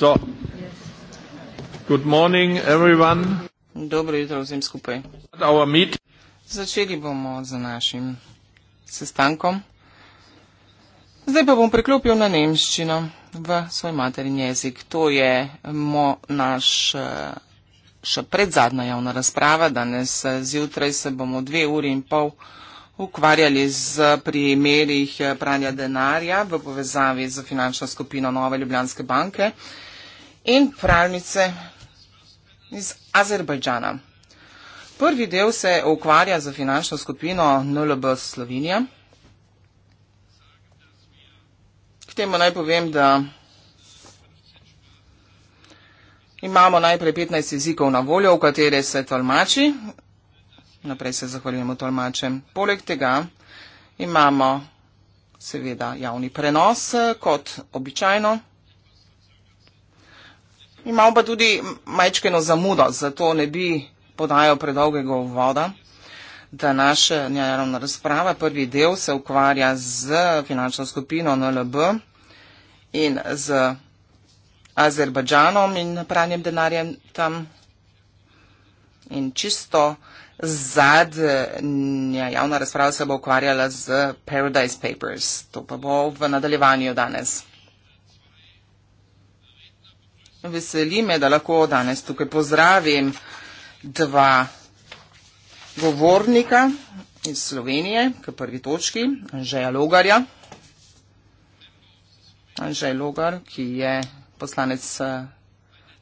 So, good morning everyone. Dobro jutro vsem skupaj. Začeli bomo z našim sestankom. Zdaj pa bom preklopil na nemščino v svoj materin jezik. To je mo, naš še predzadnja javna razprava. Danes zjutraj se bomo dve uri in pol ukvarjali z primerih pranja denarja v povezavi z finančno skupino Nove Ljubljanske banke in pravnice iz Azerbajdžana. Prvi del se ukvarja z finančno skupino NLB Slovenija. K temu naj povem, da imamo najprej 15 jezikov na voljo, v katere se tolmači. Naprej se zahvaljujemo tolmačem. Poleg tega imamo seveda javni prenos kot običajno. Imamo pa tudi majčkeno zamudo, zato ne bi podajal predolgega uvoda. Današnja javna razprava, prvi del se ukvarja z finančno skupino NLB in z Azerbajdžanom in pranjem denarjem tam. In čisto zadnja javna razprava se bo ukvarjala z Paradise Papers. To pa bo v nadaljevanju danes. Veseli me, da lahko danes tukaj pozdravim dva govornika iz Slovenije, k prvi točki, Anžeja Logarja. Anžej Logar, ki je poslanec eh,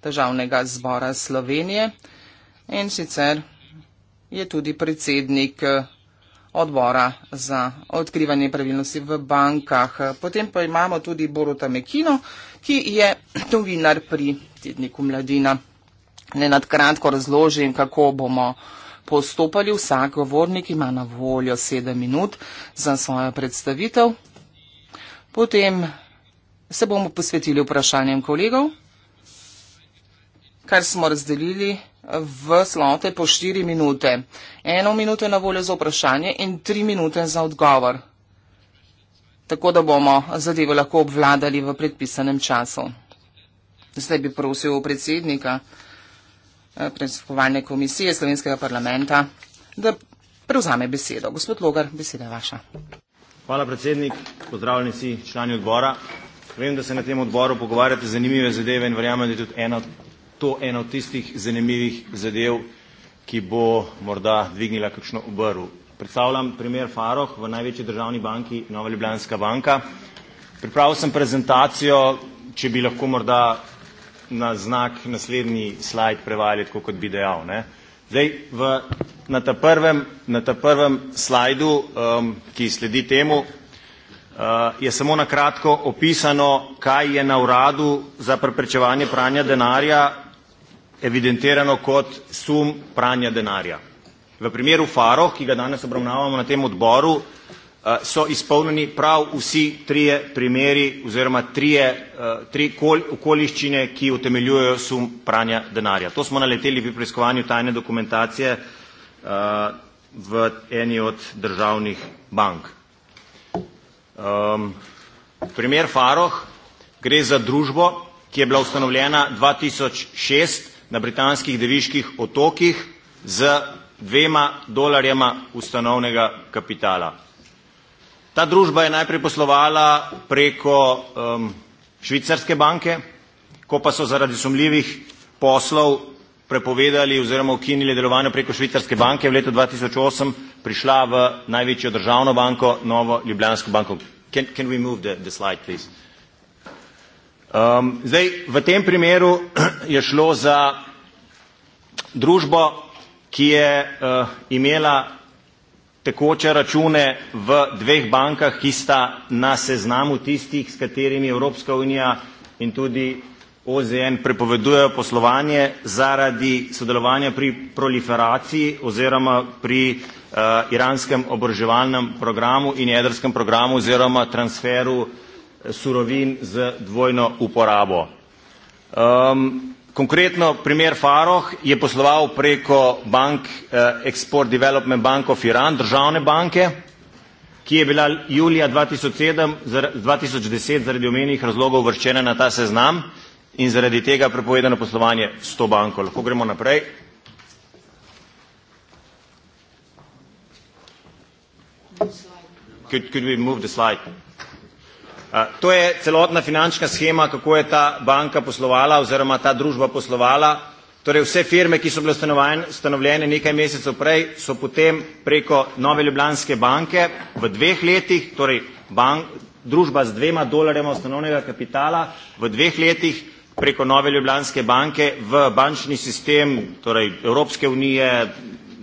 državnega zbora Slovenije in sicer je tudi predsednik eh, odbora za odkrivanje pravilnosti v bankah. Potem pa imamo tudi Boruta Mekino, ki je novinar pri tedniku Mladina. Ne nadkratko razložim, kako bomo postopali. Vsak govornik ima na voljo sedem minut za svojo predstavitev. Potem se bomo posvetili vprašanjem kolegov, kar smo razdelili v slote po štiri minute. Eno minuto je na voljo za vprašanje in tri minute za odgovor tako da bomo zadevo lahko obvladali v predpisanem času. Zdaj bi prosil predsednika eh, predsedovalne komisije Slovenskega parlamenta, da prevzame besedo. Gospod Logar, beseda je vaša. Hvala, predsednik. Pozdravljeni vsi člani odbora. Vem, da se na tem odboru pogovarjate zanimive zadeve in verjamem, da je tudi eno, to ena od tistih zanimivih zadev, ki bo morda dvignila kakšno obrv Predstavljam primer Faroh v največji državni banki Nova Ljubljanska banka. Pripravil sem prezentacijo, če bi lahko morda na znak naslednji slajd prevali, tako kot bi dejal. Ne. Zdaj, v, na, ta prvem, na ta prvem slajdu, um, ki sledi temu, uh, je samo na kratko opisano, kaj je na uradu za preprečevanje pranja denarja evidentirano kot sum pranja denarja. V primeru Faro, ki ga danes obravnavamo na tem odboru, eh, so izpolnjeni prav vsi trije primeri oziroma trije, eh, tri okoliščine, ki utemeljujejo sum pranja denarja. To smo naleteli pri preiskovanju tajne dokumentacije eh, v eni od državnih bank. Ehm, primer Faroh gre za družbo, ki je bila ustanovljena 2006 na britanskih deviških otokih z dvema dolarjema ustanovnega kapitala. Ta družba je najprej poslovala preko um, švicarske banke, ko pa so zaradi sumljivih poslov prepovedali oziroma ukinili delovanje preko švicarske banke v letu 2008 prišla v največjo državno banko, novo Ljubljansko banko. Can, can we move the, the slide, please? Um, zdaj, v tem primeru je šlo za družbo, ki je uh, imela tekoče račune v dveh bankah, ki sta na seznamu tistih, s katerimi Evropska unija in tudi OZN prepovedujejo poslovanje zaradi sodelovanja pri proliferaciji oziroma pri uh, iranskem oboroževalnem programu in jedrskem programu oziroma transferu eh, surovin z dvojno uporabo. Um, Konkretno primer Faroh je posloval preko bank eh, Export Development Bank of Iran, državne banke, ki je bila julija 2007, 2010 zaradi omenjenih razlogov uvrščena na ta seznam in zaradi tega prepovedano poslovanje s to banko. Lahko gremo naprej. Could, could we move the slide? To je celotna finančna schema, kako je ta banka poslovala oziroma ta družba poslovala. Torej vse firme, ki so bile ustanovljene nekaj mesecev prej, so potem preko Nove Ljubljanske banke v dveh letih, torej bank, družba z dvema dolarjema osnovnega kapitala, v dveh letih preko Nove Ljubljanske banke v bančni sistem torej Evropske unije,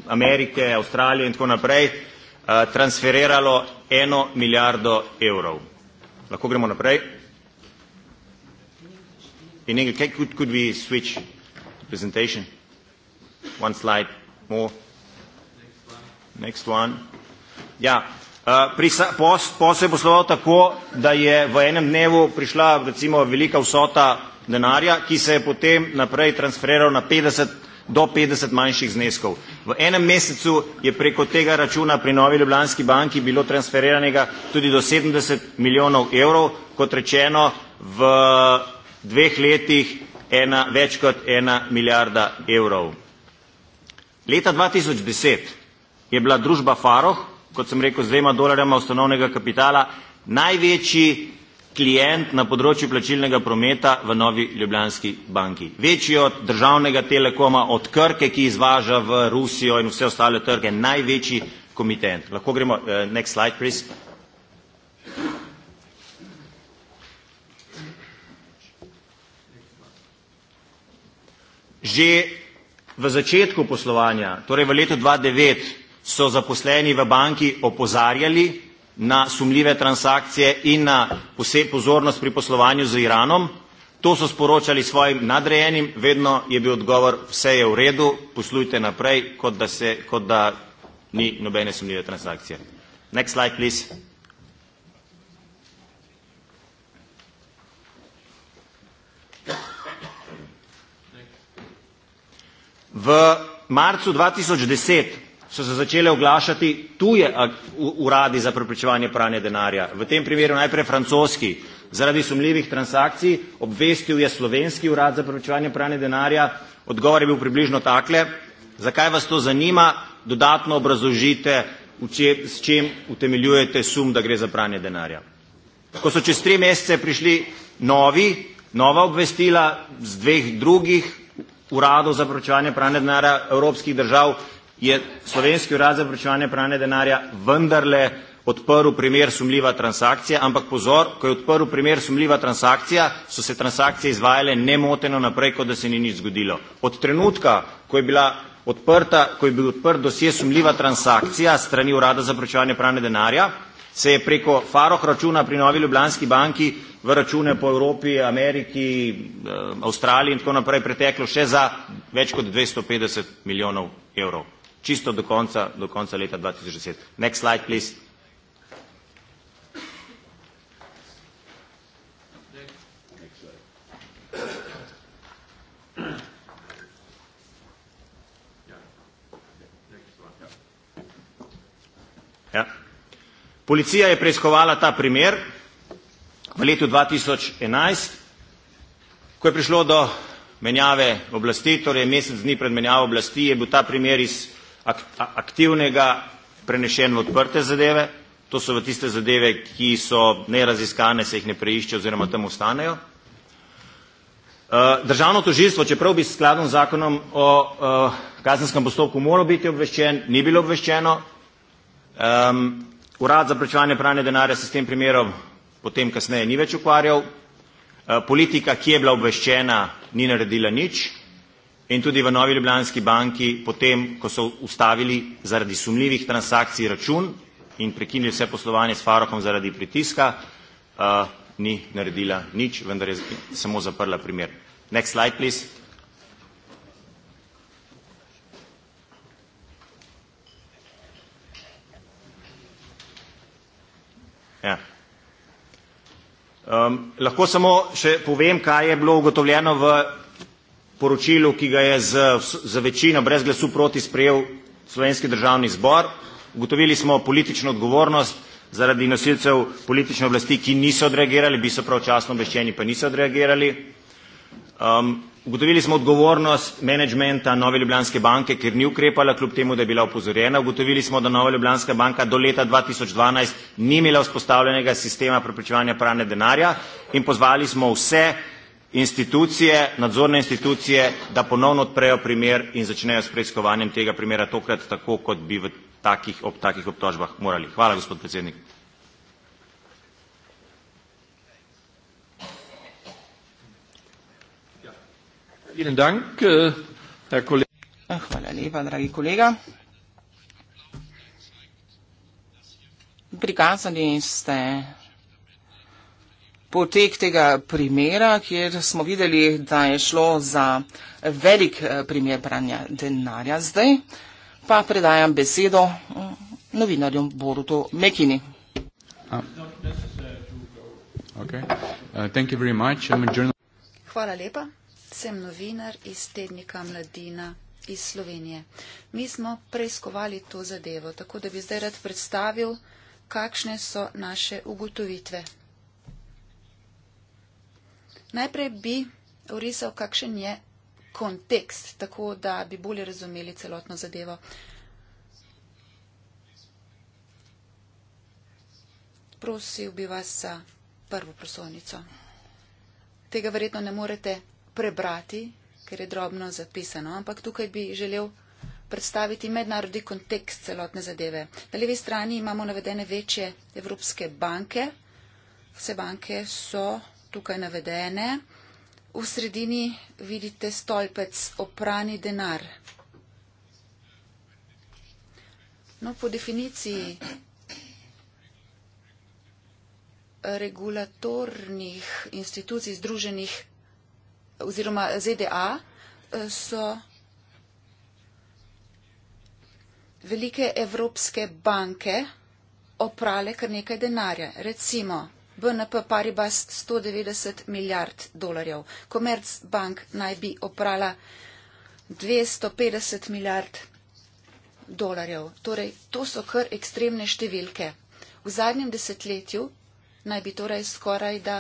Amerike, Avstralije in tako naprej, transferiralo eno milijardo evrov. Lahko gremo naprej. In nekaj, kaj, could, could we switch the presentation? One slide more. Next one. Ja, uh, eh, post, post je posloval tako, da je v enem dnevu prišla recimo velika vsota denarja, ki se je potem naprej transferiral na 50 do petdeset manjših zneskov. V enem mesecu je preko tega računa pri Novi Ljubljanski banki bilo transferiranega tudi do sedemdeset milijonov evrov, kot rečeno, v dveh letih ena, več kot ena milijarda evrov. Leta dva tisoč deset je bila družba Farrokh, kot sem rekel, z dvema dolarjema osnovnega kapitala največji klient na področju plačilnega prometa v Novi Ljubljanski banki. Večji od državnega telekoma, od Krke, ki izvaža v Rusijo in vse ostale trge, največji komitent. Lahko gremo, eh, next slide, please. Že v začetku poslovanja, torej v letu dva devet, so zaposleni v banki opozarjali, na sumljive transakcije in na posebno pozornost pri poslovanju z Iranom. To so sporočali svojim nadrejenim, vedno je bil odgovor, vse je v redu, poslujte naprej, kot da, se, kot da ni nobene sumljive transakcije. Next slide, please. V marcu 2010 so se začele oglašati tuje uradi za preprečevanje pranja denarja. V tem primeru najprej francoski, zaradi sumljivih transakcij, obvestil je slovenski urad za preprečevanje pranja denarja, odgovor je bil približno takle, zakaj vas to zanima, dodatno obrazložite, s čim utemeljujete sum, da gre za pranje denarja. Ko so čez tri mesece prišli novi, nova obvestila z dveh drugih uradov za preprečevanje pranja denarja evropskih držav, je slovenski urad za vprečevanje pranja denarja vendarle odprl primer sumljiva transakcija, ampak pozor, ko je odprl primer sumljiva transakcija, so se transakcije izvajale nemoteno naprej, kot da se ni nič zgodilo. Od trenutka, ko je bila odprta, ko je bil odprt dosje sumljiva transakcija strani urada za vprečevanje pranja denarja, se je preko Faroh računa pri Novi Ljubljanski banki v račune po Evropi, Ameriki, eh, Avstraliji in tako naprej preteklo še za več kot 250 milijonov evrov čisto do konca, do konca leta 2010. Next slide, please. Ja. Policija je preiskovala ta primer v letu 2011, ko je prišlo do menjave oblasti, torej mesec dni pred menjavo oblasti je bil ta primer iz aktivnega prenešenja odprte zadeve, to so tiste zadeve, ki so neraziskane, se jih ne preišče oziroma tam ostanejo. Eh, državno tožilstvo, čeprav bi skladno z zakonom o eh, kazenskem postopku moral biti obveščen, ni bilo obveščeno. Urad za prečevanje pranja denarja se s tem primerom potem kasneje ni več ukvarjal. Eh, politika, ki je bila obveščena, ni naredila nič. In tudi v Novi Ljubljanski banki, potem ko so ustavili zaradi sumljivih transakcij račun in prekinili vse poslovanje s Farohom zaradi pritiska, uh, ni naredila nič, vendar je samo zaprla primer. Next slide, please. Ja. Um, lahko samo še povem, kaj je bilo ugotovljeno v poročilu, ki ga je za večino brez glasu proti sprejel Slovenski državni zbor. Ugotovili smo politično odgovornost zaradi nosilcev politične oblasti, ki niso odreagirali, bi so pravčasno obveščeni, pa niso odreagirali. Um, ugotovili smo odgovornost menedžmenta Nove Ljubljanske banke, ker ni ukrepala, kljub temu, da je bila upozorjena. Ugotovili smo, da Nova Ljubljanska banka do leta 2012 ni imela vzpostavljenega sistema preprečevanja pranja denarja in pozvali smo vse institucije, nadzorne institucije, da ponovno odprejo primer in začnejo s preiskovanjem tega primera tokrat tako, kot bi v takih, ob takih obtožbah morali. Hvala, gospod predsednik. Eh, ah, hvala lepa, dragi kolega. Prikazali ste potek tega primera, kjer smo videli, da je šlo za velik eh, primer branja denarja zdaj, pa predajam besedo mm, novinarju Borutu Mekini. Ah. Uh, Hvala lepa. Sem novinar iz tednika Mladina iz Slovenije. Mi smo preiskovali to zadevo, tako da bi zdaj rad predstavil, kakšne so naše ugotovitve. Najprej bi orisal, kakšen je kontekst, tako da bi bolje razumeli celotno zadevo. Prosil bi vas za prvo prosovnico. Tega verjetno ne morete prebrati, ker je drobno zapisano, ampak tukaj bi želel predstaviti mednarodni kontekst celotne zadeve. Na levi strani imamo navedene večje evropske banke. Vse banke so tukaj navedene. V sredini vidite stolpec oprani denar. No, po definiciji regulatornih institucij združenih oziroma ZDA so velike evropske banke oprale kar nekaj denarja. Recimo BNP Paribas 190 milijard dolarjev. Commerzbank naj bi oprala 250 milijard dolarjev. Torej, to so kar ekstremne številke. V zadnjem desetletju naj bi torej skoraj da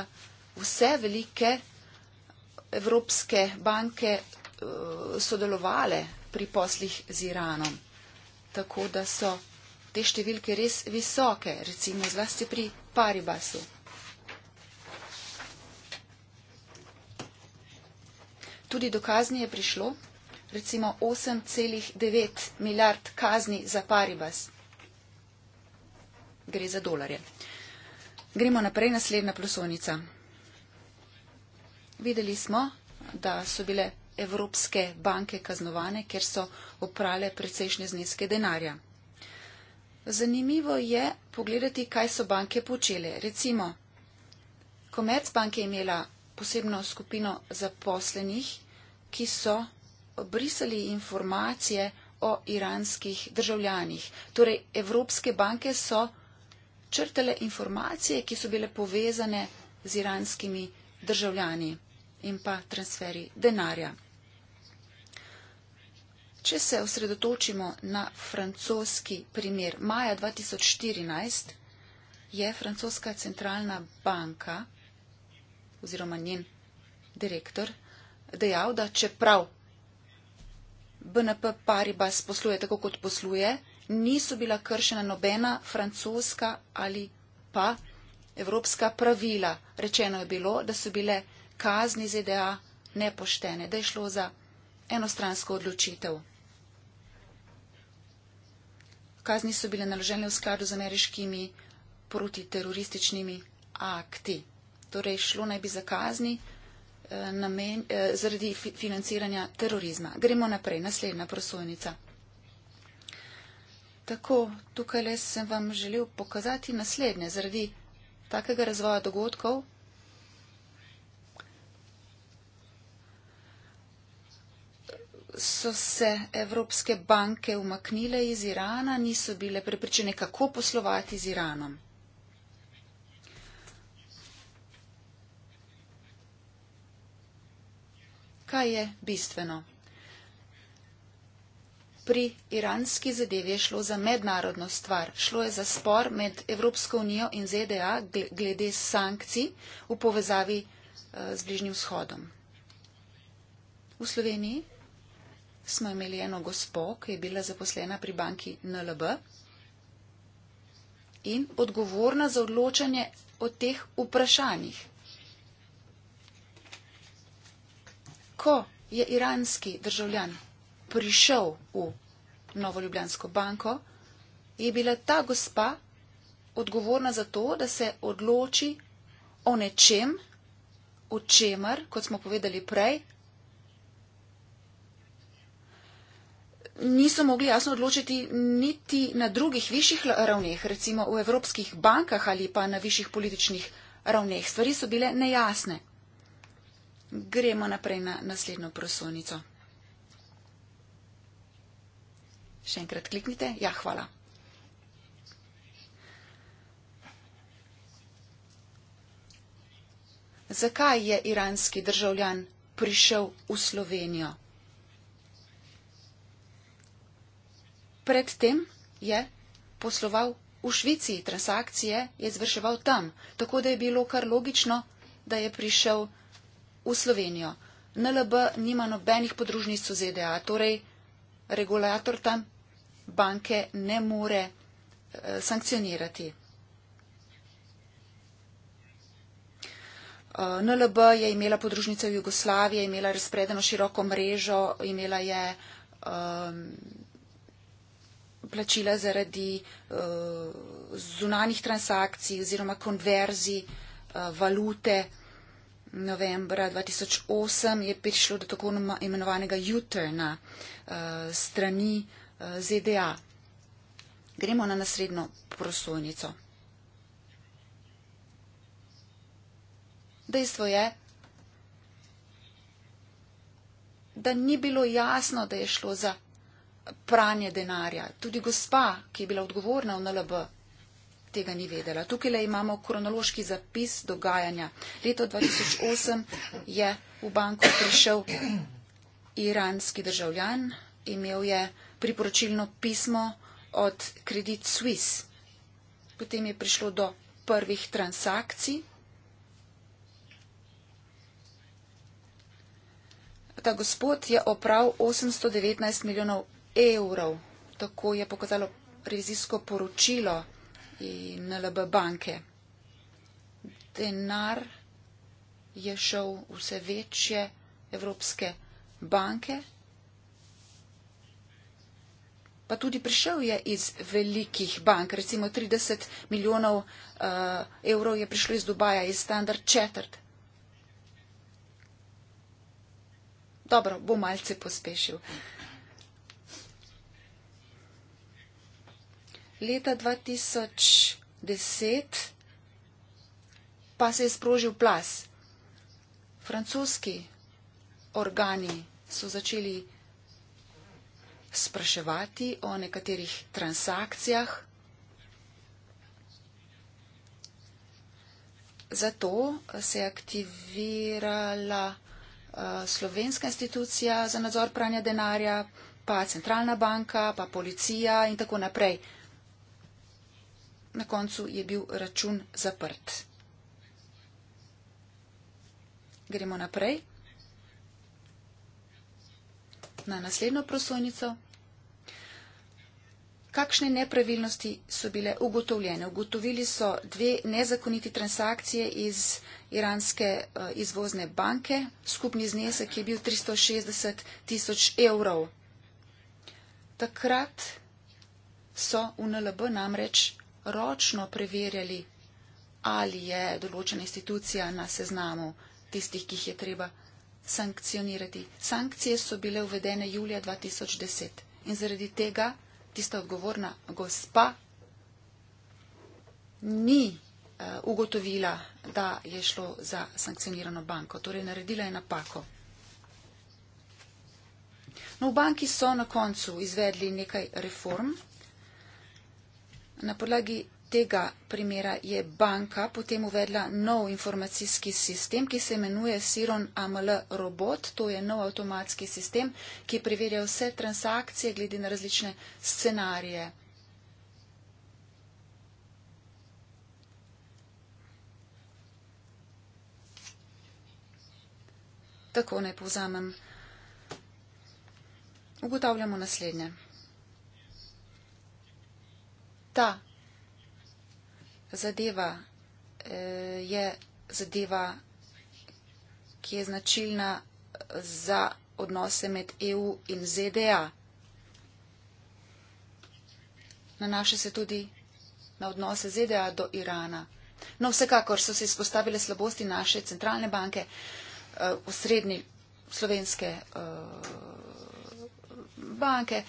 vse velike evropske banke uh, sodelovale pri poslih z Iranom. Tako da so te številke res visoke, recimo zlasti pri Paribasu. Tudi dokazni je prišlo, recimo 8,9 milijard kazni za Paribas. Gre za dolarje. Gremo naprej, naslednja plusovnica. Videli smo, da so bile evropske banke kaznovane, ker so oprale precejšnje zneske denarja. Zanimivo je pogledati, kaj so banke počele. Recimo, Komercbank je imela posebno skupino zaposlenih, ki so brisali informacije o iranskih državljanih. Torej, Evropske banke so črtele informacije, ki so bile povezane z iranskimi državljani in pa transferi denarja. Če se osredotočimo na francoski primer, maja 2014 je francoska centralna banka oziroma njen direktor, dejal, da čeprav BNP Paribas posluje tako, kot posluje, niso bila kršena nobena francoska ali pa evropska pravila. Rečeno je bilo, da so bile kazni ZDA nepoštene, da je šlo za enostransko odločitev. Kazni so bile naložene v skladu z ameriškimi protiterorističnimi akti torej šlo naj bi za kazni eh, namen, eh, zaradi financiranja terorizma. Gremo naprej, naslednja prosojnica. Tako, tukaj le sem vam želel pokazati naslednje. Zaradi takega razvoja dogodkov so se evropske banke umaknile iz Irana, niso bile prepričane, kako poslovati z Iranom. kaj je bistveno. Pri iranski zadevi je šlo za mednarodno stvar. Šlo je za spor med Evropsko unijo in ZDA glede sankcij v povezavi eh, z Bližnjim shodom. V Sloveniji smo imeli eno gospo, ki je bila zaposlena pri banki NLB in odgovorna za odločanje o teh vprašanjih. ko je iranski državljan prišel v Novoljubljansko banko, je bila ta gospa odgovorna za to, da se odloči o nečem, o čemer, kot smo povedali prej, niso mogli jasno odločiti niti na drugih višjih ravneh, recimo v evropskih bankah ali pa na višjih političnih ravneh. Stvari so bile nejasne. Gremo naprej na naslednjo prosovnico. Še enkrat kliknite. Ja, hvala. Zakaj je iranski državljan prišel v Slovenijo? Predtem je posloval v Švici, transakcije je izvrševal tam, tako da je bilo kar logično, da je prišel v Slovenijo v Slovenijo. NLB nima nobenih podružnic v ZDA, torej regulator tam banke ne more eh, sankcionirati. Uh, eh, NLB je imela podružnice v Jugoslaviji, imela razpredeno široko mrežo, imela je um, plačila zaradi uh, eh, zunanih transakcij oziroma konverzij uh, valute novembra 2008 je prišlo do tako imenovanega U-turna uh, strani uh, eh, ZDA. Gremo na naslednjo prosojnico. Dejstvo je, da ni bilo jasno, da je šlo za pranje denarja. Tudi gospa, ki je bila odgovorna v NLB, tega ni vedela. Tukaj le imamo kronološki zapis dogajanja. Leto 2008 je v banko prišel iranski državljan, imel je priporočilno pismo od Credit Suisse. Potem je prišlo do prvih transakcij. Ta gospod je opravil 819 milijonov evrov. Tako je pokazalo revizijsko poročilo in NLB banke. Denar je šel vse večje evropske banke, pa tudi prišel je iz velikih bank, recimo 30 milijonov uh, evrov je prišlo iz Dubaja, iz Standard Chattered. Dobro, bo malce pospešil. leta 2010 pa se je sprožil plas. Francoski organi so začeli spraševati o nekaterih transakcijah. Zato se je aktivirala eh, Slovenska institucija za nadzor pranja denarja, pa centralna banka, pa policija in tako naprej na koncu je bil račun zaprt. Gremo naprej na naslednjo prosojnico. Kakšne nepravilnosti so bile ugotovljene? Ugotovili so dve nezakoniti transakcije iz iranske eh, izvozne banke. Skupni znesek je bil 360 tisoč evrov. Takrat so v NLB namreč ročno preverjali, ali je določena institucija na seznamu tistih, ki jih je treba sankcionirati. Sankcije so bile uvedene julija 2010 in zaradi tega tista odgovorna gospa ni uh, ugotovila, da je šlo za sankcionirano banko. Torej, naredila je napako. No, v banki so na koncu izvedli nekaj reform, Na podlagi tega primera je banka potem uvedla nov informacijski sistem, ki se imenuje Siron AML Robot. To je nov avtomatski sistem, ki preverja vse transakcije glede na različne scenarije. Tako naj povzamem. Ugotavljamo naslednje ta zadeva eh, je zadeva, ki je značilna za odnose med EU in ZDA. Nanaša se tudi na odnose ZDA do Irana. No, vsekakor so se izpostavile slabosti naše centralne banke eh, v srednji slovenske eh, banke,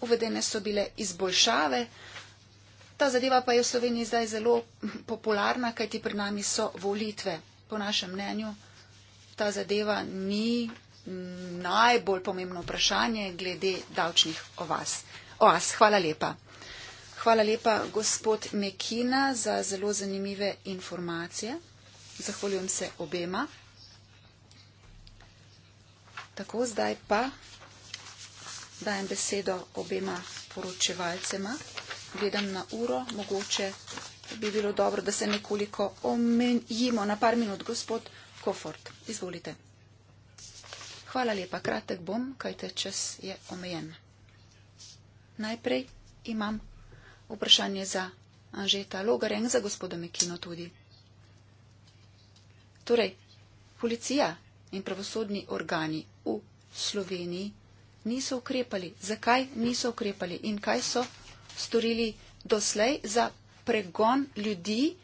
uvedene so bile izboljšave. Ta zadeva pa je v Sloveniji zdaj zelo popularna, kajti pred nami so volitve. Po našem mnenju ta zadeva ni najbolj pomembno vprašanje glede davčnih oas. oas. Hvala lepa. Hvala lepa, gospod Mekina, za zelo zanimive informacije. Zahvaljujem se obema. Tako zdaj pa dajem besedo obema poročevalcema. Gledam na uro, mogoče bi bilo dobro, da se nekoliko omenjimo na par minut. Gospod Kofort, izvolite. Hvala lepa, kratek bom, kajte čas je omejen. Najprej imam vprašanje za Anžeta Logaren, za gospoda Mekino tudi. Torej, policija in pravosodni organi v Sloveniji niso ukrepali. Zakaj niso ukrepali in kaj so storili doslej za pregon ljudi,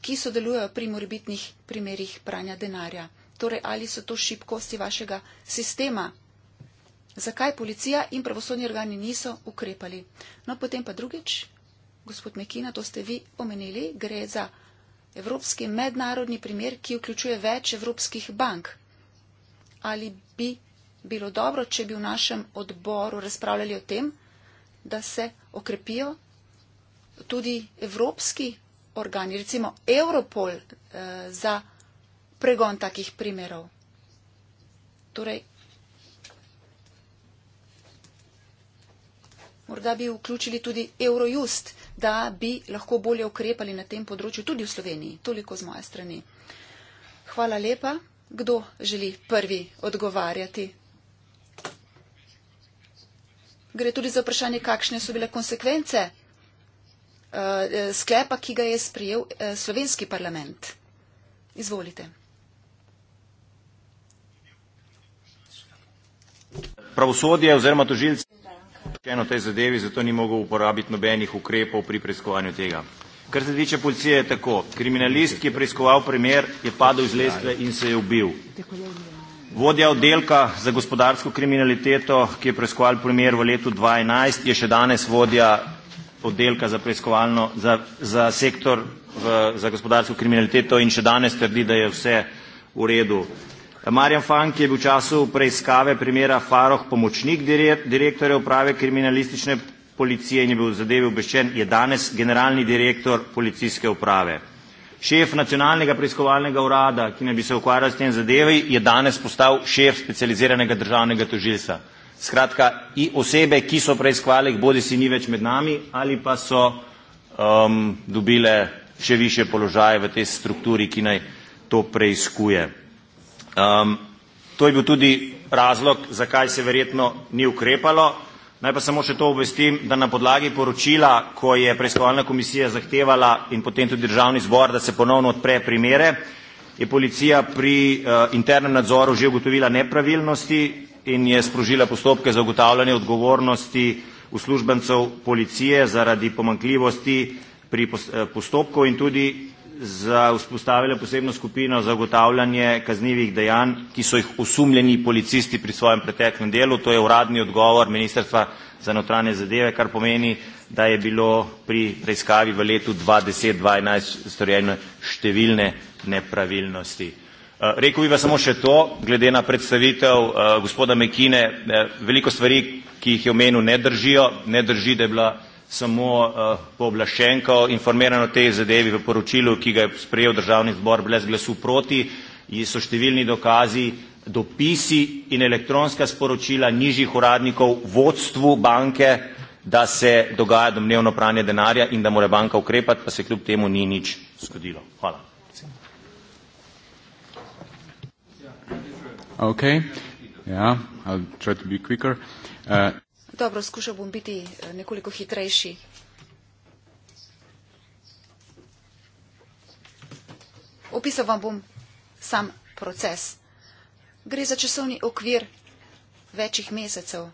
ki sodelujejo pri morbitnih primerjih pranja denarja? Torej, ali so to šibkosti vašega sistema? Zakaj policija in pravosodni organi niso ukrepali? No, potem pa drugič, gospod Mekina, to ste vi omenili, gre za evropski mednarodni primer, ki vključuje več evropskih bank. Ali bi bilo dobro, če bi v našem odboru razpravljali o tem, da se okrepijo tudi evropski organi, recimo Europol eh, za pregon takih primerov. Torej, morda bi vključili tudi Eurojust, da bi lahko bolje ukrepali na tem področju tudi v Sloveniji. Toliko z moje strani. Hvala lepa. Kdo želi prvi odgovarjati gre tudi za vprašanje, kakšne so bile konsekvence eh, eh, sklepa, ki ga je sprijel eh, slovenski parlament. Izvolite. Pravosodje oziroma tožilce je na tej zadevi, zato ni mogel uporabiti nobenih ukrepov pri preiskovanju tega. Kar se tiče policije je tako. Kriminalist, ki je preiskoval primer, je padel iz lestve in se je ubil. Vodja oddelka za gospodarsko kriminaliteto, ki je preiskoval primer v letu 2011, je še danes vodja oddelka za preiskovalno, za, za sektor v, za gospodarsko kriminaliteto in še danes trdi, da je vse v redu. Marjan Fank je bil v času preiskave primera Faroh pomočnik direktorja uprave kriminalistične policije in je bil v zadevi obveščen, je danes generalni direktor policijske uprave. Šef nacionalnega preiskovalnega urada, ki naj bi se ukvarjal s tem zadevi, je danes postal šef specializiranega državnega tožilstva. Skratka, i osebe, ki so preiskovali, bodi si ni več med nami ali pa so um, dobile še više položaje v tej strukturi, ki naj to preiskuje. Um, to je bil tudi razlog, zakaj se verjetno ni ukrepalo. Naj pa samo še to obvestim, da na podlagi poročila, ko je preiskovalna komisija zahtevala in potem tudi državni zbor, da se ponovno odpre primere, je policija pri uh, internem nadzoru že ugotovila nepravilnosti in je sprožila postopke za ugotavljanje odgovornosti uslužbencev policije zaradi pomankljivosti pri eh, postopku in tudi za vzpostavila posebno skupino za ugotavljanje kaznjivih dejanj, ki so jih osumljeni policisti pri svojem preteklem delu. To je uradni odgovor Ministrstva za notranje zadeve, kar pomeni, da je bilo pri preiskavi v letu 2010-2011 storjene številne nepravilnosti. Eh, rekel bi vam samo še to, glede na predstavitev eh, gospoda Mekine, eh, veliko stvari, ki jih je omenil, ne držijo, ne drži, da je bila samo uh, pooblaščenko informirano o tej zadevi v poročilu, ki ga je sprejel državni zbor brez glasu proti, so številni dokazi, dopisi in elektronska sporočila nižjih uradnikov vodstvu banke, da se dogaja domnevno pranje denarja in da mora banka ukrepati, pa se kljub temu ni nič zgodilo. Hvala. Okay. Yeah, I'll try to be quicker. Uh, Dobro, skušal bom biti eh, nekoliko hitrejši. Opisal vam bom sam proces. Gre za časovni okvir večjih mesecev.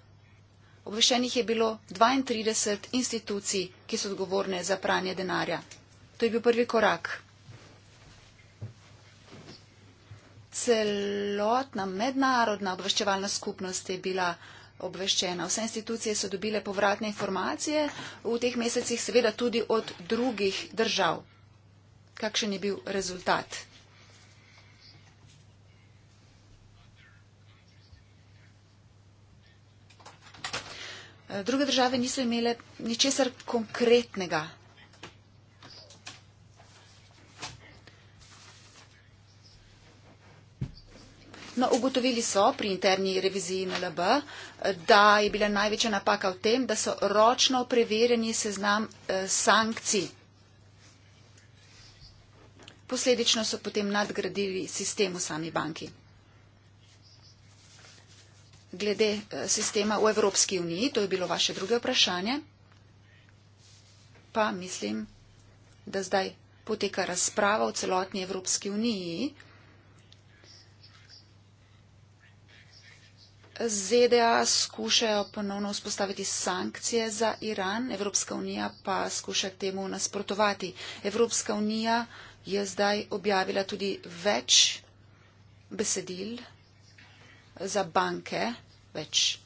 Obveščenih je bilo 32 institucij, ki so odgovorne za pranje denarja. To je bil prvi korak. Celotna mednarodna obveščevalna skupnost je bila obveščena. Vse institucije so dobile povratne informacije v teh mesecih, seveda tudi od drugih držav. Kakšen je bil rezultat? Druge države niso imele ničesar konkretnega No, ugotovili so pri interni reviziji NLB, da je bila največja napaka v tem, da so ročno preverjeni seznam eh, sankcij. Posledično so potem nadgradili sistem v sami banki. Glede eh, sistema v Evropski uniji, to je bilo vaše druge vprašanje, pa mislim, da zdaj poteka razprava v celotni Evropski uniji. ZDA skušajo ponovno vzpostaviti sankcije za Iran, Evropska unija pa skuša temu nasprotovati. Evropska unija je zdaj objavila tudi več besedil za banke, več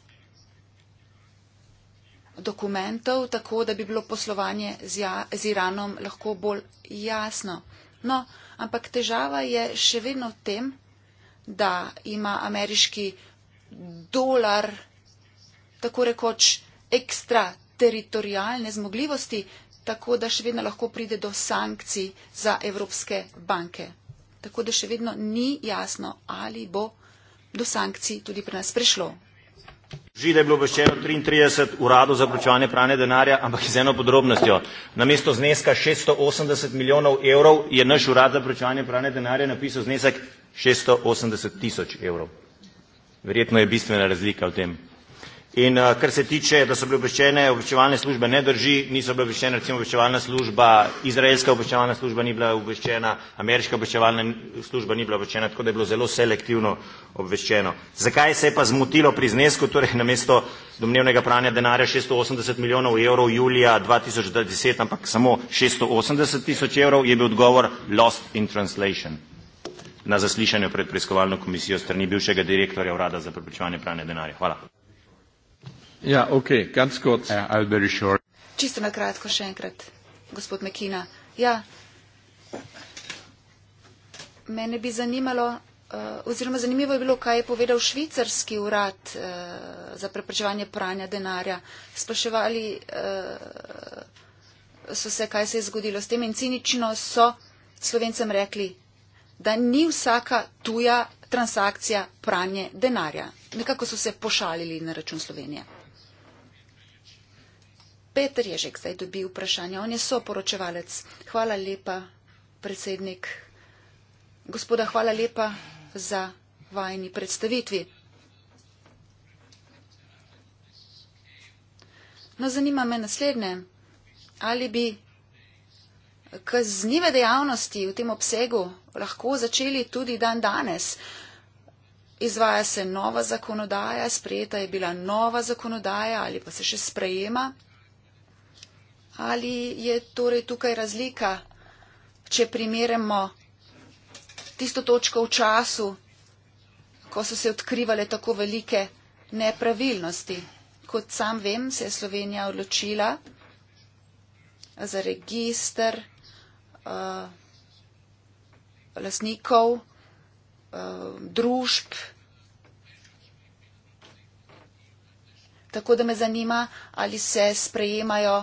dokumentov, tako da bi bilo poslovanje z, ja, z Iranom lahko bolj jasno. No, ampak težava je še vedno v tem, da ima ameriški dolar tako rekoč ekstra teritorijalne zmogljivosti, tako da še vedno lahko pride do sankcij za evropske banke. Tako da še vedno ni jasno, ali bo do sankcij tudi pri nas prišlo. Žile je bilo obveščeno 33 uradu za preprečevanje pranja denarja, ampak z eno podrobnostjo. Na mesto zneska 680 milijonov evrov je naš urad za preprečevanje pranja denarja napisal znesek 680 tisoč evrov. Verjetno je bistvena razlika v tem. In uh, kar se tiče, da so bile obveščene obveščevalne službe, ne drži, niso bile obveščene recimo obveščevalna služba, izraelska obveščevalna služba ni bila obveščena, ameriška obveščevalna služba ni bila obveščena, tako da je bilo zelo selektivno obveščeno. Zakaj se je pa zmotilo pri znesku, torej namesto domnevnega pranja denarja 680 milijonov evrov julija 2010, ampak samo 680 tisoč evrov, je bil odgovor lost in translation na zaslišanju pred preiskovalno komisijo strani bivšega direktorja Urada za preprečevanje pranja denarja. Hvala. Ja, okay. ganz kurz. Ja, uh, sure. Čisto na kratko še enkrat, gospod Mekina. Ja, mene bi zanimalo, uh, oziroma zanimivo je bilo, kaj je povedal švicarski urad uh, za preprečevanje pranja denarja. Spraševali so se, kaj se je zgodilo s tem in cinično so slovencem rekli, da ni vsaka tuja transakcija pranje denarja. Nekako so se pošalili na račun Slovenije. Peter Ježek zdaj dobi vprašanje. On je soporočevalec. Hvala lepa, predsednik. Gospoda, hvala lepa za vajni predstavitvi. No, zanima me naslednje. Ali bi kaznive dejavnosti v tem obsegu lahko začeli tudi dan danes. Izvaja se nova zakonodaja, sprejeta je bila nova zakonodaja ali pa se še sprejema. Ali je torej tukaj razlika, če primeremo tisto točko v času, ko so se odkrivale tako velike nepravilnosti? Kot sam vem, se je Slovenija odločila za registr Eh, lasnikov, eh, družb. Tako da me zanima, ali se sprejemajo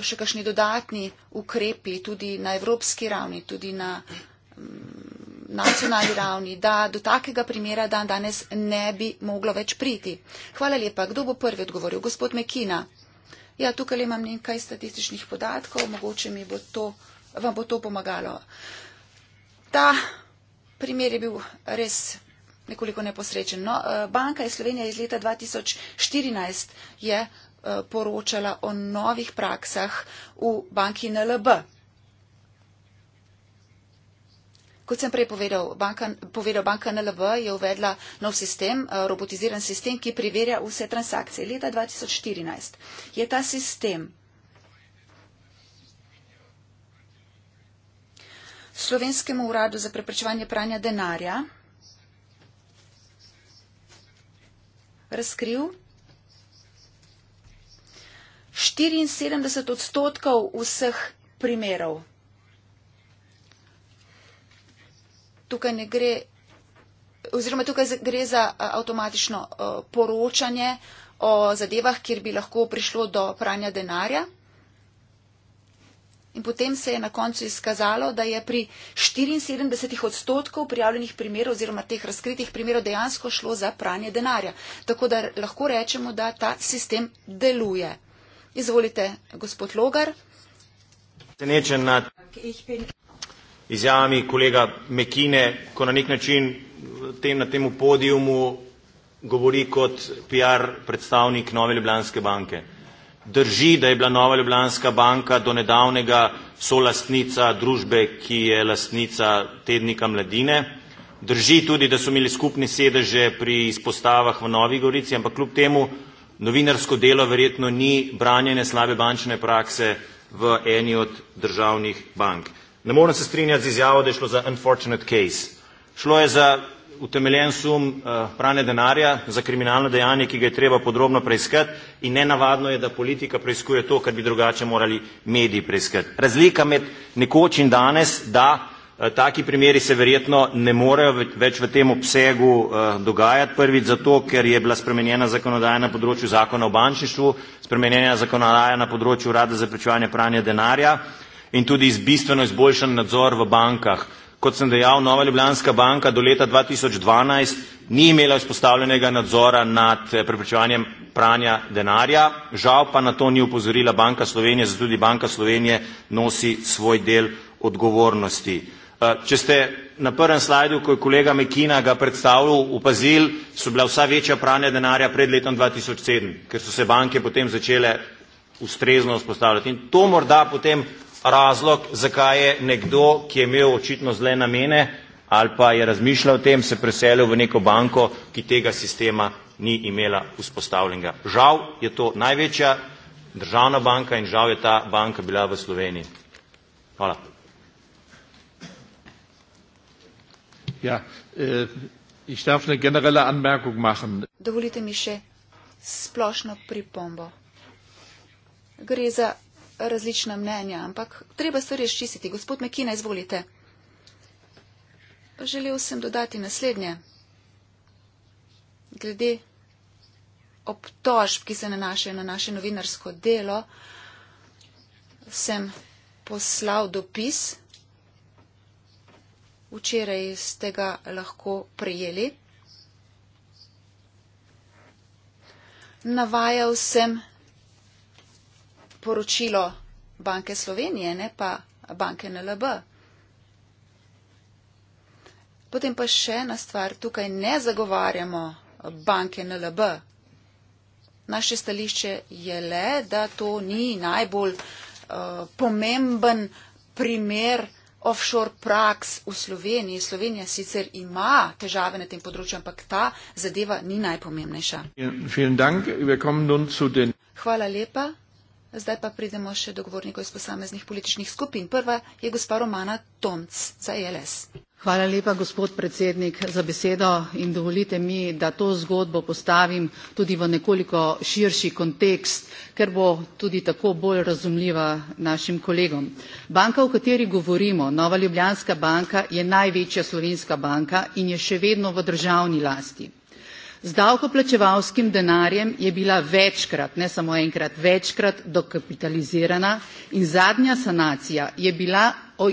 še kakšni dodatni ukrepi tudi na evropski ravni, tudi na mm, nacionalni ravni, da do takega primera dan danes ne bi moglo več priti. Hvala lepa. Kdo bo prvi odgovoril? Gospod Mekina. Ja, tukaj imam nekaj statističnih podatkov, mogoče mi bo to vam bo to pomagalo. Ta primer je bil res nekoliko neposrečen. No, eh, Banka iz Slovenije iz leta 2014 je eh, poročala o novih praksah v banki NLB. Kot sem prej povedal, banka, povedal, banka NLB je uvedla nov sistem, eh, robotiziran sistem, ki preverja vse transakcije. Leta 2014 je ta sistem Slovenskemu uradu za preprečevanje pranja denarja razkril, 74 odstotkov vseh primerov. Tukaj ne gre, oziroma tukaj gre za avtomatično poročanje o zadevah, kjer bi lahko prišlo do pranja denarja. In potem se je na koncu izkazalo, da je pri 74 odstotkov prijavljenih primerov oziroma teh razkritih primerov dejansko šlo za pranje denarja. Tako da lahko rečemo, da ta sistem deluje. Izvolite, gospod Logar. Izjavami kolega Mekine, ko na nek način tem, na tem podijumu govori kot PR predstavnik Nove Ljubljanske banke drži, da je bila Nova Ljubljanska banka do nedavnega solastnica družbe, ki je lastnica tednika mladine. Drži tudi, da so imeli skupni sedeže pri izpostavah v Novi Gorici, ampak kljub temu novinarsko delo verjetno ni branjene slabe bančne prakse v eni od državnih bank. Ne morem se strinjati z izjavo, da je šlo za unfortunate case. Šlo je za utemeljen sum eh, prane denarja za kriminalno dejanje, ki ga je treba podrobno preiskati in nenavadno je, da politika preiskuje to, kar bi drugače morali mediji preiskati. Razlika med nekoč in danes, da eh, taki primeri se verjetno ne morejo več v tem obsegu eh, dogajati prvič zato, ker je bila spremenjena zakonodaja na področju zakona o bančništvu, spremenjena zakonodaja na področju Urada za preprečevanje pranja denarja in tudi bistveno izboljšan nadzor v bankah kot sem dejal, Nova Ljubljanska banka do leta 2012 ni imela vzpostavljenega nadzora nad eh, preprečevanjem pranja denarja, žal pa na to ni upozorila Banka Slovenije, zato tudi Banka Slovenije nosi svoj del odgovornosti. Eh, če ste na prvem slajdu, ko je kolega Mekina ga predstavil, upazil, so bila vsa večja pranja denarja pred letom 2007, ker so se banke potem začele ustrezno vzpostavljati. In to morda potem razlog, zakaj je nekdo, ki je imel očitno zle namene ali pa je razmišljal o tem, se preselil v neko banko, ki tega sistema ni imela vzpostavljenega. Žal je to največja državna banka in žal je ta banka bila v Sloveniji. Hvala. Ja, eh, ich darf eine generelle Anmerkung machen. Dovolite mi še splošno pripombo. Gre za različna mnenja, ampak treba stvari ščistiti. Gospod Mekina, izvolite. Želel sem dodati naslednje. Glede obtožb, ki se nanašajo na naše novinarsko delo, sem poslal dopis. Včeraj ste ga lahko prijeli. Navajal sem poročilo Banke Slovenije, ne pa Banke NLB. Potem pa še ena stvar, tukaj ne zagovarjamo Banke NLB. Naše stališče je le, da to ni najbolj uh, pomemben primer offshore praks v Sloveniji. Slovenija sicer ima težave na tem področju, ampak ta zadeva ni najpomembnejša. Hvala lepa. Zdaj pa pridemo še do govornikov iz posameznih političnih skupin. Prva je gospa Romana Tomc za ELS. Hvala lepa, gospod predsednik, za besedo in dovolite mi, da to zgodbo postavim tudi v nekoliko širši kontekst, ker bo tudi tako bolj razumljiva našim kolegom. Banka, o kateri govorimo, Nova Ljubljanska banka, je največja slovenska banka in je še vedno v državni lasti. Z davkoplačevalskim denarjem je bila večkrat, ne samo enkrat, večkrat dokapitalizirana in zadnja sanacija je bila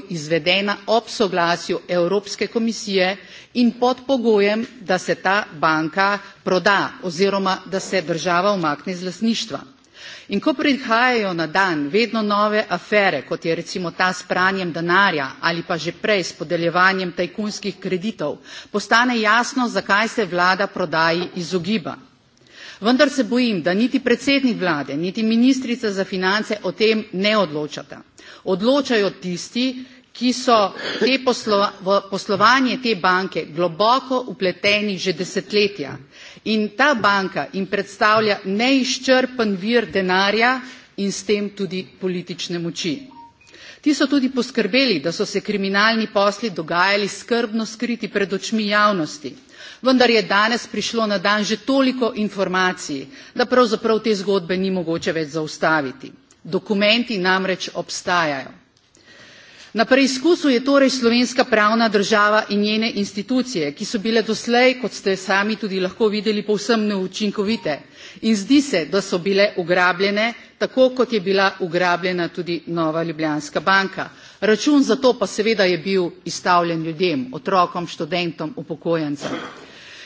izvedena ob soglasju Evropske komisije in pod pogojem, da se ta banka proda oziroma da se država umakne iz lasništva. In ko prihajajo na dan vedno nove afere, kot je recimo ta s pranjem denarja ali pa že prej s podeljevanjem tajkunskih kreditov, postane jasno, zakaj se vlada prodaji izogiba. Vendar se bojim, da niti predsednik vlade, niti ministrica za finance o tem ne odločata. Odločajo tisti, ki so te poslo v poslovanje te banke globoko upleteni že desetletja. In ta banka jim predstavlja neizčrpen vir denarja in s tem tudi politične moči. Ti so tudi poskrbeli, da so se kriminalni posli dogajali skrbno skriti pred očmi javnosti. Vendar je danes prišlo na dan že toliko informacij, da pravzaprav te zgodbe ni mogoče več zaustaviti. Dokumenti namreč obstajajo. Na preizkusu je torej slovenska pravna država in njene institucije, ki so bile doslej, kot ste sami tudi lahko videli, povsem neučinkovite in zdi se, da so bile ugrabljene, tako kot je bila ugrabljena tudi Nova Ljubljanska banka. Račun za to pa seveda je bil izstavljen ljudem, otrokom, študentom, upokojencem.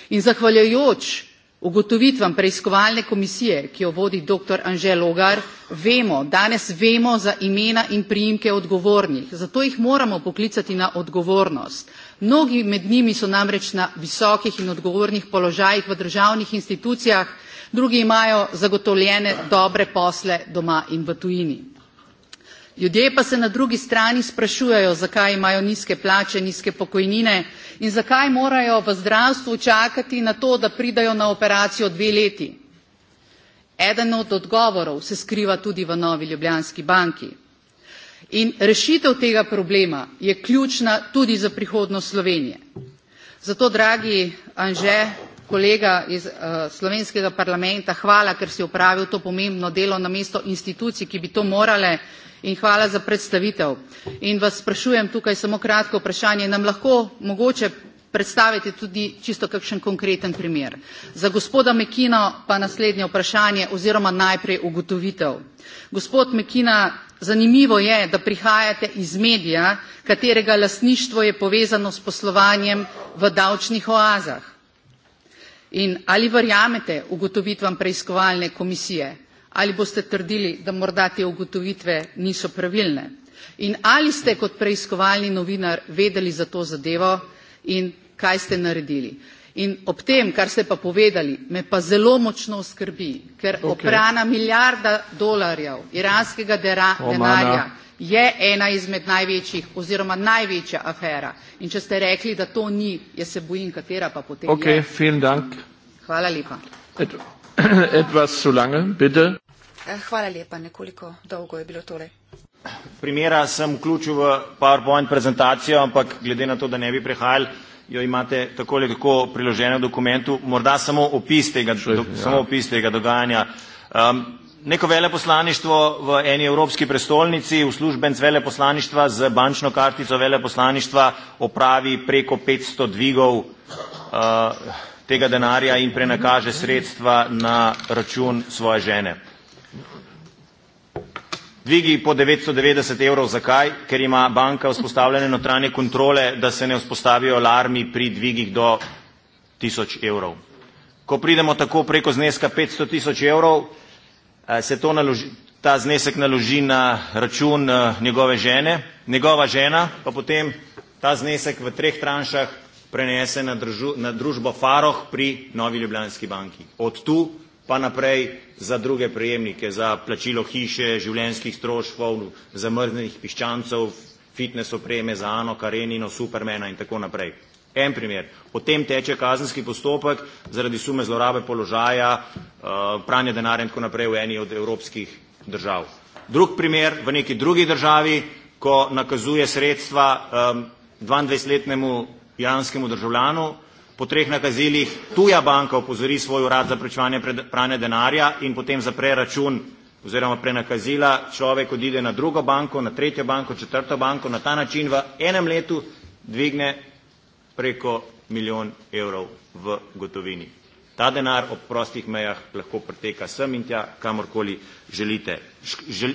In zahvaljujoč ugotovitvam preiskovalne komisije ki jo vodi dr anže logar vemo danes vemo za imena in priimke odgovornih zato jih moramo poklicati na odgovornost mnogi med njimi so namreč na visokih in odgovornih položajih v državnih institucijah drugi imajo zagotovljene dobre posle doma in v tujini ljudje pa se na drugi strani sprašujejo zakaj imajo nizke plače nizke pokojnine in zakaj morajo v zdravstvu čakati na to da pridajo na operacijo dve leti. eden od odgovorov se skriva tudi v novi ljubljanski banki in rešitev tega problema je ključna tudi za prihodnost slovenije. zato dragi anže kolega iz eh, slovenskega parlamenta hvala ker si opravil to pomembno delo namesto institucij ki bi to morale in hvala za predstavitev in vas sprašujem tukaj samo kratko vprašanje nam lahko mogoče predstavite tudi čisto kakšen konkreten primer za gospoda mekino pa naslednje vprašanje oziroma najprej ugotovitev gospod mekina zanimivo je da prihajate iz medija katerega lastništvo je povezano s poslovanjem v davčnih oazah In ali verjamete ugotovitvam preiskovalne komisije? Ali boste trdili, da morda te ugotovitve niso pravilne? In ali ste kot preiskovalni novinar vedeli za to zadevo in kaj ste naredili? In ob tem, kar ste pa povedali, me pa zelo močno skrbi, ker okay. oprana milijarda dolarjev iranskega dera, denarja, je ena izmed največjih oziroma največja afera. In če ste rekli, da to ni, jaz se bojim, katera pa potem. Ok, vielen dank. Hvala lepa. Et, etwas zu lange, bitte. Eh, hvala lepa, nekoliko dolgo je bilo tole. Primera sem vključil v PowerPoint prezentacijo, ampak glede na to, da ne bi prehajal, jo imate tako ali tako priloženo v dokumentu. Morda samo opis tega, Šef, do, ja. samo opis tega dogajanja. Um, neko veleposlaništvo v eni evropski prestolnici, uslužbenc veleposlaništva z bančno kartico veleposlaništva opravi preko 500 dvigov uh, tega denarja in prenakaže sredstva na račun svoje žene. Dvigi po 990 evrov, zakaj? Ker ima banka vzpostavljene notranje kontrole, da se ne vzpostavijo alarmi pri dvigih do 1000 evrov. Ko pridemo tako preko zneska 500 tisoč evrov, se to naloži, ta znesek naloži na račun e, njegove žene, njegova žena pa potem ta znesek v treh tranšah prenese na, držu, na družbo Faroh pri Novi Ljubljanski banki. Od tu pa naprej za druge prejemnike, za plačilo hiše, življenjskih stroškov, zamrznjenih piščancov, fitness opreme za Ano, Karenino, Supermana in tako naprej. En primer. Potem teče kazenski postopek zaradi sume zlorabe položaja, eh, pranja denarja in tako naprej v eni od evropskih držav. Drug primer v neki drugi državi, ko nakazuje sredstva 22-letnemu ehm, iranskemu državljanu, po treh nakazilih tuja banka opozori svoj urad za prečevanje pranja denarja in potem zapre račun oziroma prenakazila, človek odide na drugo banko, na tretjo banko, četrto banko, na ta način v enem letu dvigne preko milijon evrov v gotovini. Ta denar ob prostih mejah lahko preteka sem in tja, kamorkoli želite. Žel...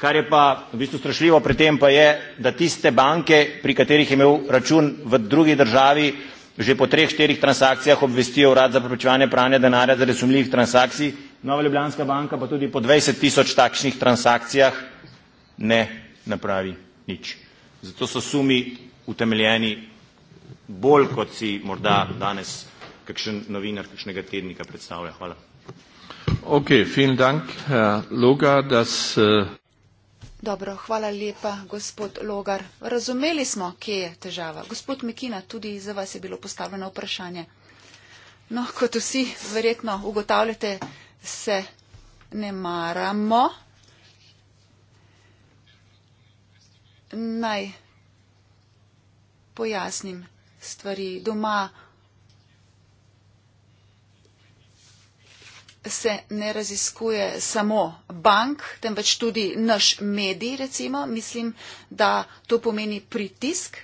Kar je pa v bistvu strašljivo pri tem pa je, da tiste banke, pri katerih je imel račun v drugi državi, že po treh, štirih transakcijah obvestijo Urad za preprečevanje pranja denarja za resumljivih transakcij, Nova Ljubljanska banka pa tudi po 20 tisoč takšnih transakcijah ne napravi nič. Zato so sumi utemeljeni bolj, kot si morda danes kakšen novinar kakšnega tednika predstavlja. Hvala. Ok, fin dank, Luga, da se. Dobro, hvala lepa, gospod Logar. Razumeli smo, kje je težava. Gospod Mekina, tudi za vas je bilo postavljeno vprašanje. No, kot vsi verjetno ugotavljate, se ne maramo. Naj pojasnim stvari doma se ne raziskuje samo bank, temveč tudi naš medij, recimo. Mislim, da to pomeni pritisk.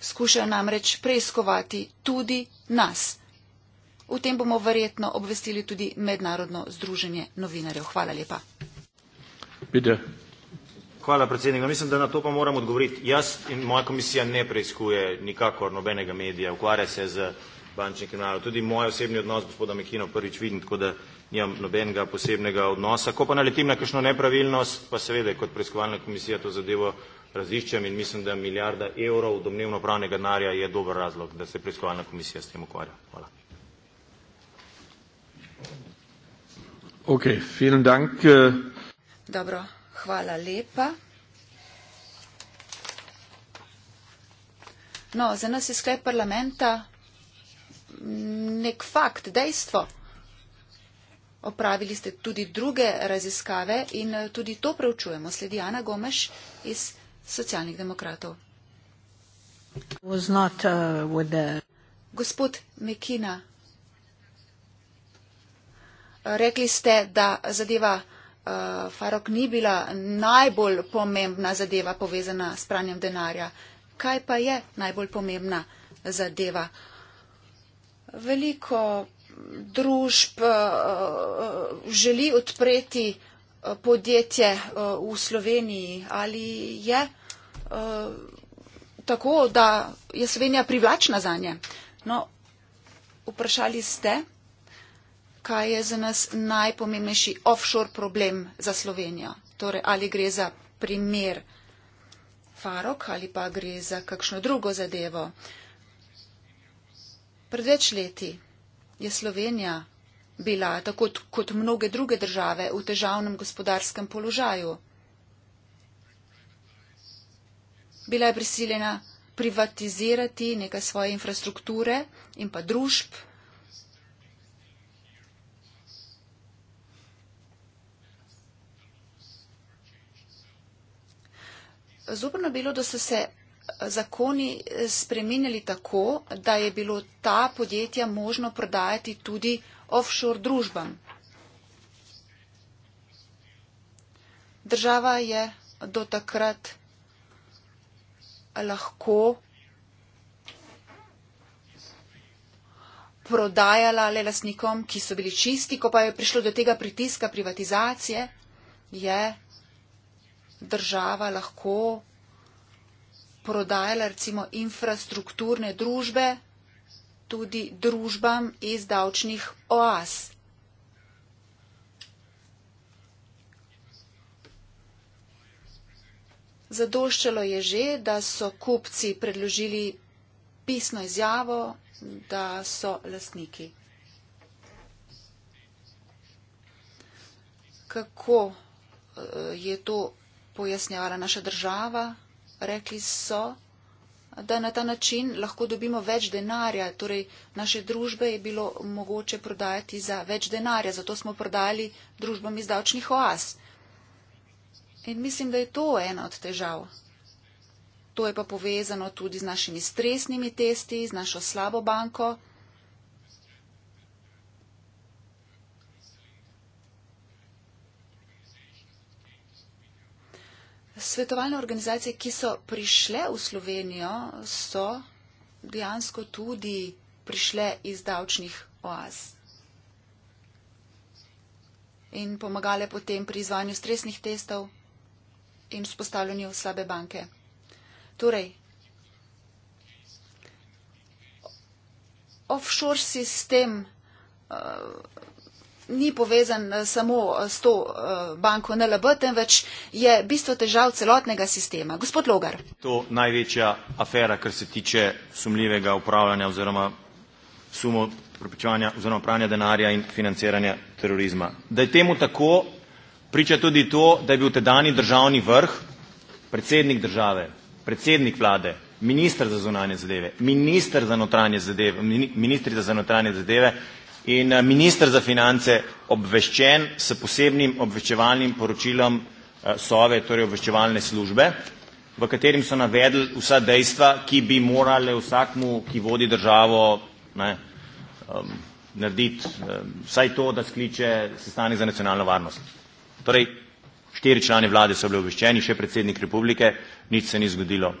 Skušajo namreč preiskovati tudi nas. O tem bomo verjetno obvestili tudi Mednarodno združenje novinarjev. Hvala lepa. Bitte. Hvala, predsednik. Mislim, da na to pa moram odgovoriti. Jaz in moja komisija ne preizkuje nikakor nobenega medija, ukvarja se z bančnim kriminalom. Tudi moj osebni odnos, gospoda Mekino, prvič vidim, tako da nimam nobenega posebnega odnosa. Ko pa naletim na kakšno nepravilnost, pa seveda kot preiskovalna komisija to zadevo raziščem in mislim, da milijarda evrov domnevno pravnega denarja je dober razlog, da se preiskovalna komisija s tem ukvarja. Hvala. Okay, eh. Dobro. Hvala lepa. No, za nas je sklep parlamenta nek fakt, dejstvo. Opravili ste tudi druge raziskave in eh, tudi to preučujemo. Sledi Ana Gomeš iz socialnih demokratov. Not, uh, Gospod Mekina, rekli ste, da zadeva uh, eh, Farok ni bila najbolj pomembna zadeva povezana s pranjem denarja. Kaj pa je najbolj pomembna zadeva? Veliko družb uh, želi odpreti podjetje v Sloveniji ali je uh, tako, da je Slovenija privlačna za nje. No, vprašali ste, kaj je za nas najpomembnejši offshore problem za Slovenijo. Torej, ali gre za primer Farok ali pa gre za kakšno drugo zadevo. Pred več leti je Slovenija bila, tako kot mnoge druge države, v težavnem gospodarskem položaju. Bila je prisiljena privatizirati nekaj svoje infrastrukture in pa družb zubrno bilo, da so se eh, zakoni eh, spremenjali tako, da je bilo ta podjetja možno prodajati tudi offshore družbam. Država je do takrat lahko prodajala le lasnikom, ki so bili čisti, ko pa je prišlo do tega pritiska privatizacije, je država lahko prodajala recimo infrastrukturne družbe tudi družbam iz davčnih oas. Zadoščalo je že, da so kupci predložili pisno izjavo, da so lastniki. Kako eh, je to pojasnjevala naša država, rekli so, da na ta način lahko dobimo več denarja, torej naše družbe je bilo mogoče prodajati za več denarja, zato smo prodali družbam iz davčnih oas. In mislim, da je to ena od težav. To je pa povezano tudi z našimi stresnimi testi, z našo slabo banko. Svetovalne organizacije, ki so prišle v Slovenijo, so dejansko tudi prišle iz davčnih oaz in pomagale potem pri izvajanju stresnih testov in vzpostavljanju slabe banke. Torej, offshore sistem. Uh, ni povezan eh, samo eh, s to eh, banko NLB, temveč je bistvo težav celotnega sistema. Gospod Logar. To največja afera, kar se tiče sumljivega upravljanja oziroma sumo prepričevanja oziroma pranja denarja in financiranja terorizma. Da je temu tako, priča tudi to, da je bil tedani državni vrh, predsednik države, predsednik vlade, minister za zunanje zadeve, minister za notranje zadeve, ministrica za notranje zadeve in eh, minister za finance obveščen s posebnim obveščevalnim poročilom eh, Sove, torej obveščevalne službe, v katerem so navedli vsa dejstva, ki bi morale vsakmu, ki vodi državo, ne, um, narediti um, vsaj to, da skliče sestanek za nacionalno varnost. Torej, štiri člani vlade so bili obveščeni, še predsednik republike, nič se ni zgodilo.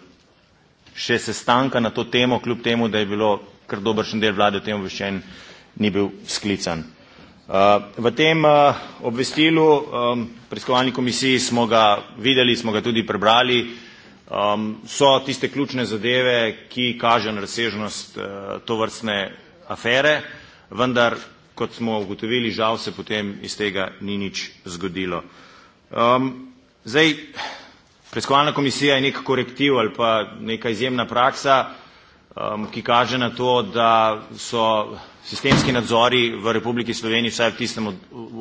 Še sestanka na to temo, kljub temu, da je bilo kar dober del vlade o tem obveščen, ni bil sklican. Eh, v tem eh, obvestilu preiskovalni komisiji smo ga videli, smo ga tudi prebrali, so tiste ključne zadeve, ki kaže na razsežnost eh, to vrstne afere, vendar, kot smo ugotovili, žal se potem iz tega ni nič zgodilo. Zdaj, preiskovalna komisija je nek korektiv ali pa neka izjemna praksa, ki kaže na to, da so sistemski nadzori v Republiki Sloveniji vsaj v tistem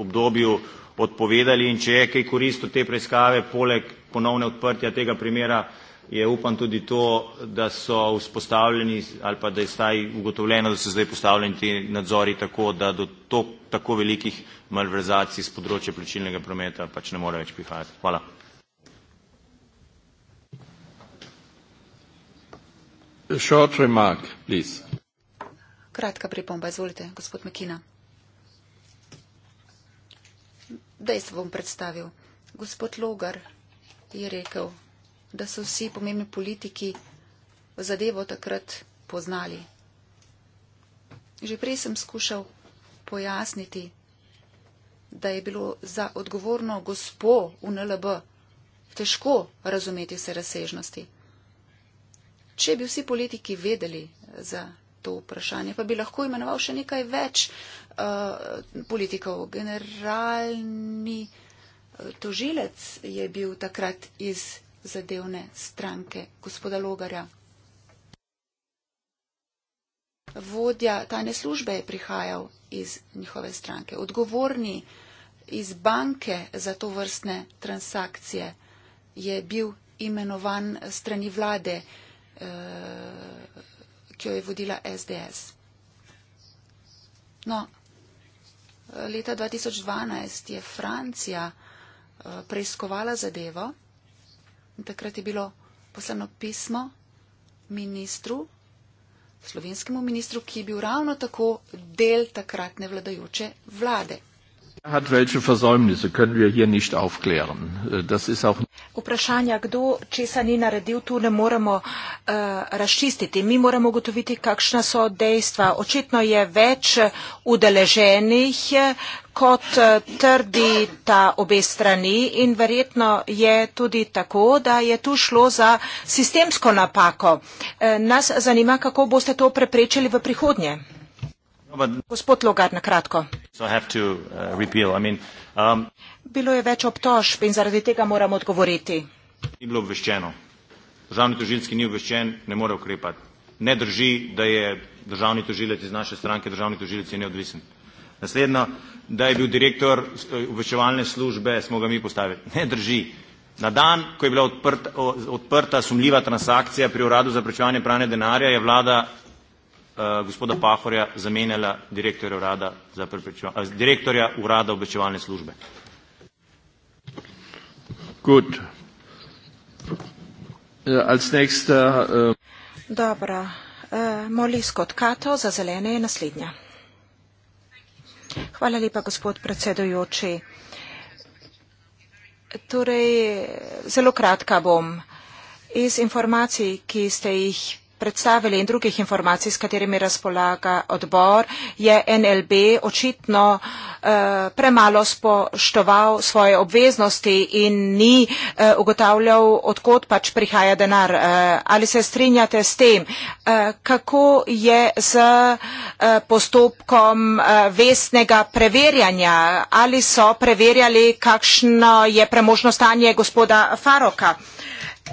obdobju odpovedali in če je kaj koristil te preiskave, poleg ponovne odprtja tega primera, je upam tudi to, da so vzpostavljeni ali pa da je zdaj ugotovljeno, da so zdaj postavljeni ti nadzori tako, da do to, tako velikih malverzacij z področja plačilnega prometa pač ne more več prihajati. Hvala. A short remark, please. Kratka pripomba, izvolite, gospod Mekina. Dejstvo bom predstavil. Gospod Logar je rekel, da so vsi pomembni politiki zadevo takrat poznali. Že prej sem skušal pojasniti, da je bilo za odgovorno gospo v NLB težko razumeti vse razsežnosti. Če bi vsi politiki vedeli za to vprašanje. Pa bi lahko imenoval še nekaj več uh, politikov. Generalni eh, tožilec je bil takrat iz zadevne stranke gospoda Logarja. Vodja tajne službe je prihajal iz njihove stranke. Odgovorni iz banke za to vrstne transakcije je bil imenovan strani vlade. Uh, ki jo je vodila SDS. No, leta 2012 je Francija eh, preiskovala zadevo in takrat je bilo poslano pismo ministru, slovenskemu ministru, ki je bil ravno tako del takratne vladajoče vlade hat welche Versäumnisse, können wir hier nicht aufklären. Äh, das ist auch Vprašanja, kdo česa ni naredil, tu ne moremo uh, razčistiti. Mi moramo ugotoviti, kakšna so dejstva. Očitno je več äh, udeleženih, kot trdi ta obe strani in verjetno je tudi tako, da je tu šlo za sistemsko napako. Nas zanima, kako boste to preprečili v prihodnje. No, Gospod Logar, na kratko. Uh, um, bilo je več obtožb in zaradi tega moram odgovoriti. Ni bilo obveščeno. Državni tožilski ni obveščen, ne more ukrepati. Ne drži, da je državni tožilec iz naše stranke, državni tožilec je neodvisen. Naslednja, da je bil direktor obveščevalne službe, smo ga mi postavili. Ne drži. Na dan, ko je bila odprta, odprta sumljiva transakcija pri uradu za prečevanje pranja denarja, je vlada Eh, gospoda Pahorja zamenjala direktorja urada za preprečevanje, eh, direktorja urada obveščevalne službe. Gut. Eh, als nächster, uh... Dobro. Uh, Moli Scott Kato za zelene je naslednja. Hvala lepa, gospod predsedujoči. Torej, zelo kratka bom. Iz informacij, ki ste jih predstavili in drugih informacij, s katerimi razpolaga odbor, je NLB očitno eh, premalo spoštoval svoje obveznosti in ni eh, ugotavljal, odkot pač prihaja denar. Eh, ali se strinjate s tem, kako je z postopkom vesnega preverjanja? Ali so preverjali, kakšno je premožno stanje gospoda Faroka?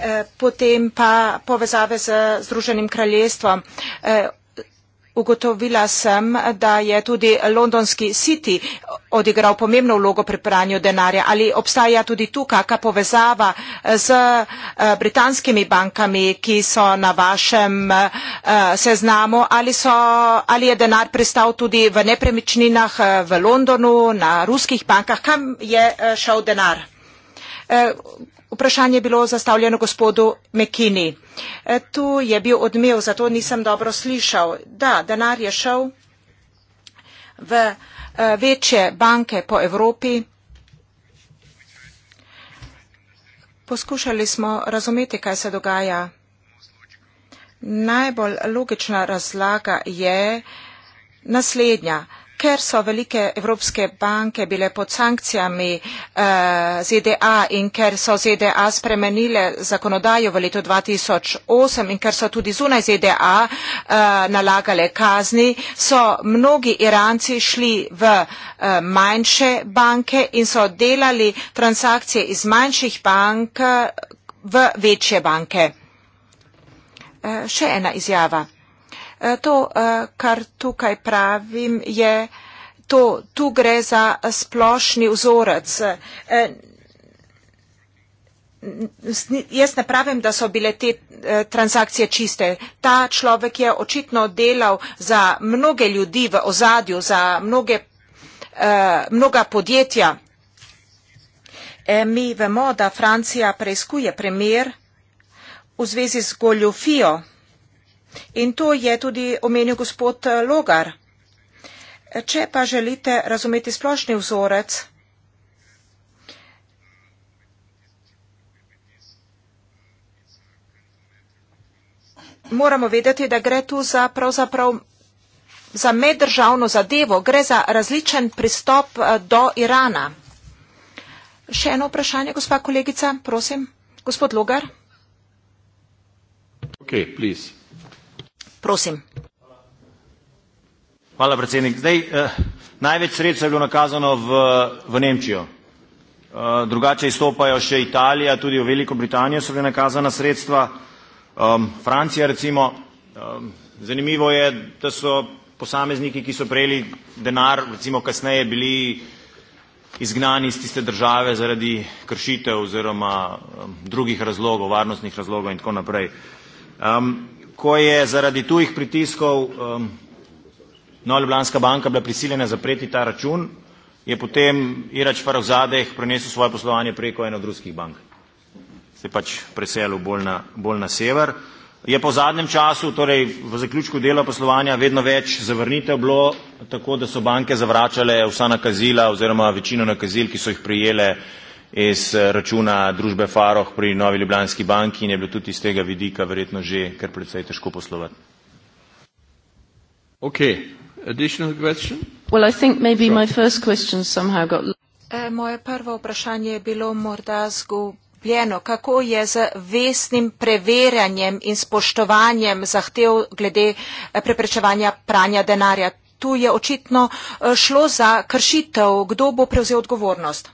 Eh, potem pa povezave z Združenim kraljestvom. Eh, ugotovila sem, da je tudi londonski City odigral pomembno vlogo pri pranju denarja. Ali obstaja tudi tukaj kakšna povezava eh, z britanskimi bankami, ki so na vašem seznamu? Ali, so, ali je denar pristal tudi v nepremičninah v Londonu, na ruskih bankah? Kam je šel denar? Vprašanje je bilo zastavljeno gospodu Mekini. E, tu je bil odmev, zato nisem dobro slišal. Da, denar je šel v e, večje banke po Evropi. Poskušali smo razumeti, kaj se dogaja. Najbolj logična razlaga je naslednja ker so velike evropske banke bile pod sankcijami uh, eh, ZDA in ker so ZDA spremenile zakonodajo v letu 2008 in ker so tudi zunaj ZDA uh, eh, nalagale kazni, so mnogi Iranci šli v uh, manjše banke in so delali transakcije iz manjših bank v večje banke. Uh, še ena izjava. Eh, to, eh, kar tukaj pravim, je to, tu gre za splošni vzorec. Eh, jaz ne pravim, da so bile te transakcije čiste. Ta človek je očitno delal za mnoge ljudi v ozadju, za mnoge, mnoga podjetja. Mi vemo, da Francija preizkuje primer v zvezi z goljofijo. In to je tudi omenil gospod eh, Logar. Če pa želite razumeti splošni vzorec, moramo vedeti, da gre tu za pravzaprav za meddržavno zadevo, gre za različen pristop eh, do Irana. Še eno vprašanje, gospa kolegica, prosim. Gospod Logar. Okay, please. Prosim. Hvala, predsednik. Zdaj, eh, največ sredstev je bilo nakazano v, v Nemčijo. Eh, drugače izstopajo še Italija, tudi v Veliko Britanijo so bile nakazana sredstva, eh, Francija recimo. Eh, zanimivo je, da so posamezniki, ki so prejeli denar, recimo kasneje bili izgnani iz tiste države zaradi kršitev oziroma eh, drugih razlogov, varnostnih razlogov in tako naprej. Eh, ko je zaradi tujih pritiskov um, Nova Ljubljanska banka bila prisiljena zapreti ta račun, je potem Irač Farovzadeh prenesel svoje poslovanje preko ene od ruskih bank. Se je pač preselil bolj na, bolj na sever. Je po zadnjem času, torej v zaključku dela poslovanja, vedno več zavrnitev bilo, tako da so banke zavračale vsa nakazila oziroma večino nakazil, ki so jih prijele iz eh, računa družbe Faroh pri Novi Ljubljanski banki in je bilo tudi iz tega vidika verjetno že kar predvsej težko poslovati. Okay. Additional question? Well, I think maybe sure. my first question somehow got... Eh, moje prvo vprašanje je bilo morda zgubljeno. Kako je z vesnim preverjanjem in spoštovanjem zahtev glede eh, preprečevanja pranja denarja? Tu je očitno šlo za kršitev. Kdo bo prevzel odgovornost?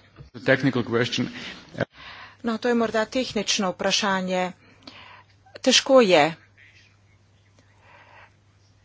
No, to je morda tehnično vprašanje. Težko je.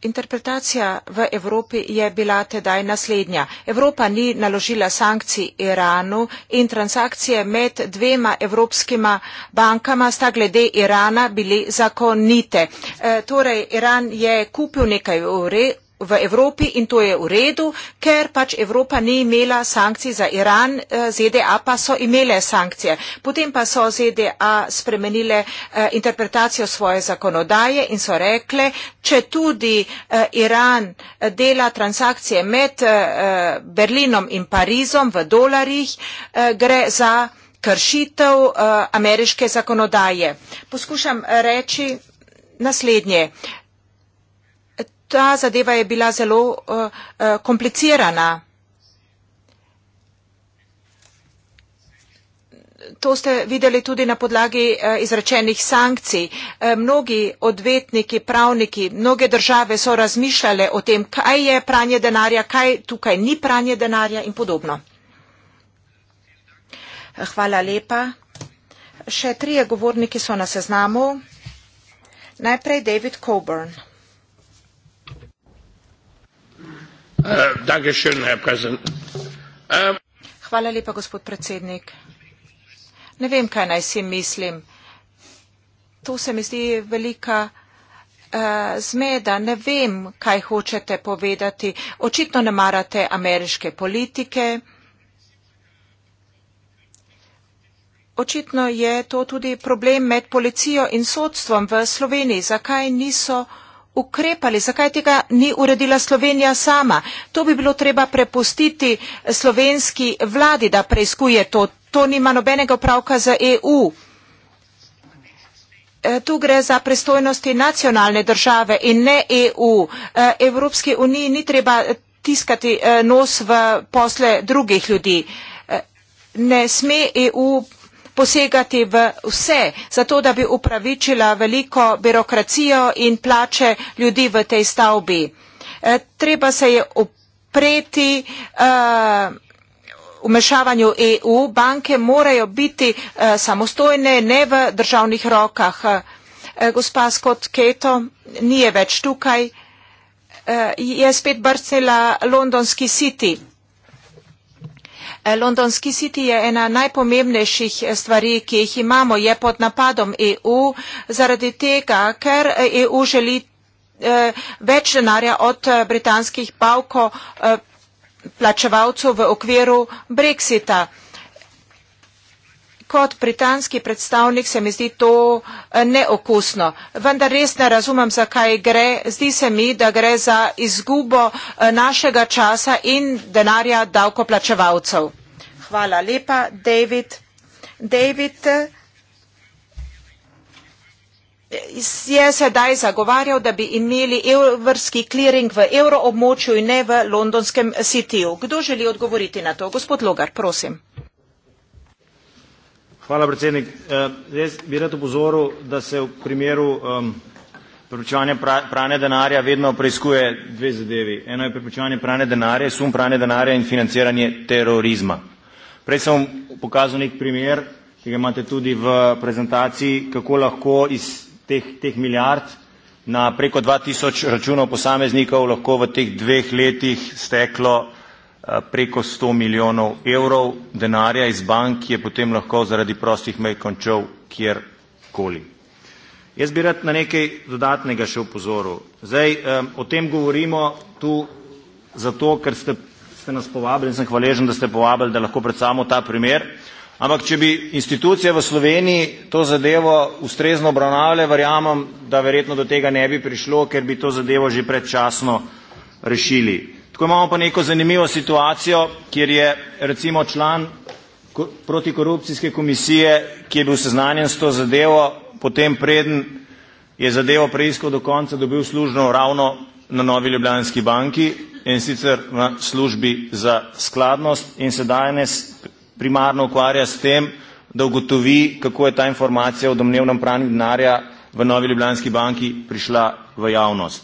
Interpretacija v Evropi je bila tedaj naslednja. Evropa ni naložila sankcij Iranu in transakcije med dvema evropskima bankama sta glede Irana bili zakonite. E, torej, Iran je kupil nekaj ure v Evropi in to je v redu, ker pač Evropa ni imela sankcij za Iran, eh, ZDA pa so imele sankcije. Potem pa so ZDA spremenile eh, interpretacijo svoje zakonodaje in so rekle, če tudi eh, Iran dela transakcije med Berlinom in Parizom v dolarjih, gre za kršitev ameriške zakonodaje. Poskušam reči naslednje ta zadeva je bila zelo uh, uh, komplicirana. To ste videli tudi na podlagi eh, izrečenih sankcij. Mnogi odvetniki, pravniki, mnoge države so razmišljale o tem, kaj je pranje denarja, kaj tukaj ni pranje denarja in podobno. Hvala lepa. Še trije govorniki so na seznamu. Najprej David Coburn. Uh, um, Hvala lepa, gospod predsednik. Ne vem, kaj naj si mislim. To se mi zdi velika uh, zmeda. Ne vem, kaj hočete povedati. Očitno ne marate ameriške politike. Očitno je to tudi problem med policijo in sodstvom v Sloveniji. Zakaj niso ukrepali, zakaj tega ni uredila Slovenija sama. To bi bilo treba prepustiti slovenski vladi, da preizkuje to. To nima nobenega upravka za EU. E, tu gre za pristojnosti nacionalne države in ne EU. E, Evropski uniji ni treba tiskati e, nos v posle drugih ljudi. Ne sme EU posegati v vse zato da bi upravičila veliko birokracijo in plače ljudi v tej stavbi. Eh, treba se je upreti eh, vmešavanju uh, e EU. Banke morajo biti uh, samostojne, ne v državnih rokah. Uh, gospa Scott Keto nije več tukaj. Uh, je spet brcnila londonski City. Eh, Londonski City je ena najpomembnejših eh, stvari, ki jih imamo, je pod napadom EU zaradi tega, ker EU eh, e želi več denarja od britanskih pavko plačevalcev v okviru Brexita. Kot britanski predstavnik se mi zdi to neokusno. Vendar res ne razumem, zakaj gre. Zdi se mi, da gre za izgubo našega časa in denarja davkoplačevalcev. Hvala lepa, David. David je sedaj zagovarjal, da bi imeli evrski kliring v evroobmočju in ne v londonskem CT-ju. Kdo želi odgovoriti na to? Gospod Logar, prosim. Hvala, predsednik. Eh, jaz bi rad upozoril, da se v primeru um, preprečevanja pranja denarja vedno preiskuje dve zadevi. Eno je preprečevanje pranja denarja, sum pranja denarja in financiranje terorizma. Prej sem pokazal nek primer, ki ga imate tudi v prezentaciji, kako lahko iz teh, teh milijard na preko 2000 računov posameznikov lahko v teh dveh letih steklo eh, preko 100 milijonov evrov denarja iz bank, ki je potem lahko zaradi prostih mej končal kjerkoli. Jaz bi rad na nekaj dodatnega še upozoril. Zdaj, eh, o tem govorimo tu zato, ker ste ste nas povabili in sem hvaležen, da ste povabili, da lahko predstavimo ta primer. Ampak, če bi institucije v Sloveniji to zadevo ustrezno obravnavale, verjamem, da verjetno do tega ne bi prišlo, ker bi to zadevo že predčasno rešili. Tako imamo pa neko zanimivo situacijo, kjer je recimo član protikorupcijske komisije, ki je bil seznanjen s to zadevo, potem preden je zadevo preiskal do konca, dobil službo ravno na Novi Ljubljanski banki, in sicer na službi za skladnost in se danes primarno ukvarja s tem, da ugotovi, kako je ta informacija o domnevnem pranju denarja v Novi Ljubljanski banki prišla v javnost.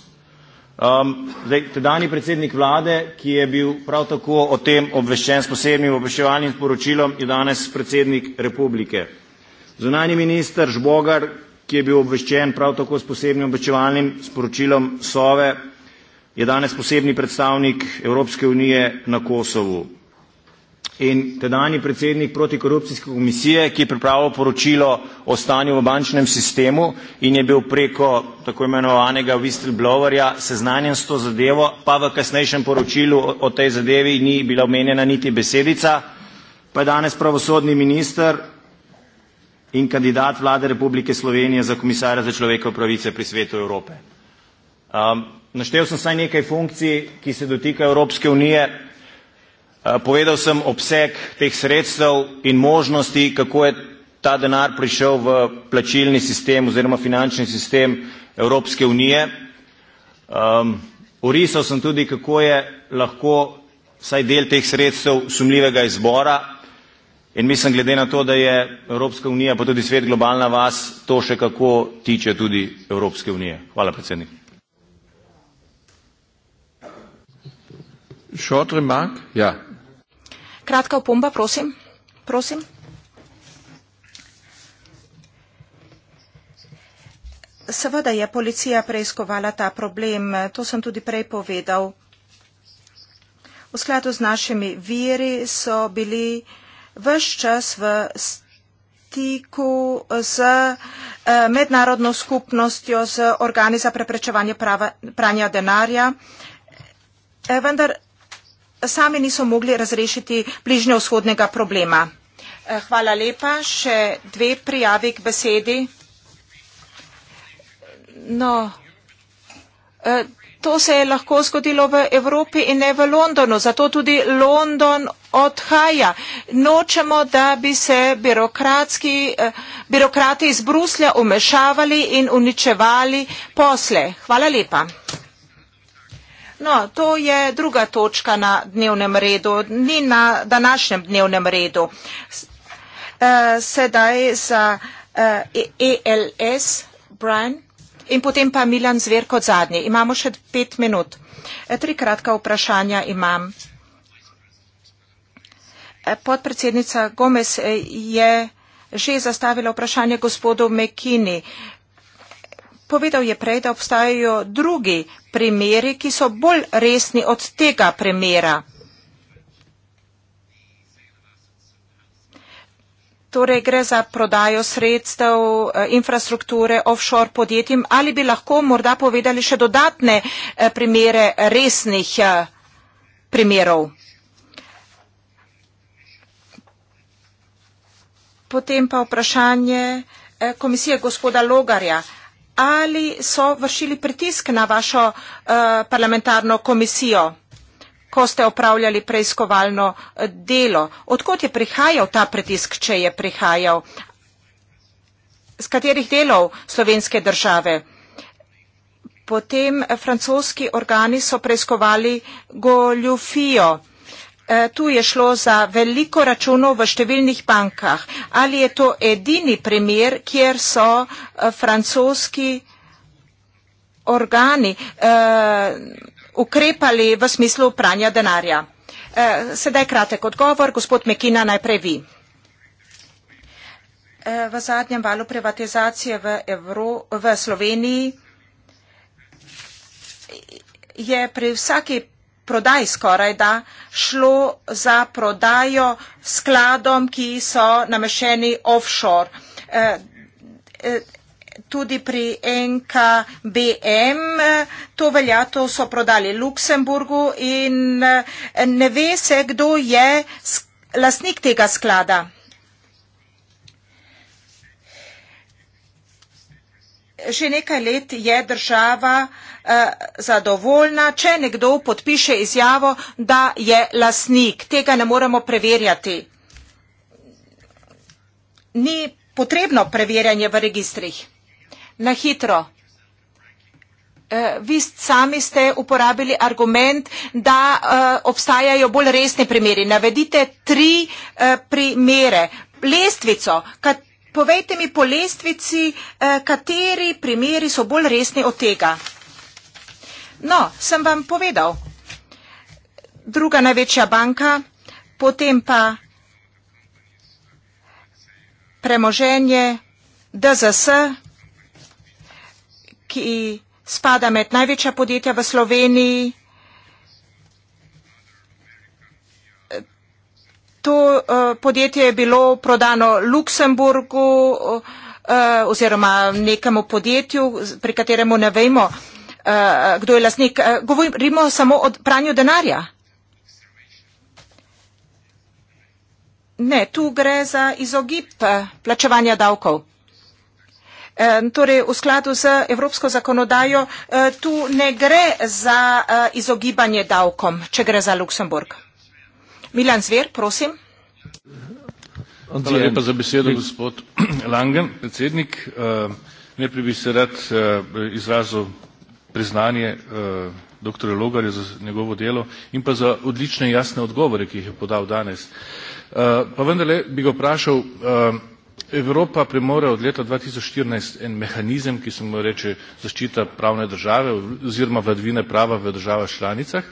Um, zdaj, tedani predsednik vlade, ki je bil prav tako o tem obveščen s posebnim obveščevalnim sporočilom, je danes predsednik republike. Zunanji minister Žbogar, ki je bil obveščen prav tako s posebnim obveščevalnim sporočilom Sove, je danes posebni predstavnik Evropske unije na Kosovu. In tedajni predsednik protikorupcijske komisije, ki je pripravil poročilo o stanju v bančnem sistemu in je bil preko tako imenovanega whistleblowerja seznanjen s to zadevo, pa v kasnejšem poročilu o tej zadevi ni bila omenjena niti besedica, pa je danes pravosodni minister in kandidat vlade Republike Slovenije za komisarja za človekove pravice pri svetu Evrope. Um, Naštel sem saj nekaj funkcij, ki se dotikajo Evropske unije, eh, povedal sem obseg teh sredstev in možnosti, kako je ta denar prišel v plačilni sistem oziroma finančni sistem Evropske unije. Um, orisal sem tudi, kako je lahko saj del teh sredstev sumljivega izbora in mislim, glede na to, da je Evropska unija, pa tudi svet globalna vas, to še kako tiče tudi Evropske unije. Hvala predsednik. Short remark? Ja. Kratka opomba, prosim. prosim. Seveda je policija preiskovala ta problem, to sem tudi prej povedal. V skladu z našimi viri so bili vse čas v stiku z eh, mednarodno skupnostjo, z organi za preprečevanje prava, pranja denarja. Eh, vendar sami niso mogli razrešiti bližnjevzhodnega problema. Eh, hvala lepa. Še dve prijavi k besedi. No, eh, to se je lahko zgodilo v Evropi in ne v Londonu, zato tudi London odhaja. Nočemo, da bi se eh, birokrati iz Bruslja umešavali in uničevali posle. Hvala lepa. No, to je druga točka na dnevnem redu, ni na današnjem dnevnem redu. Eh, sedaj za ELS, eh, e, e Brian, in potem pa Milan Zver kot zadnji. Imamo še pet minut. Eh, tri kratka vprašanja imam. Podpredsednica Gomez je že zastavila vprašanje gospodu Mekini. Povedal je prej, da obstajajo drugi primeri, ki so bolj resni od tega primera. Torej gre za prodajo sredstev eh, infrastrukture offshore podjetjem ali bi lahko morda povedali še dodatne eh, primere resnih eh, primerov. Potem pa vprašanje komisije gospoda Logarja ali so vršili pritisk na vašo uh, parlamentarno komisijo, ko ste opravljali preiskovalno eh, delo. Odkot je prihajal ta pritisk, če je prihajal? Z katerih delov slovenske države? Potem eh, francoski organi so preiskovali goljufijo. Eh, tu je šlo za veliko računov v številnih bankah. Ali je to edini primer, kjer so eh, francoski organi uh, ukrepali v smislu pranja denarja? Uh, sedaj kratek odgovor, gospod Mekina, najprej vi. Uh, v zadnjem valu privatizacije v, Evro, v Sloveniji je pri vsaki prodaj skoraj da, šlo za prodajo skladom, ki so namešeni offshore. Eh, eh, tudi pri NKBM eh, to velja, to so prodali Luksemburgu in ne ve se, kdo je lasnik tega sklada. že nekaj let je država eh, zadovoljna, če nekdo podpiše izjavo, da je lasnik. Tega ne moremo preverjati. Ni potrebno preverjanje v registrih. Na hitro. Eh, vi sami ste uporabili argument, da eh, obstajajo bolj resni primeri. Navedite tri primere. Lestvico, katero povejte mi po lestvici, eh, kateri primeri so bolj resni od tega. No, sem vam povedal. Druga največja banka, potem pa premoženje DZS, ki spada med največja podjetja v Sloveniji. to uh, podjetje je bilo prodano Luksemburgu uh, oziroma nekemu podjetju, pri kateremu ne vemo, uh, kdo je lasnik. Uh, govorimo samo o pranju denarja. Ne, tu gre za izogib plačevanja davkov. Torej, v skladu z evropsko zakonodajo, tu ne gre za izogibanje davkom, če gre za Luksemburg. Milan Zver, prosim. Hvala lepa za besedo, gospod Langen, predsednik. Eh, najprej bi se rad eh, izrazil priznanje eh, dr. Logarju za njegovo delo in pa za odlične jasne odgovore, ki jih je podal danes. Pa vendarle bi ga vprašal, Evropa premore od leta 2014 en mehanizem, ki se mu reče zaščita pravne države oziroma vladavine prava v državah članicah,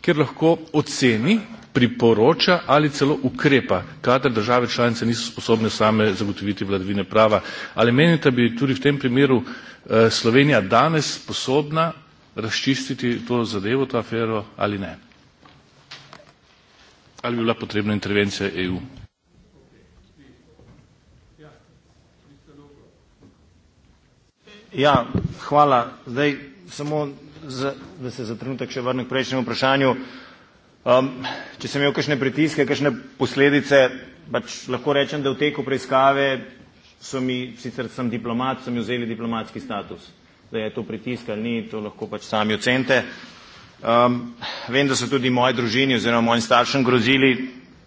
kjer lahko oceni, priporoča ali celo ukrepa, kadar države članice niso sposobne same zagotoviti vladavine prava. Ali menite, bi tudi v tem primeru eh, Slovenija danes sposobna razčistiti to zadevo, to afero ali ne? Ali bi bila potrebna intervencija EU? Ja, hvala. Zdaj, samo za, da se za trenutek še vrnem k prejšnjemu vprašanju. Um, če sem imel kakšne pritiske, kakšne posledice, pač lahko rečem, da v teku preiskave so mi, sicer sem diplomat, so mi vzeli diplomatski status. Da je to pritisk ali ni, to lahko pač sami ocente. Um, vem, da so tudi moji družini oziroma mojim staršem grozili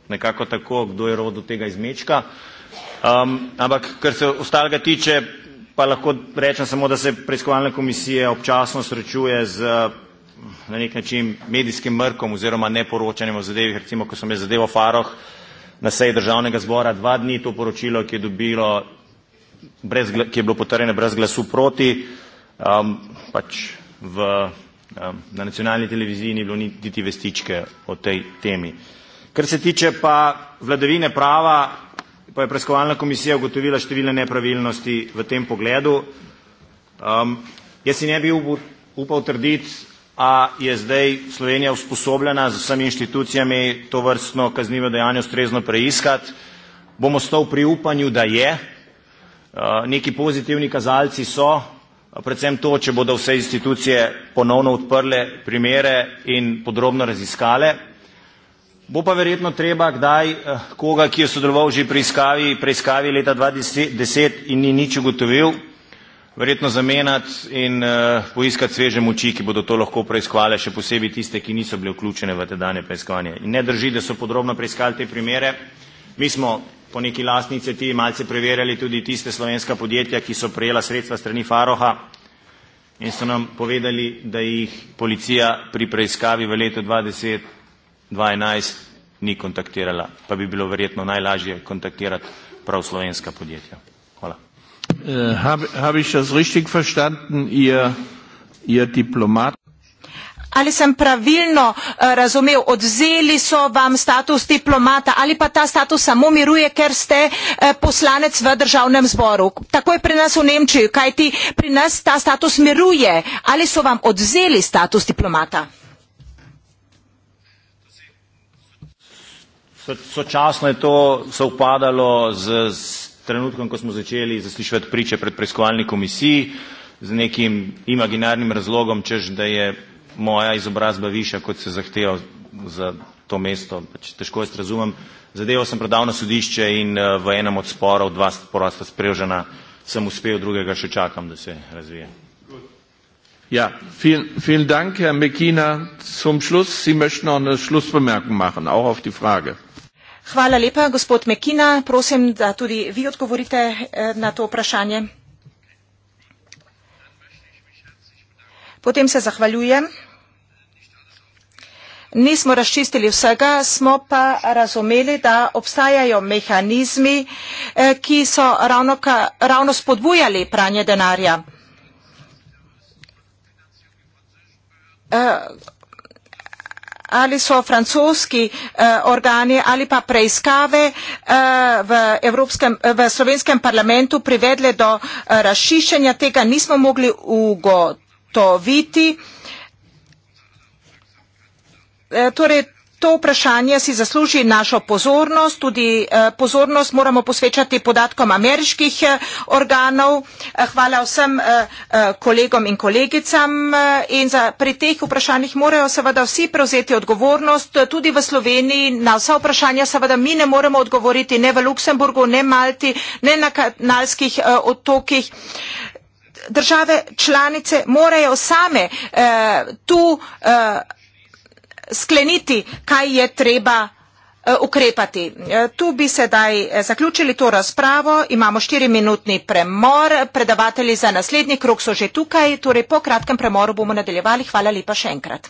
nekako tako, kdo je rodil tega izmečka. Um, ampak, kar se ostalega tiče, pa lahko rečem samo, da se preiskovalna komisija občasno srečuje z na nek način medijskim mrkom oziroma neporočanjem o zadevi, recimo, ko sem jaz zadevo Faroh na seji državnega zbora dva dni to poročilo, ki je dobilo, brez, ki je bilo potrjeno brez glasu proti, um, pač v, um, na nacionalni televiziji ni bilo niti vestičke o tej temi. Kar se tiče pa vladavine prava, pa je preiskovalna komisija ugotovila številne nepravilnosti v tem pogledu. Um, jaz si ne bi upal trditi, a je zdaj Slovenija usposobljena z vsemi inštitucijami to vrstno kaznivo dejanje ustrezno preiskati, bom ostal pri upanju, da je. Eh, neki pozitivni kazalci so, predvsem to, če bodo vse institucije ponovno odprle primere in podrobno raziskale. Bo pa verjetno treba kdaj eh, koga, ki je sodeloval že pri preiskavi leta 2010 in ni nič ugotovil, verjetno zamenjati in uh, poiskati sveže moči, ki bodo to lahko preiskovali, še posebej tiste, ki niso bile vključene v te dane preiskovanje. In ne drži, da so podrobno preiskali te primere. Mi smo po neki lastni inicijativi malce preverjali tudi tiste slovenska podjetja, ki so prejela sredstva strani Faroha in so nam povedali, da jih policija pri preiskavi v letu 2011 ni kontaktirala, pa bi bilo verjetno najlažje kontaktirati prav slovenska podjetja. Äh, Habe hab ich das richtig verstanden, Ihr, Ihr Diplomat? Ali sem pravilno äh, razumel, odzeli so vam status diplomata ali pa ta status samo miruje, ker ste äh, poslanec v državnem zboru. Tako je pri nas v Nemčiji, kajti pri nas ta status miruje. Ali so vam odzeli status diplomata? So, sočasno je to sovpadalo z. z trenutkom, ko smo začeli zaslišati priče pred preiskovalni komisiji z nekim imaginarnim razlogom, čež da je moja izobrazba višja, kot se zahteva za to mesto, pač težko jaz razumem. Zadevo sem predal na sodišče in eh, v enem od sporov, dva spora sta sprevžena, sem uspel, drugega še čakam, da se razvije. Ja, vielen, vielen Dank, Herr Mekina. Zum Schluss, Sie möchten noch eine Schlussbemerkung machen, auch auf die Frage. Hvala lepa, gospod Mekina. Prosim, da tudi vi odgovorite eh, na to vprašanje. Potem se zahvaljujem. Nismo razčistili vsega, smo pa razumeli, da obstajajo mehanizmi, eh, ki so ravno, ka, ravno spodbujali pranje denarja. Uh, ali so francoski eh, organi ali pa preiskave eh, v, Evropskem, v slovenskem parlamentu privedle do eh, razšišenja tega, nismo mogli ugotoviti. Eh, torej, To vprašanje si zasluži našo pozornost, tudi eh, pozornost moramo posvečati podatkom ameriških eh, organov. Eh, hvala vsem kolegom in kolegicam in za, pri teh vprašanjih morajo seveda vsi prevzeti odgovornost, tudi v Sloveniji na vsa vprašanja seveda mi ne moremo odgovoriti ne v Luksemburgu, ne Malti, ne na kanalskih otokih. Države članice morajo same eh, tu eh, skleniti, kaj je treba eh, ukrepati. Eh, tu bi sedaj eh, zaključili to razpravo, imamo štiri minutni premor, predavatelji za naslednji krok so že tukaj, torej po kratkem premoru bomo nadaljevali. Hvala lepa še enkrat.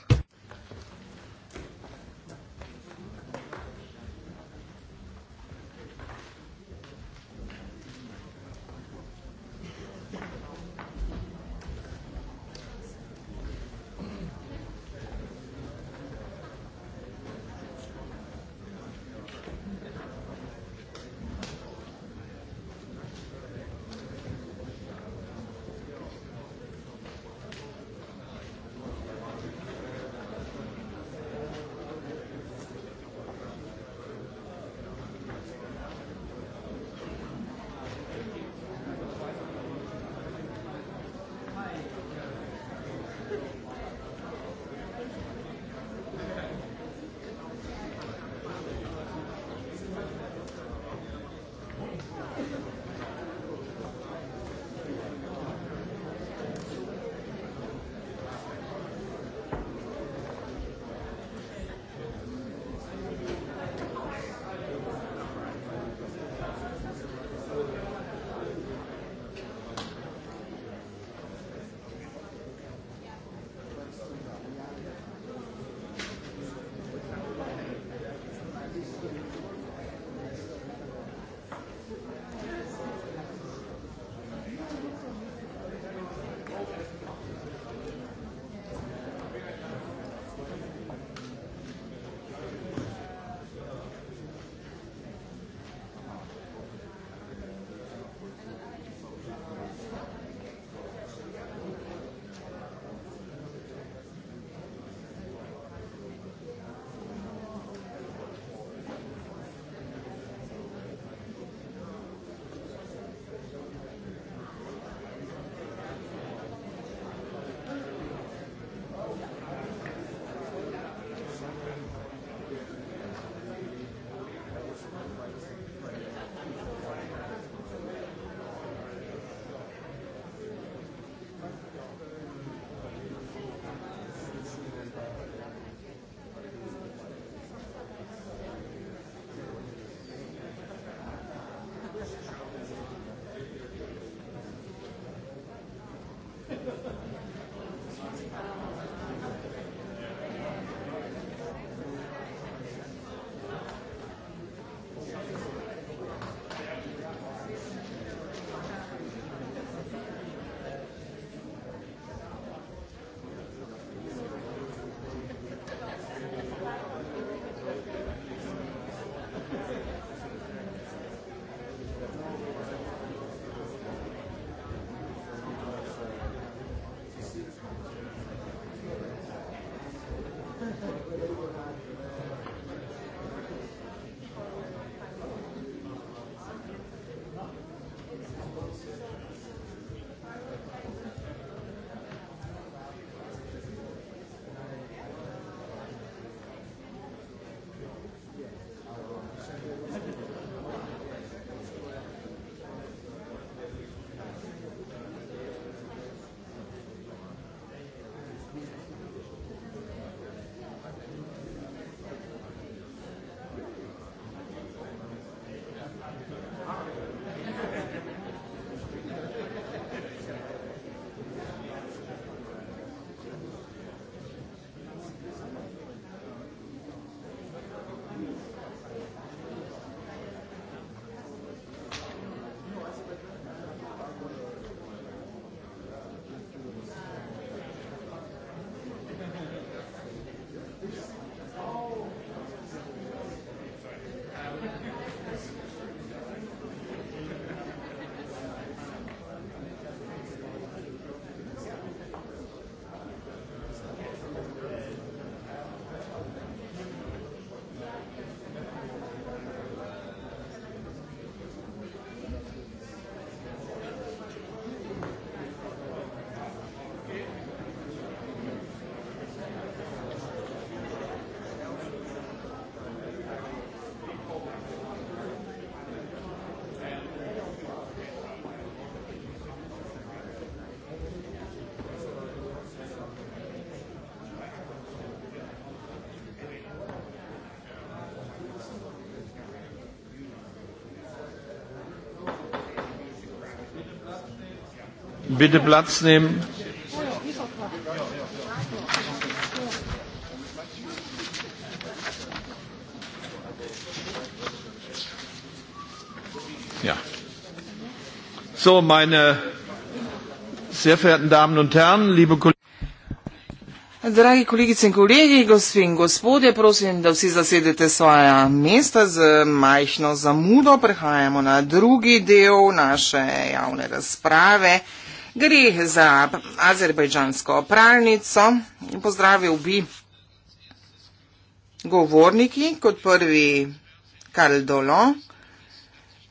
Bitte Platz nehmen. Ja. So, meine sehr verehrten Damen und Herren, liebe Kollegen. Dragi kolegice in kolegi, gospe in gospodje, prosim, da vsi zasedete svoja mesta z majhno zamudo. Prehajamo na drugi del naše javne razprave. Gre za azerbajdžansko pralnico. Pozdravil bi govorniki kot prvi Karl Dolo,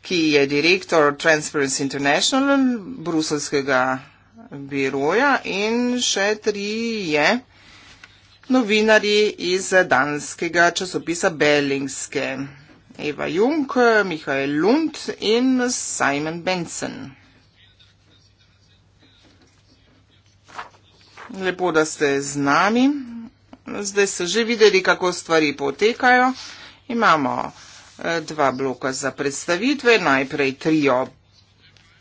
ki je direktor Transparency International, bruselskega biroja in še tri je novinari iz danskega časopisa Bellingske. Eva Jung, Mihael Lund in Simon Benson. Lepo, da ste z nami. Zdaj ste že videli, kako stvari potekajo. Imamo eh, dva bloka za predstavitve. Najprej trio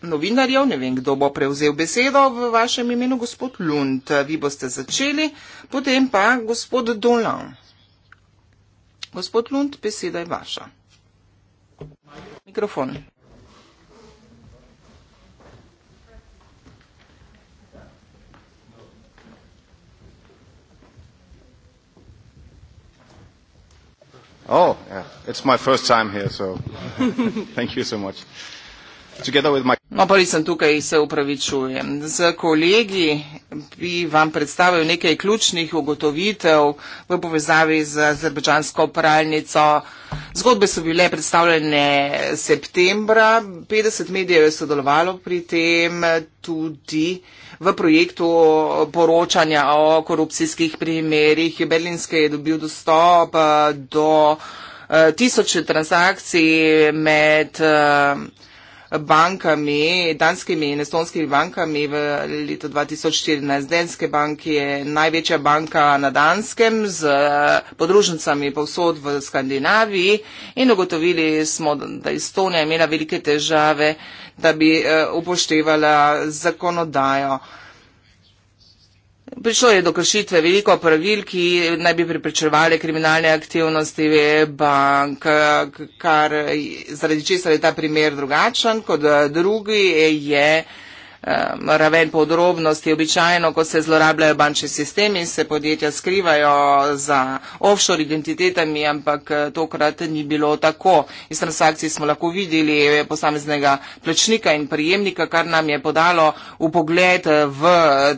novinarjev. Ne vem, kdo bo prevzel besedo v vašem imenu, gospod Lund. Vi boste začeli, potem pa gospod Dolan. Gospod Lund, beseda je vaša. Mikrofon. Oh, yeah. It's my first time here, so thank you so much. Together with my colleagues, I'm very happy to No, pa nisem tukaj, se upravičujem. Z kolegi bi vam predstavil nekaj ključnih ugotovitev v povezavi z azerbajdžansko pralnico. Zgodbe so bile predstavljene septembra, 50 medijev je sodelovalo pri tem tudi v projektu poročanja o korupcijskih primerjih. Berlinske je dobil dostop eh, do eh, tisoče transakcij med. Eh, bankami, danskimi in estonskimi bankami v letu 2014. Denske bank je največja banka na danskem z eh, podružnicami povsod v Skandinaviji in ugotovili smo, da Estonija je imela velike težave, da bi eh, upoštevala zakonodajo. Prišlo je do kršitve veliko pravil, ki naj bi priprečevali kriminalne aktivnosti bank, kar zaradi česar je ta primer drugačen kot eh, drugi, je raven podrobnosti. Običajno, ko se zlorabljajo bančni sistemi, se podjetja skrivajo za offshore identitetami, ampak eh, tokrat ni bilo tako. Iz transakcij smo lahko videli posameznega plačnika in prijemnika, kar nam je podalo v pogled v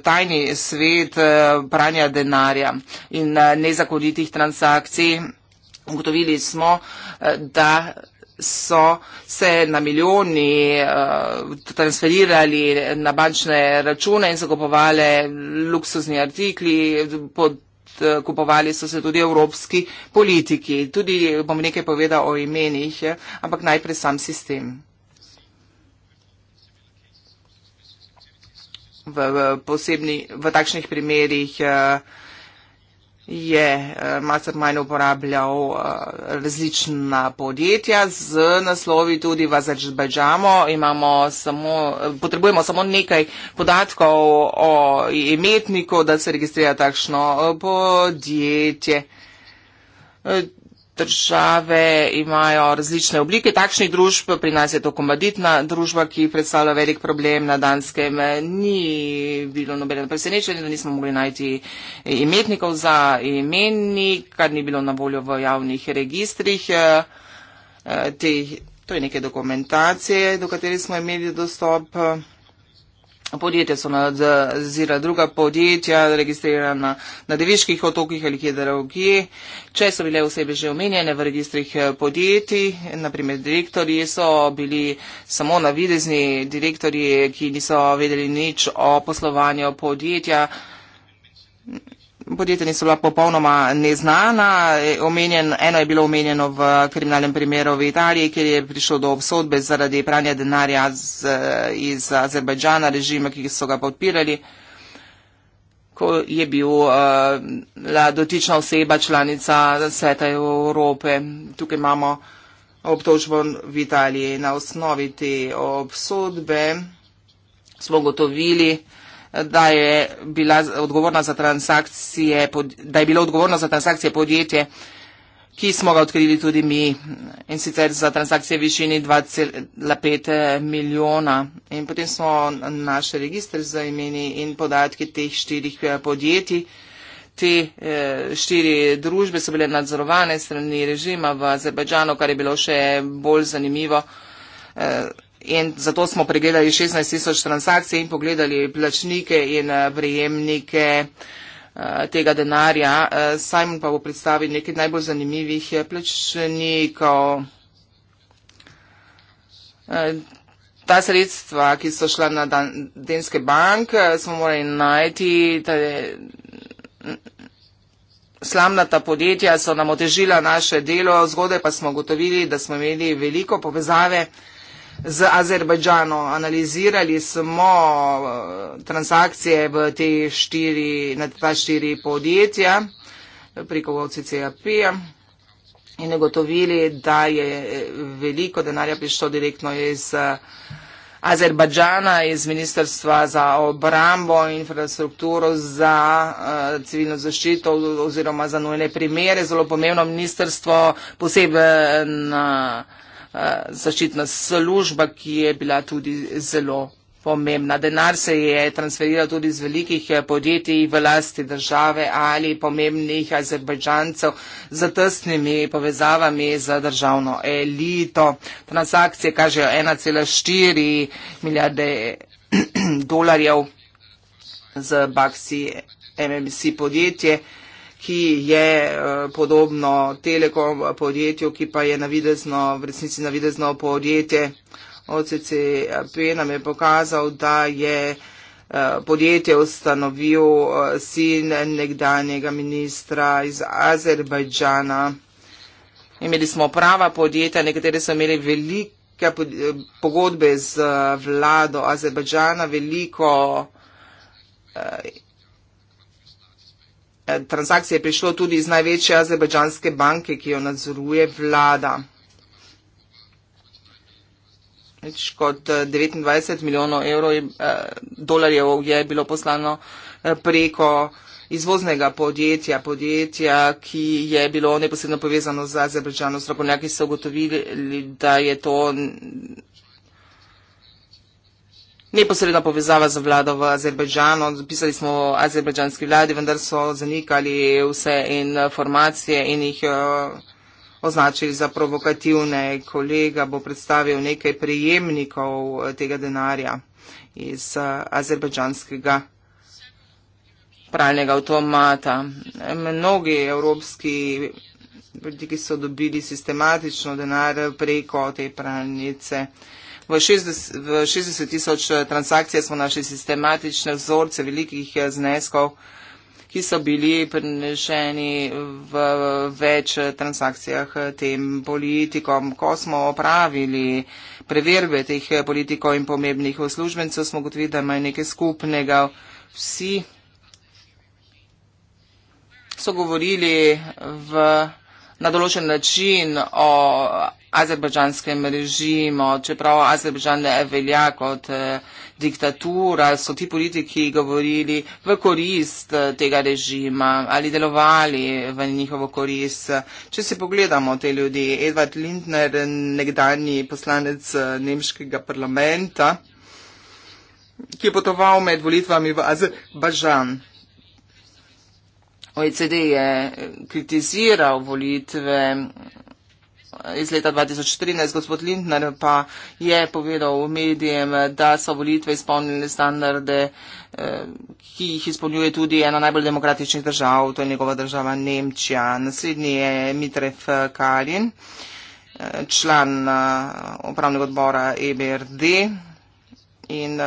tajni svet eh, pranja denarja in eh, nezakonitih transakcij. Ugotovili smo, da so se na milijoni uh, transferirali na bančne račune in zakupovali luksuzni artikli, pod, uh, kupovali so se tudi evropski politiki. Tudi bom nekaj povedal o imenih, ampak najprej sam sistem. V, v, posebni, v takšnih primerih uh, je eh, mastermind uporabljal eh, različna podjetja z naslovi tudi v Azerbajdžamo. Potrebujemo samo nekaj podatkov o imetniku, da se registrira takšno eh, podjetje države imajo različne oblike takšnih družb. Pri nas je to komaditna družba, ki predstavlja velik problem. Na Danskem eh, ni bilo nobeno presenečenje, da nismo mogli najti eh, imetnikov za imeni, kar ni bilo na voljo v javnih registrih. Eh, te, to je neke dokumentacije, do katerih smo imeli dostop. Podjetja so nadzira druga podjetja, registrirana na deviških otokih ali kje drugje. Če so bile osebe že omenjene v registrih eh, podjetij, naprimer direktorji, so bili samo navidezni direktorji, ki niso vedeli nič o poslovanju podjetja podjetja niso bila popolnoma neznana. E, omenjen, eno je bilo omenjeno v kriminalnem primeru v Italiji, kjer je prišlo do obsodbe zaradi pranja denarja z, iz Azerbajdžana, režima, ki so ga podpirali, ko je bila e, uh, dotična oseba članica Sveta Evrope. Tukaj imamo obtožbo v Italiji na osnovi te obsodbe. Smo gotovili, da je bila odgovorna za transakcije, da je bilo odgovorno za transakcije podjetje, ki smo ga odkrili tudi mi in sicer za transakcije v višini 2,5 eh, milijona. In potem smo naš registr za imeni in podatki teh štirih eh, podjetij. Te eh, štiri družbe so bile nadzorovane strani režima v Azerbajdžanu, kar je bilo še bolj zanimivo in zato smo pregledali 16 tisoč transakcij in pogledali plačnike in eh, prejemnike eh, tega denarja. Eh, Simon pa bo predstavil nekaj najbolj zanimivih plačnikov. Ta sredstva, ki so šla na Denske bank, smo morali najti. Slamnata podjetja so nam otežila naše delo, zgodaj pa smo gotovili, da smo imeli veliko povezave z Azerbajdžano. Analizirali smo eh, transakcije v te štiri, na ta štiri podjetja preko OCCAP-ja in ugotovili, da je eh, veliko denarja prišlo direktno iz eh, Azerbajdžana, iz Ministrstva za obrambo in infrastrukturo za uh, civilno zaščito oziroma za nujne primere. Zelo pomembno ministrstvo posebej na. Uh, Eh, zaščitna služba, ki je bila tudi zelo pomembna. Denar se je transferiral tudi iz velikih eh, podjetij v lasti države ali pomembnih azerbajdžancev z tesnimi povezavami z državno elito. Transakcije kažejo 1,4 milijarde dolarjev z Baxi MMC podjetje ki je eh, podobno telekom podjetju, ki pa je navidezno, v resnici navidezno podjetje. OCCP nam je pokazal, da je eh, podjetje ustanovil eh, sin nekdanjega ministra iz Azerbajdžana. Imeli smo prava podjetja, nekateri so imeli velike pogodbe z vlado Azerbajdžana, veliko Eh, transakcije prišlo tudi iz največje azerbajdžanske banke, ki jo nadzoruje vlada. Več kot 29 eh, milijonov evrov je, eh, dolarjev je bilo poslano preko izvoznega podjetja, podjetja, ki je bilo neposredno povezano z Azerbajdžanom. Strokovnjaki so ugotovili, da je to neposredna povezava z vlado v Azerbajdžanu. Pisali smo o azerbajdžanski vladi, vendar so zanikali vse informacije eh, in jih eh, označili za provokativne. Kolega bo predstavil nekaj prejemnikov eh, tega denarja iz azerbajdžanskega pralnega avtomata. Mnogi evropski ljudi, ki so dobili sistematično denar preko te pralnice, V 60 tisoč eh, transakcij smo našli sistematične vzorce velikih eh, zneskov, ki so bili prenešeni v eh, več transakcijah tem politikom. Ko smo opravili preverbe teh politikov in pomembnih uslužbencev, smo gotovili, da imajo nekaj skupnega. Vsi so govorili v, na določen način o azerbajdžanskem režimu, čeprav Azerbajdžan ne velja kot eh, diktatura, so ti politiki govorili v korist eh, tega režima ali delovali v njihovo korist. Če si pogledamo te ljudi, Edward Lindner, nekdani poslanec eh, nemškega parlamenta, ki je potoval med volitvami v Azerbajdžan. OECD je kritiziral volitve iz leta 2013. Gospod Lindner pa je povedal v medijem, da so volitve izpolnili standarde, eh, ki jih izpolnjuje tudi ena najbolj demokratičnih držav, to je njegova država Nemčija. Naslednji je Mitref eh, Karin, eh, član upravnega odbora EBRD in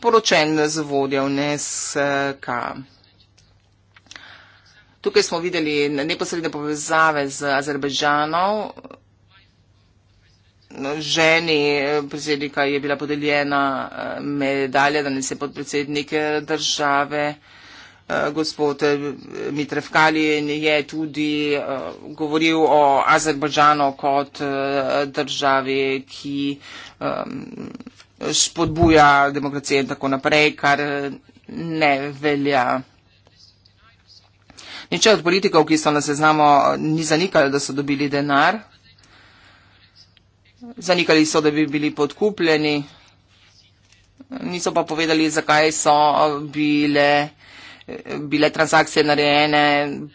poročen z vodjo NSK. Tukaj smo videli neposredne povezave z Azerbajdžanom. No, ženi eh, predsednika je bila podeljena eh, medalja, danes je podpredsednik eh, države. Gospod Mitre Fkalin je tudi govoril o Azerbajdžanu kot državi, ki spodbuja demokracijo in tako naprej, kar ne velja. Nihče od politikov, ki so na seznamu, ni zanikali, da so dobili denar. Zanikali so, da bi bili podkupljeni. Niso pa povedali, zakaj so bile, bile transakcije narejene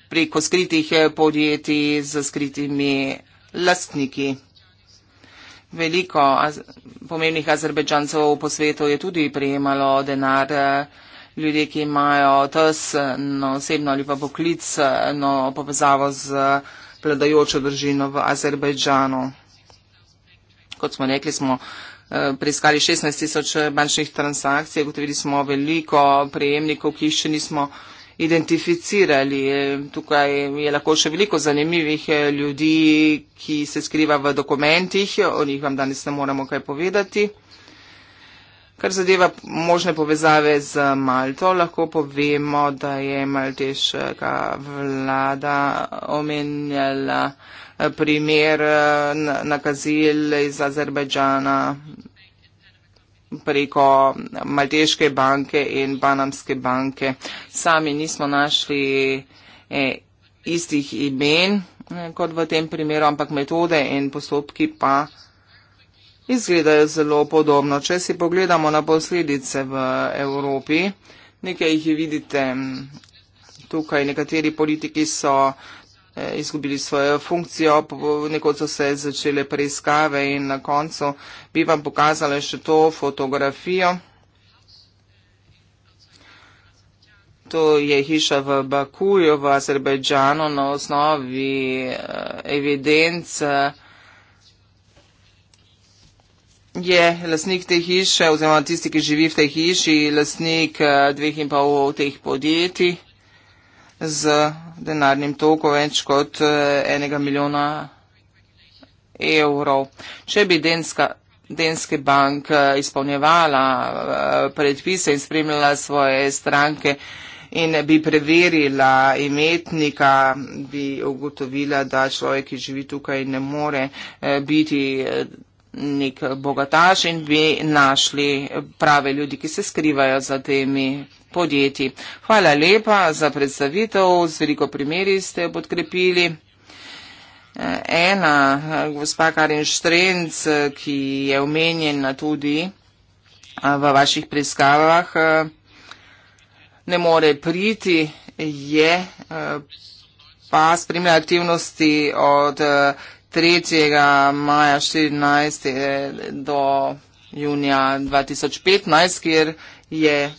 preko skritih podjetij z skritimi lastniki. Veliko pomembnih azerbejdžancev po svetu je tudi prejemalo denar ljudje, ki imajo tas, no, osebno ali pa poklic, no, povezavo z vladajočo držino v Azerbajdžanu. Kot smo rekli, smo eh, preiskali 16 tisoč bančnih transakcij, gotovili smo veliko prejemnikov, ki še nismo identificirali. Tukaj je lahko še veliko zanimivih eh, ljudi, ki se skriva v dokumentih, o njih vam danes ne moremo kaj povedati. Kar zadeva možne povezave z Malto, lahko povemo, da je malteška vlada omenjala eh, primer eh, nakazil iz Azerbajdžana preko Malteške banke in Panamske banke. Sami nismo našli eh, istih imen kot v tem primeru, ampak metode in postopki pa izgledajo zelo podobno. Če si pogledamo na posledice v Evropi, nekaj jih vidite tukaj, nekateri politiki so eh, izgubili svojo funkcijo, nekod so se začele preiskave in na koncu bi vam pokazala še to fotografijo. To je hiša v Bakuju, v Azerbejdžanu, na osnovi eh, evidence. Eh, je lasnik te hiše oziroma tisti, ki živi v tej hiši, lasnik eh, dveh in pol teh podjetij z denarnim toku več kot eh, enega milijona evrov. Če bi Denska, Denske bank eh, izpolnjevala predpise in spremljala svoje stranke in bi preverila imetnika, bi ugotovila, da človek, ki živi tukaj, ne more biti nek bogataš in bi našli prave ljudi, ki se skrivajo za temi podjetji. Hvala lepa za predstavitev, z veliko primeri ste podkrepili. Ena, gospa Karin Štrenc, ki je omenjena tudi v vaših preiskavah, ne more priti, je pa spremlja aktivnosti od 3. maja 14. Eh, do junija 2015, kjer je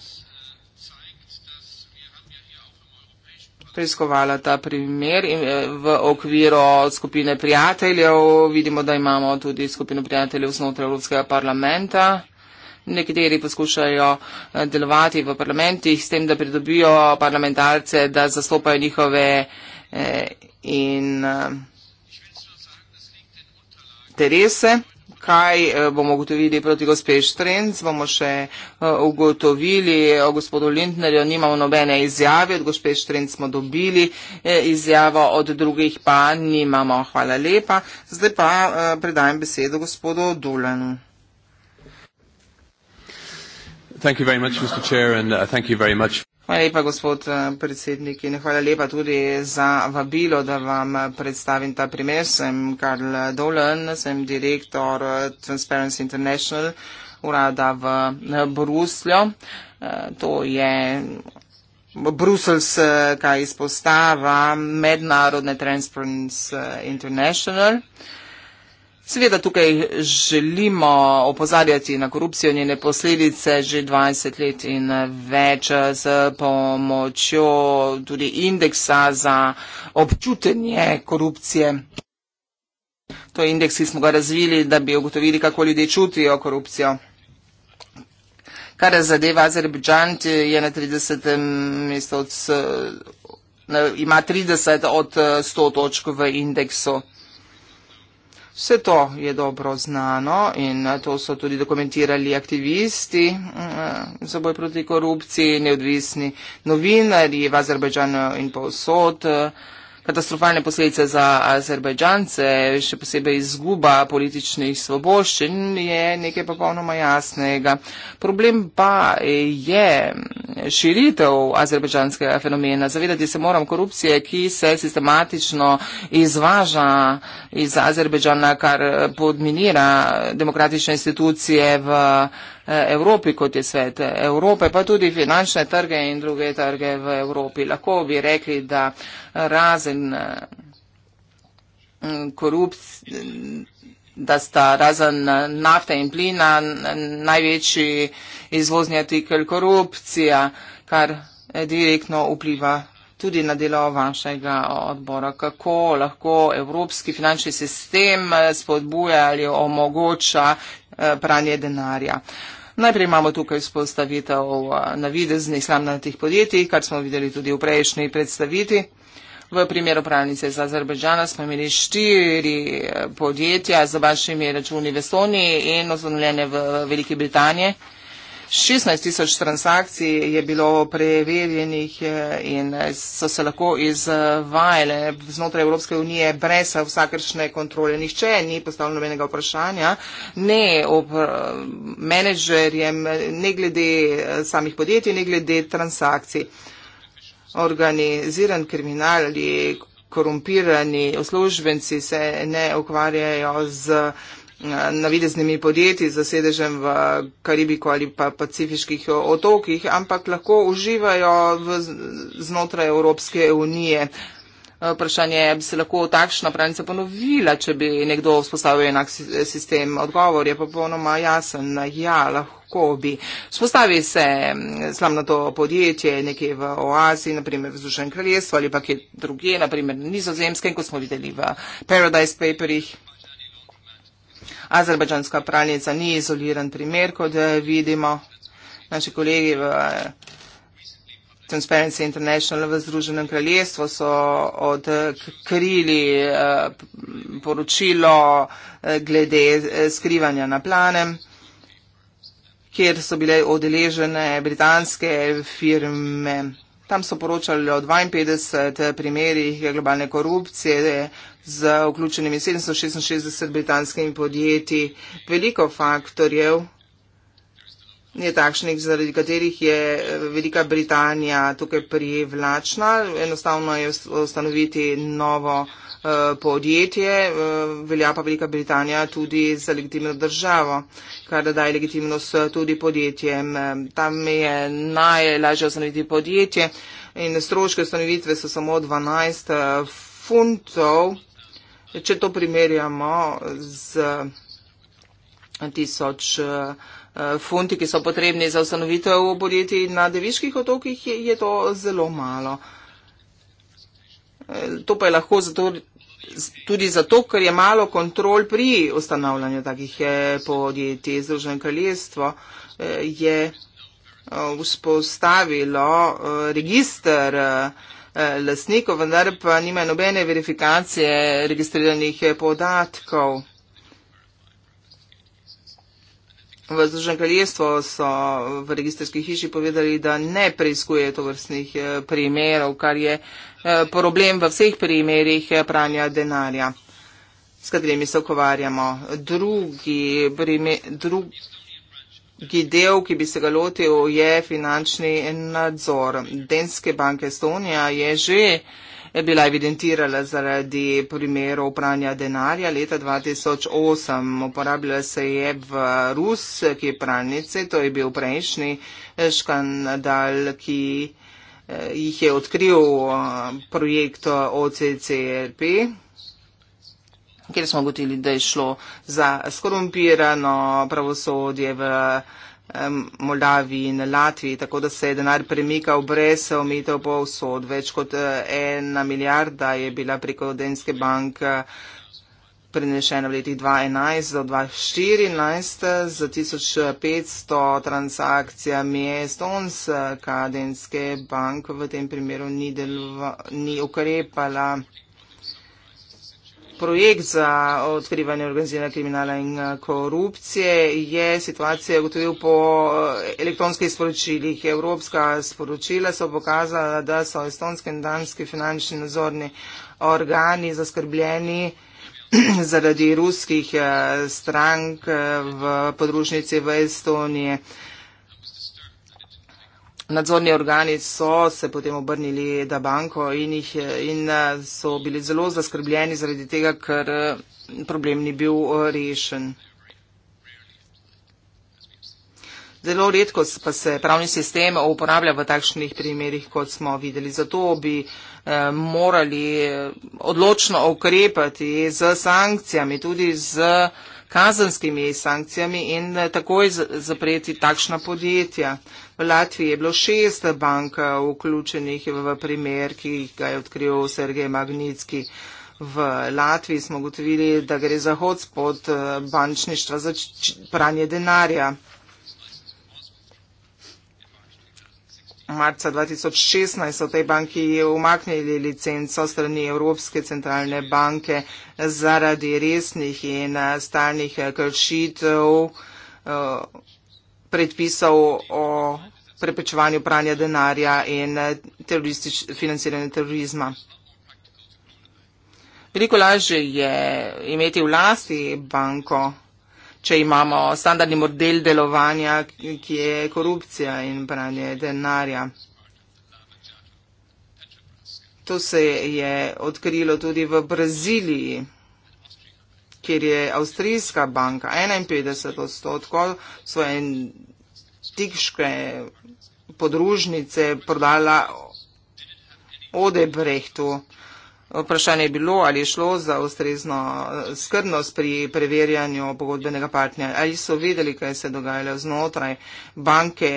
preiskovala ta primer in eh, v okviru skupine prijateljev. Vidimo, da imamo tudi skupino prijateljev znotraj Evropskega parlamenta. Nekateri poskušajo eh, delovati v parlamentih s tem, da pridobijo parlamentarce, da zastopajo njihove in Terese. Kaj eh, bomo ugotovili proti gospe Štrenc, bomo še eh, ugotovili eh, o gospodu Lindnerju, nimamo nobene izjave, od gospe Štrenc smo dobili izjavo, od drugih pa nimamo. Hvala lepa. Zdaj pa predajem besedo gospodu Dulanu. Thank you very much, Mr. Chair, and uh, thank you very much. Hvala lepa, gospod eh, predsednik, in hvala lepa tudi za vabilo, da vam eh, predstavim ta primer. Sem Karl Dolan, sem direktor eh, Transparency International urada v Bruslju. To je Bruselska izpostava mednarodne Transparency International. Seveda tukaj želimo opozarjati na korupcijo in njene posledice že 20 let in več z pomočjo tudi indeksa za občutenje korupcije. To je indeks, ki smo ga razvili, da bi ugotovili, kako ljudje čutijo korupcijo. Kar zadeva Azerbejdžan, je na 30. mestu od, ima 30 od 100 točk v indeksu. Vse to je dobro znano in to so tudi dokumentirali aktivisti mm, za boj proti korupciji, neodvisni novinarji v Azerbajdžanu in povsod katastrofalne posledice za azerbajdžance, še posebej izguba političnih svoboščin je nekaj popolnoma jasnega. Problem pa je širitev azerbajdžanskega fenomena. Zavedati se moram korupcije, ki se sistematično izvaža iz Azerbajdžana, kar podminira demokratične institucije v Azerbajdžanu. Eh, Evropi, kot je svet Evrope, pa tudi finančne trge in druge trge v Evropi. Lahko bi rekli, da razen eh, korupcije, da sta razen eh, nafte in plina največji izvozni artikel korupcija, kar direktno vpliva tudi na delo vašega odbora. Kako lahko evropski finančni sistem spodbuja ali omogoča Eh, pranje denarja. Najprej imamo tukaj vzpostavitev eh, navideznih slamnatih podjetij, kar smo videli tudi v prejšnji predstaviti. V primeru pravnice iz Azerbejdžana smo imeli štiri eh, podjetja z vašimi računi v Soni in ozvonljene v Veliki Britaniji. 16 tisoč transakcij je bilo preverjenih eh, in eh, so se lahko izvajale znotraj Evropske unije brez vsakršne kontrole. Nihče ni postavil nobenega vprašanja, ne ob eh, menedžerjem, ne glede samih podjetij, ne glede transakcij. Organiziran kriminal ali korumpirani uslužbenci se ne ukvarjajo z navideznimi podjetji za sedežem v Karibiku ali pa pacifiških otokih, ampak lahko uživajo v, znotraj Evropske unije. Vprašanje je, bi se lahko takšna pravnica ponovila, če bi nekdo vzpostavil enak sistem. Odgovor je popolnoma jasen. Ja, lahko bi. Vzpostavi se slamno to podjetje nekje v oaziji, naprimer v Združenem kraljestvu ali pa kje druge, naprimer nizozemske, kot smo videli v Paradise Paperih. Azerbajdžanska pralnica ni izoliran primer, kot eh, vidimo. Naši kolegi v eh, Transparency International v Združenem kraljestvu so odkrili eh, poročilo glede skrivanja na planem kjer so bile odeležene britanske firme. Tam so poročali o 52 primerih globalne korupcije z vključenimi 766 britanskimi podjetji. Veliko faktorjev je takšnih, zaradi katerih je Velika Britanija tukaj privlačna. Enostavno je ustanoviti novo. Eh, podjetje, eh, velja pa Velika Britanija tudi za legitimno državo, kar daje legitimnost eh, tudi podjetjem. Tam je najlažje ustanoviti podjetje in stroške ustanovitve so samo 12 funtov, če to primerjamo z tisoč funti, ki so potrebni za ustanovitev podjetij na deviških otokih, je to zelo malo. To pa je lahko zato tudi zato, ker je malo kontrol pri ustanavljanju takih eh, podjetij. Združen kraljestvo eh, je eh, vzpostavilo registr lasnikov, vendar pa nima nobene verifikacije registriranih podatkov. V Združenem kraljestvu so v registrski hiši povedali, da ne preizkuje to vrstnih primerov, kar je eh, Eh, problem v vseh primerjih eh, pranja denarja, s katerimi se ukvarjamo. Drugi, drugi del, ki bi se ga lotil, je finančni nadzor. Denske banke Estonija je že eh, bila evidentirala zaradi primerov pranja denarja leta 2008. Uporabljala se je v ruski pralnici, to je bil prejšnji škandal, ki je jih je odkril eh, projekt eh, OCCRP, kjer smo ugotili, da je šlo za skorumpirano pravosodje v Moldaviji in Latviji, tako da se je denar premikal brez omitev povsod. Več kot eh, ena milijarda je bila preko Denske banke prenešena v letih 2011 do 2014 z 1500 transakcijami Stones, Kadenske bank v tem primeru ni, delova, ni ukrepala. Projekt za odkrivanje organiziranega kriminala in eh, korupcije je situacijo ugotovil po eh, elektronskih sporočilih. Evropska sporočila so pokazala, da so estonski in danski finančni nadzorni organi zaskrbljeni uh, zaradi ruskih eh, strank eh, v podružnici v Estoniji. Nadzorni organi so se potem obrnili da banko in, jih, in eh, so bili zelo zaskrbljeni zaradi tega, ker problem ni bil rešen. Zelo redko pa se pravni sistem uporablja v takšnih primerih, kot smo videli. Zato bi eh, morali eh, odločno okrepati z sankcijami, tudi z kazanskimi sankcijami in eh, takoj zapreti takšna podjetja. V Latviji je bilo šest bank vključenih v primer, ki ga je odkril Sergej Magnitski. V Latviji smo gotovili, da gre za hodspot bančništva za pranje denarja. marca 2016 v tej banki umaknili licenco strani Evropske centralne banke zaradi resnih in eh, stalnih eh, kršitev eh, predpisov o preprečevanju pranja denarja in teroristič, financiranja terorizma. Veliko lažje je imeti v lasti banko če imamo standardni model delovanja, ki je korupcija in branje denarja. To se je odkrilo tudi v Braziliji, kjer je avstrijska banka 51 odstotkov svoje tikške podružnice prodala Odebrehtu. Vprašanje je bilo, ali je šlo za ustrezno eh, skrbnost pri preverjanju pogodbenega partnerja, ali so vedeli, kaj se je dogajalo znotraj banke,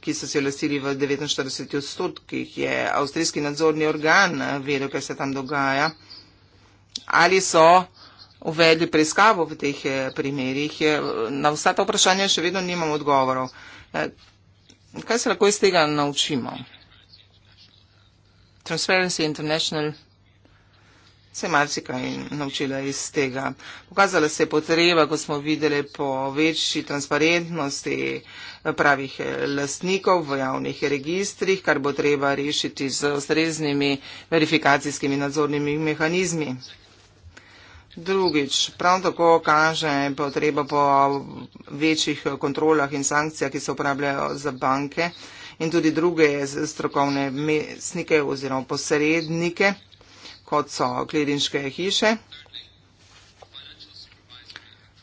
ki so se lasili v 49 odstotkih, je avstrijski nadzorni organ eh, vedel, kaj se tam dogaja, ali so uvedli preiskavo v teh eh, primerjih. Na vsa ta vprašanja še vedno nimam odgovorov. Kaj se lahko iz tega naučimo? Transparency International se je marsikaj naučila iz tega. Pokazala se je potreba, ko smo videli po večji transparentnosti pravih lastnikov v javnih registrih, kar bo treba rešiti z ustreznimi verifikacijskimi nadzornimi mehanizmi. Drugič, prav tako kaže potreba po večjih kontrolah in sankcijah, ki se uporabljajo za banke in tudi druge strokovne mestnike oziroma posrednike kot so klediške hiše.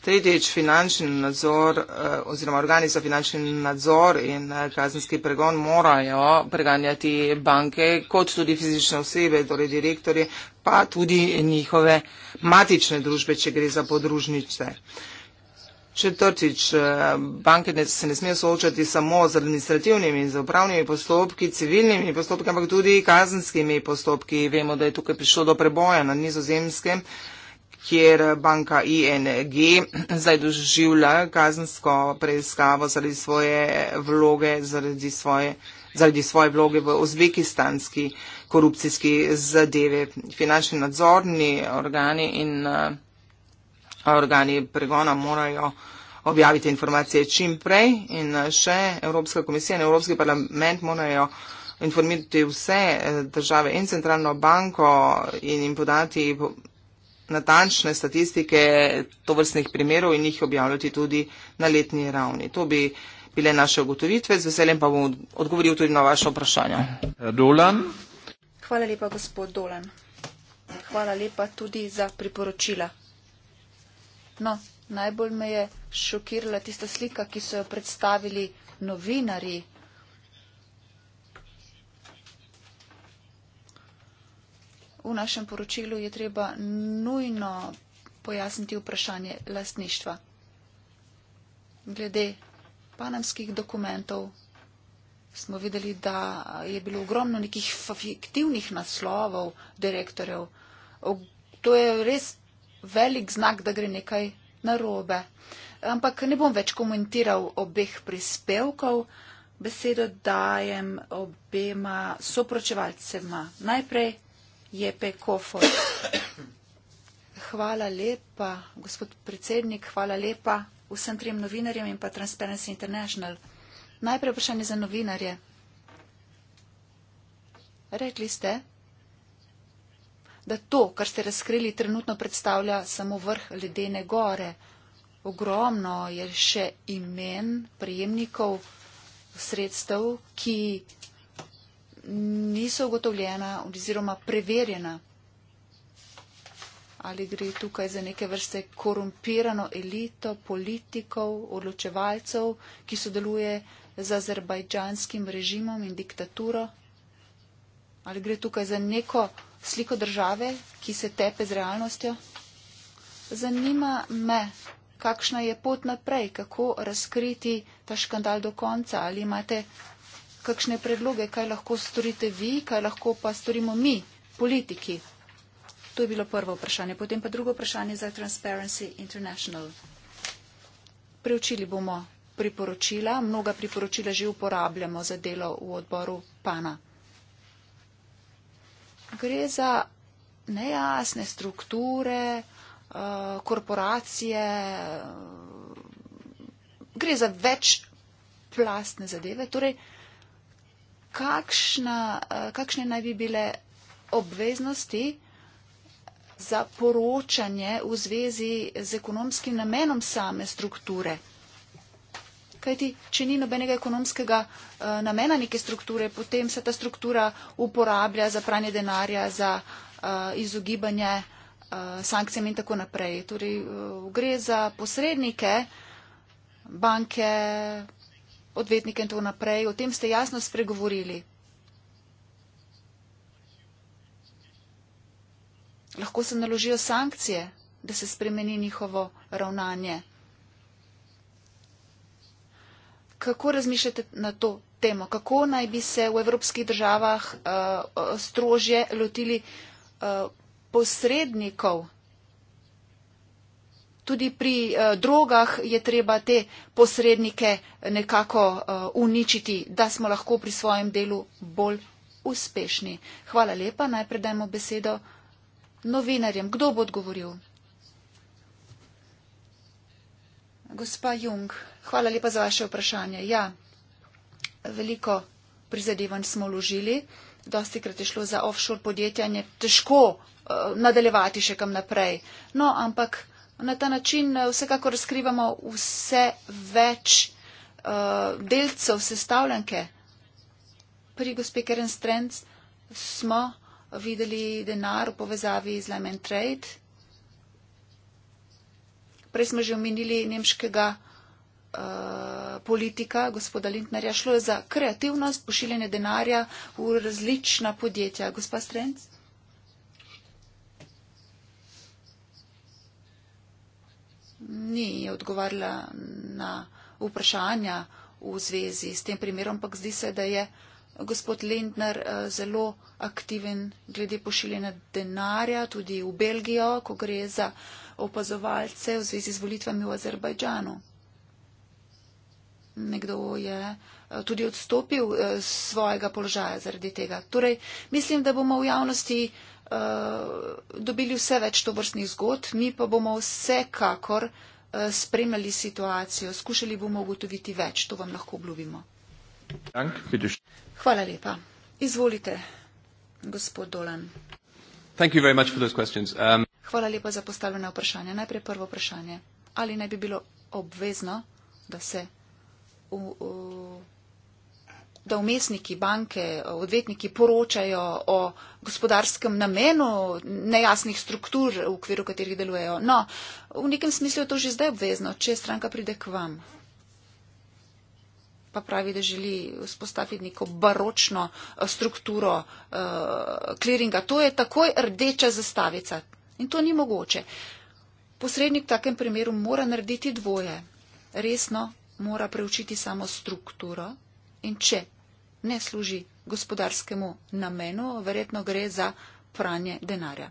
Tretjič, finančni nadzor eh, oziroma organi za finančni nadzor in eh, kazenski pregon morajo preganjati banke kot tudi fizične osebe, torej direktorje, pa tudi njihove matične družbe, če gre za podružnice. Četrtič, eh, banke ne, se ne smejo soočati samo z administrativnimi, z upravnimi postopki, civilnimi postopki, ampak tudi kazenskimi postopki. Vemo, da je tukaj prišlo do preboja na nizozemskem, kjer banka ING zdaj doživlja kazensko preiskavo zaradi svoje vloge, zaradi svoje zaradi svoje vloge v uzbekistanski korupcijski zadeve. Finančni nadzorni organi in uh, organi pregona morajo objaviti informacije čim prej in še Evropska komisija in Evropski parlament morajo informirati vse eh, države in centralno banko in jim podati natančne statistike tovrstnih primerov in jih objavljati tudi na letni ravni. To bi bile naše ugotovitve, z veseljem pa bom odgovoril tudi na vaše vprašanje. Dolan. Hvala lepa, gospod Dolan. Hvala lepa tudi za priporočila. No, najbolj me je šokirala tista slika, ki so jo predstavili novinari. V našem poročilu je treba nujno pojasniti vprašanje lastništva. Glede panamskih dokumentov smo videli, da je bilo ogromno nekih fiktivnih naslovov direktorjev. To je res velik znak, da gre nekaj narobe. Ampak ne bom več komentiral obeh prispevkov. Besedo dajem obema soproševalcema. Najprej je pekofo. Hvala lepa, gospod predsednik, hvala lepa vsem trim novinarjem in pa Transparency International. Najprej vprašanje za novinarje. Rekli ste, da to, kar ste razkrili, trenutno predstavlja samo vrh ledene gore. Ogromno je še imen prejemnikov sredstev, ki niso ugotovljena oziroma preverjena. Ali gre tukaj za neke vrste korumpirano elito politikov, odločevalcev, ki sodeluje z azerbajdžanskim režimom in diktaturo? Ali gre tukaj za neko sliko države, ki se tepe z realnostjo. Zanima me, kakšna je pot naprej, kako razkriti ta škandal do konca. Ali imate kakšne predloge, kaj lahko storite vi, kaj lahko pa storimo mi, politiki? To je bilo prvo vprašanje. Potem pa drugo vprašanje za Transparency International. Preučili bomo priporočila, mnoga priporočila že uporabljamo za delo v odboru pana gre za nejasne strukture, eh, korporacije, eh, gre za večplastne zadeve. Torej, kakšna, eh, kakšne naj bi bile obveznosti za poročanje v zvezi z ekonomskim namenom same strukture? kajti če ni nobenega ekonomskega uh, namena neke strukture, potem se ta struktura uporablja za pranje denarja, za uh, izogibanje uh, sankcijam in tako naprej. Torej, uh, gre za posrednike, banke, odvetnike in tako naprej. O tem ste jasno spregovorili. Lahko se naložijo sankcije, da se spremeni njihovo ravnanje. kako razmišljate na to temo? Kako naj bi se v evropskih državah uh, strožje lotili uh, posrednikov? Tudi pri uh, drogah je treba te posrednike nekako uh, uničiti, da smo lahko pri svojem delu bolj uspešni. Hvala lepa. Najprej dajmo besedo novinarjem. Kdo bo odgovoril? Gospa Jung, hvala lepa za vaše vprašanje. Ja, veliko prizadevanj smo vložili, dosti krat je šlo za offshore podjetja in je težko uh, nadaljevati še kam naprej. No, ampak na ta način eh, vsekako razkrivamo vse več uh, delcev sestavljanke. Pri gospe Keren Strenc smo videli denar v povezavi z Lemon Trade. Prej smo že omenili nemškega uh, politika, gospoda Lindnerja. Šlo je za kreativnost, pošiljanje denarja v različna podjetja. Gospa Strenc? Ni odgovarjala na vprašanja v zvezi s tem primerom, ampak zdi se, da je gospod Lindner eh, zelo aktiven glede pošiljanja denarja tudi v Belgijo, ko gre za uh, opazovalce v zvezi z volitvami v Azerbajdžanu. Nekdo je eh, tudi odstopil z eh, svojega položaja zaradi tega. Torej, mislim, da bomo v javnosti eh, dobili vse več tovrstnih zgodb, mi pa bomo vsekakor spremljali situacijo, skušali bomo ugotoviti več, to vam lahko obljubimo. Hvala lepa. Izvolite, gospod Dolan. Um, Hvala lepa za postavljena vprašanja. Najprej prvo vprašanje. Ali naj bi bilo obvezno, da se v, v, da umestniki banke, odvetniki poročajo o gospodarskem namenu nejasnih struktur, v okviru katerih delujejo? No, v nekem smislu je to že zdaj obvezno, če stranka pride k vam pa pravi, da želi vzpostaviti neko baročno eh, strukturo kliringa. Eh, uh, to je takoj rdeča zastavica in to ni mogoče. Posrednik v takem primeru mora narediti dvoje. Resno mora preučiti samo strukturo in če ne služi gospodarskemu namenu, verjetno gre za pranje denarja.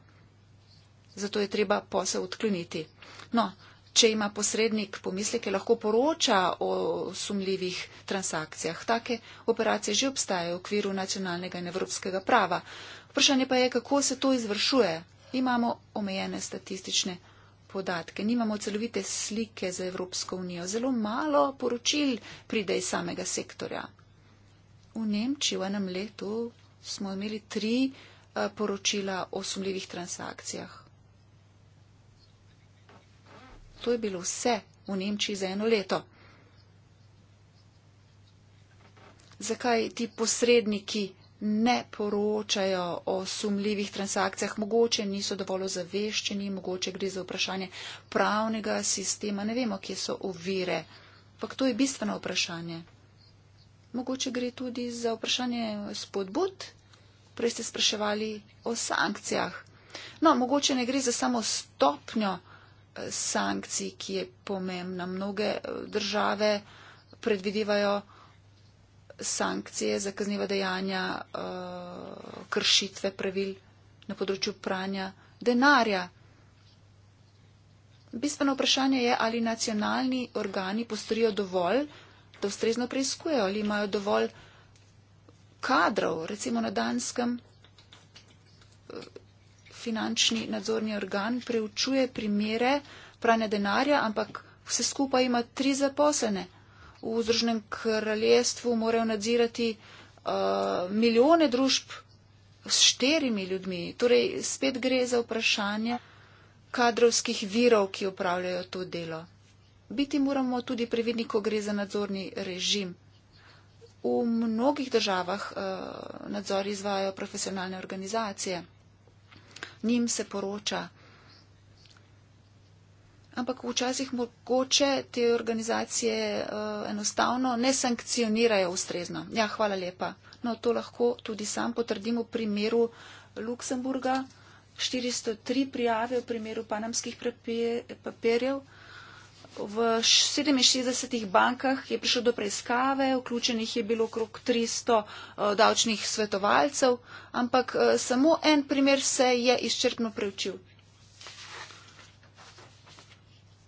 Zato je treba posel odkloniti. No, če ima posrednik pomisleke, lahko poroča o sumljivih transakcijah. Take operacije že obstajajo v okviru nacionalnega in evropskega prava. Vprašanje pa je, kako se to izvršuje. Imamo omejene statistične podatke, nimamo celovite slike za Evropsko unijo, zelo malo poročil pride iz samega sektorja. V Nemčiji v enem letu smo imeli tri eh, poročila o sumljivih transakcijah. To je bilo vse v Nemčiji za eno leto. Zakaj ti posredniki ne poročajo o sumljivih transakcijah? Mogoče niso dovolj zaveščeni, mogoče gre za vprašanje pravnega sistema, ne vemo, kje so ovire. Ampak to je bistveno vprašanje. Mogoče gre tudi za vprašanje spodbud, prej ste spraševali o sankcijah. No, mogoče ne gre za samo stopnjo sankcij, ki je pomembna. Mnoge eh, države predvidevajo sankcije za kazniva dejanja, eh, kršitve pravil na področju pranja denarja. Bistveno vprašanje je, ali nacionalni organi postorijo dovolj, da ustrezno preizkujejo, ali imajo dovolj kadrov, recimo na danskem eh, finančni nadzorni organ preučuje primere pranja denarja, ampak vse skupaj ima tri zaposlene. V Združenem kraljestvu morajo nadzirati uh, milijone družb s štirimi ljudmi. Torej, spet gre za vprašanje kadrovskih virov, ki upravljajo to delo. Biti moramo tudi previdni, ko gre za nadzorni režim. V mnogih državah uh, nadzor izvajo profesionalne organizacije njim se poroča. Ampak včasih mogoče te organizacije uh, enostavno ne sankcionirajo ustrezno. Ja, hvala lepa. No, to lahko tudi sam potrdim v primeru Luksemburga. 403 prijave v primeru panamskih papirjev. Prepe v 67 bankah je prišlo do preiskave, vključenih je bilo okrog 300 eh, davčnih svetovalcev, ampak eh, samo en primer se je izčrpno preučil.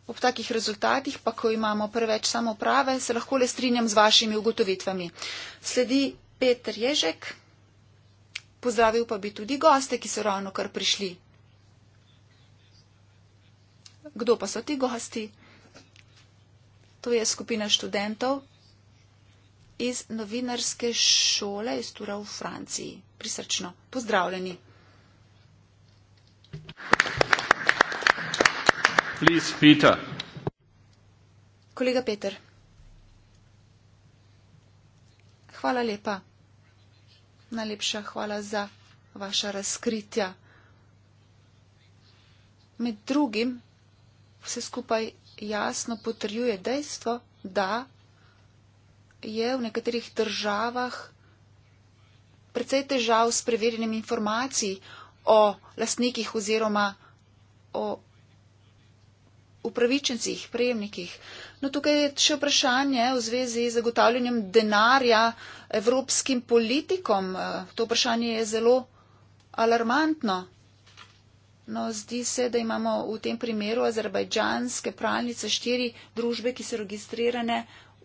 Ob takih rezultatih, pa ko imamo preveč samoprave, se lahko le strinjam z vašimi ugotovitvami. Sledi Petr Ježek, pozdravil pa bi tudi goste, ki so ravno kar prišli. Kdo pa so ti gosti? to je skupina študentov iz novinarske šole iz Tura v Franciji. Prisrčno pozdravljeni. Please, Peter. Kolega Peter. Hvala lepa. Najlepša hvala za vaša razkritja. Med drugim vse skupaj jasno potrjuje dejstvo, da je v nekaterih državah precej težav s preverjenjem informacij o lasnikih oziroma o upravičencih, prejemnikih. No, tukaj je še vprašanje v zvezi z zagotavljanjem denarja evropskim politikom. Eh, to vprašanje je zelo alarmantno. No, zdi se, da imamo v tem primeru azerbajdžanske pralnice štiri družbe, ki so registrirane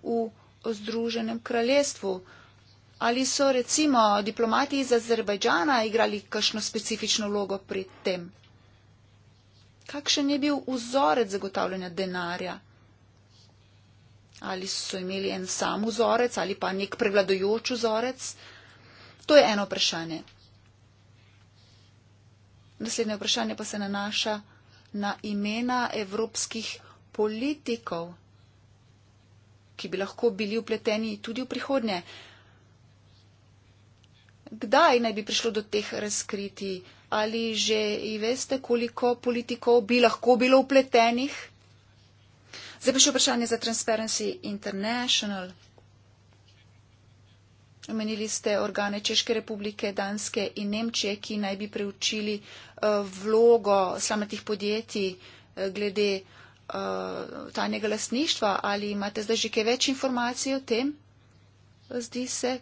v Združenem kraljestvu. Ali so recimo diplomati iz Azerbajdžana igrali kakšno specifično vlogo pri tem? Kakšen je bil vzorec zagotavljanja denarja? Ali so imeli en sam vzorec ali pa nek prevladojoč vzorec? To je eno vprašanje. Naslednje vprašanje pa se nanaša na imena evropskih politikov, ki bi lahko bili upleteni tudi v prihodnje. Kdaj naj bi prišlo do teh razkriti? Ali že veste, koliko politikov bi lahko bilo upletenih? Zdaj pa še vprašanje za Transparency International. Omenili ste organe Češke republike, Danske in Nemčije, ki naj bi preučili eh, vlogo samotnih podjetij eh, glede eh, tajnega lasništva. Ali imate zdaj že kaj več informacij o tem? Zdi se,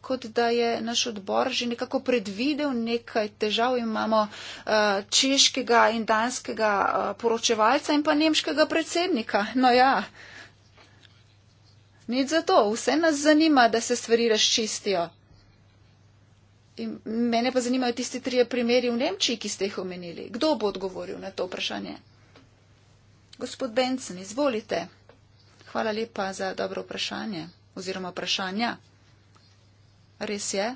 kot da je naš odbor že nekako predvidel nekaj težav. Imamo češkega in danskega poročevalca in pa nemškega predsednika. No ja. Nič za to, vse nas zanima, da se stvari razčistijo. In mene pa zanimajo tisti trije primeri v Nemčiji, ki ste jih omenili. Kdo bo odgovoril na to vprašanje? Gospod Benson, izvolite. Hvala lepa za dobro vprašanje oziroma vprašanja. Res je,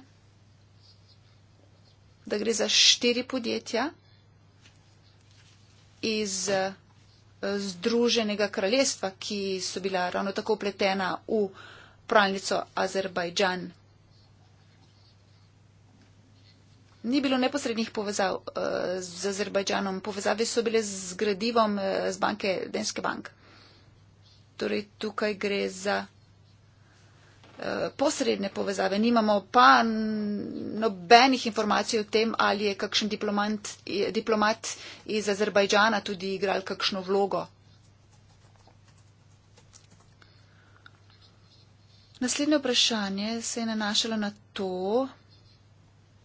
da gre za štiri podjetja iz. Uh, Združenega kraljestva, ki so bila ravno tako upletena v pralnico Azerbajdžan. Ni bilo neposrednih povezav eh, z Azerbajdžanom, povezave so bile z gradivom eh, z banke Denske bank. Torej tukaj gre za posredne povezave, nimamo pa nobenih informacij o tem, ali je kakšen diplomat, diplomat iz Azerbajdžana tudi igral kakšno vlogo. Naslednje vprašanje se je nanašalo na to,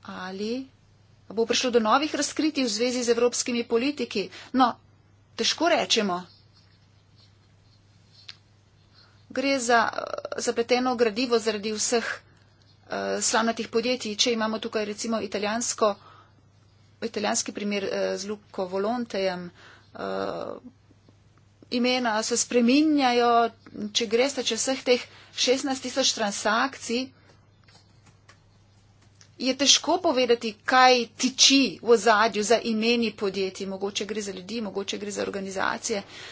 ali bo prišlo do novih razkritij v zvezi z evropskimi politiki. No, težko rečemo gre za eh, zapleteno gradivo zaradi vseh uh, slamnatih podjetij. Če imamo tukaj recimo italijansko, italijanski primer uh, z Luko Volontejem, uh, imena se spreminjajo, če greste čez vseh teh 16 tisoč transakcij, je težko povedati, kaj tiči v zadju za imeni podjetij. Mogoče gre za ljudi, mogoče gre za organizacije. Uh,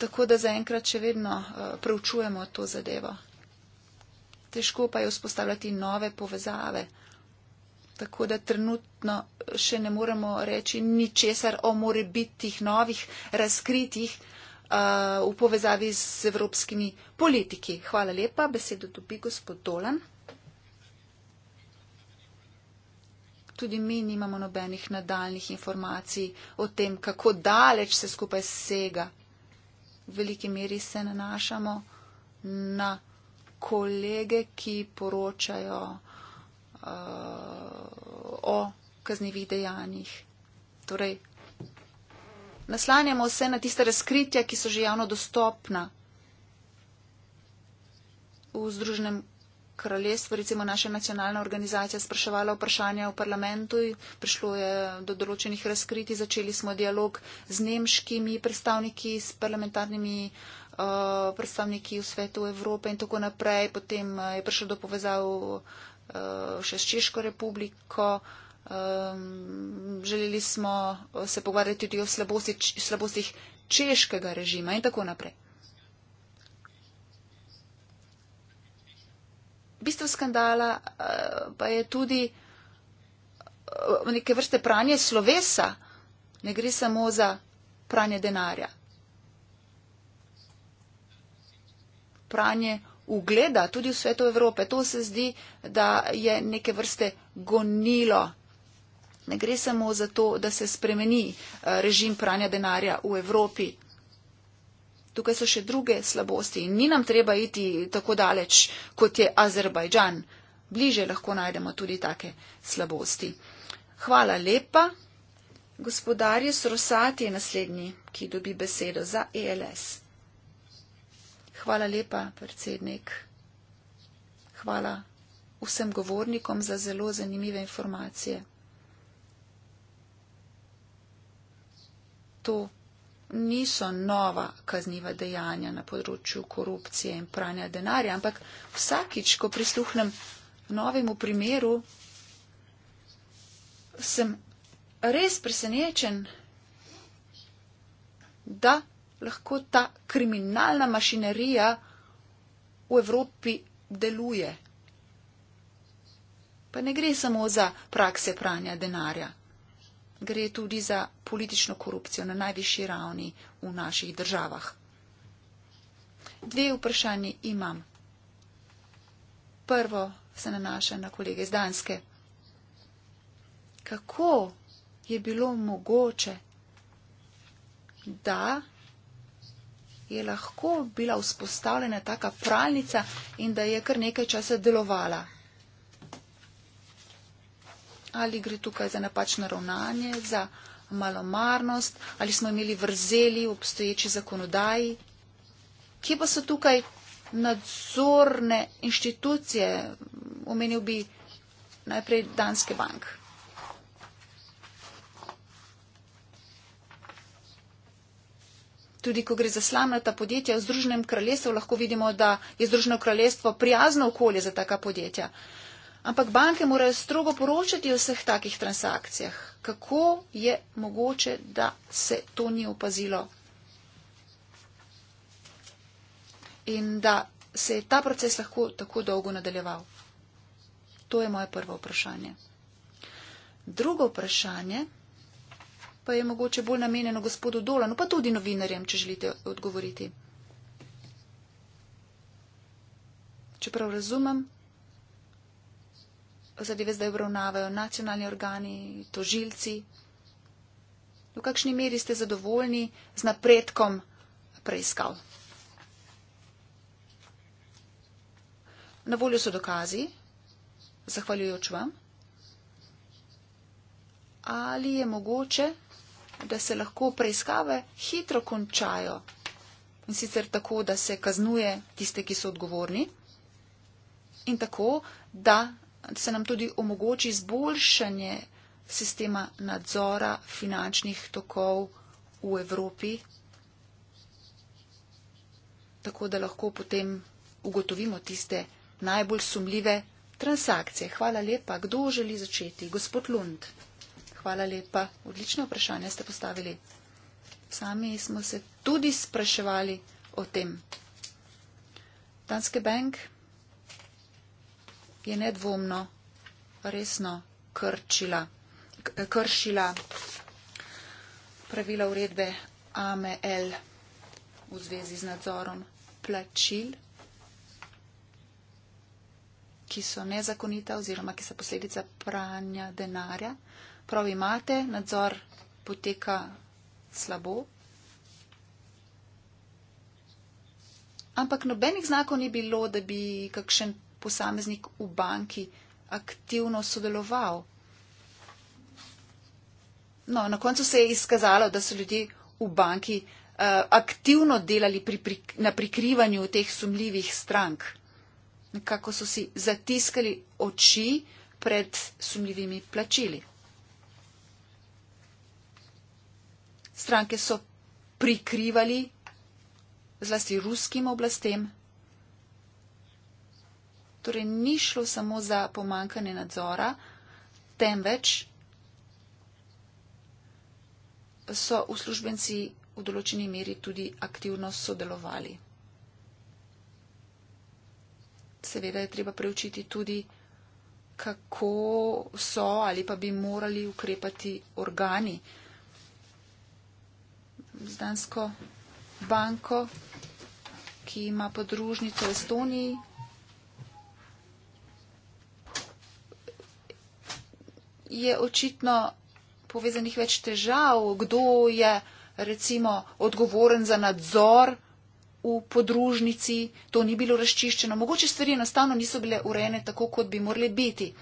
Tako da zaenkrat še vedno eh, preučujemo to zadevo. Težko pa je vzpostavljati nove povezave. Tako da trenutno eh, še ne moremo reči ničesar o morebitih novih razkritih uh, eh, v povezavi z evropskimi politiki. Hvala lepa. Besedo dobi gospod Dolan. Tudi mi nimamo nobenih nadaljnih informacij o tem, kako daleč se skupaj sega v veliki meri se nanašamo na kolege, ki poročajo uh, o kaznjivih dejanjih. Torej, naslanjamo se na tiste razkritja, ki so že javno dostopna v Združenem kraljestvo, recimo naša nacionalna organizacija, spraševala vprašanja v parlamentu, prišlo je do določenih razkriti, začeli smo dialog z nemškimi predstavniki, s parlamentarnimi uh, predstavniki v svetu Evrope in tako naprej. Potem eh, je prišlo do povezav uh, še s Češko republiko. Um, želeli smo se pogovarjati tudi o slabosti, slabostih češkega režima in tako naprej. bistvo skandala eh, pa je tudi eh, neke vrste pranje slovesa. Ne gre samo za pranje denarja. Pranje ugleda tudi v svetu Evrope. To se zdi, da je neke vrste gonilo. Ne gre samo za to, da se spremeni eh, režim pranja denarja v Evropi tukaj so še druge slabosti in ni nam treba iti tako daleč, kot je Azerbajdžan. Bliže lahko najdemo tudi take slabosti. Hvala lepa. Gospodarju Srosati je naslednji, ki dobi besedo za ELS. Hvala lepa, predsednik. Hvala vsem govornikom za zelo zanimive informacije. To niso nova kazniva dejanja na področju korupcije in pranja denarja, ampak vsakič, ko prisluhnem novemu primeru, sem res presenečen, da lahko ta kriminalna mašinerija v Evropi deluje. Pa ne gre samo za prakse pranja denarja, gre tudi za politično korupcijo na najvišji ravni v naših državah. Dve vprašanje imam. Prvo se nanaša na kolege iz Danske. Kako je bilo mogoče, da je lahko bila vzpostavljena taka pralnica in da je kar nekaj časa delovala? ali gre tukaj za napačno ravnanje, za malomarnost, ali smo imeli vrzeli v obstoječi zakonodaji. Kje pa so tukaj nadzorne inštitucije, omenil bi najprej Danske bank. Tudi, ko gre za slamnata podjetja v Združenem kraljestvu, lahko vidimo, da je Združeno kraljestvo prijazno okolje za taka podjetja. Ampak banke morajo strogo poročati o vseh takih transakcijah. Kako je mogoče, da se to ni opazilo? In da se je ta proces lahko tako dolgo nadaljeval? To je moje prvo vprašanje. Drugo vprašanje pa je mogoče bolj namenjeno gospodu Dolanu, pa tudi novinarjem, če želite odgovoriti. Čeprav razumem, zadeve zdaj obravnavajo nacionalni organi, tožilci? V kakšni meri ste zadovoljni z napredkom preiskav? Na voljo so dokazi, zahvaljujoč vam. Ali je mogoče, da se lahko preiskave hitro končajo in sicer tako, da se kaznuje tiste, ki so odgovorni in tako, da se nam tudi omogoči izboljšanje sistema nadzora finančnih tokov v Evropi, tako da lahko potem ugotovimo tiste najbolj sumljive transakcije. Hvala lepa. Kdo želi začeti? Gospod Lund. Hvala lepa. Odlično vprašanje ste postavili. Sami smo se tudi spraševali o tem. Danske bank je nedvomno resno krčila, kršila pravila uredbe AML v zvezi z nadzorom plačil, ki so nezakonita oziroma ki so posledica pranja denarja. Prav imate, nadzor poteka slabo. Ampak nobenih znakov ni bilo, da bi kakšen posameznik v banki aktivno sodeloval. No, na koncu se je izkazalo, da so ljudje v banki uh, aktivno delali pri, pri, na prikrivanju teh sumljivih strank. Nekako so si zatiskali oči pred sumljivimi plačili. Stranke so prikrivali zlasti ruskim oblastem Torej, ni šlo samo za pomankanje nadzora, temveč so uslužbenci v določeni meri tudi aktivno sodelovali. Seveda je treba preučiti tudi, kako so ali pa bi morali ukrepati organi. Z Dansko banko, ki ima podružnico v Estoniji, je očitno povezanih več težav, kdo je recimo odgovoren za nadzor v podružnici, to ni bilo razčiščeno, mogoče stvari enostavno niso bile urejene tako, kot bi morali biti.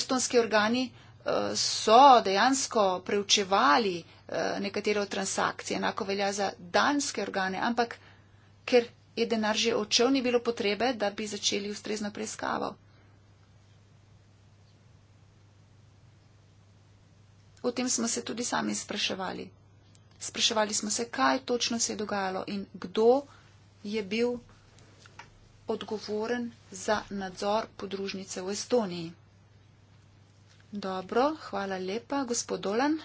Estonski organi eh, so dejansko preučevali eh, nekatere transakcije, enako velja za danske organe, ampak ker je denar že odšel, ni bilo potrebe, da bi začeli ustrezno preiskavo. o tem smo se tudi sami spraševali. Spraševali smo se, kaj točno se je dogajalo in kdo je bil odgovoren za nadzor podružnice v Estoniji. Dobro, hvala lepa, gospod Dolan.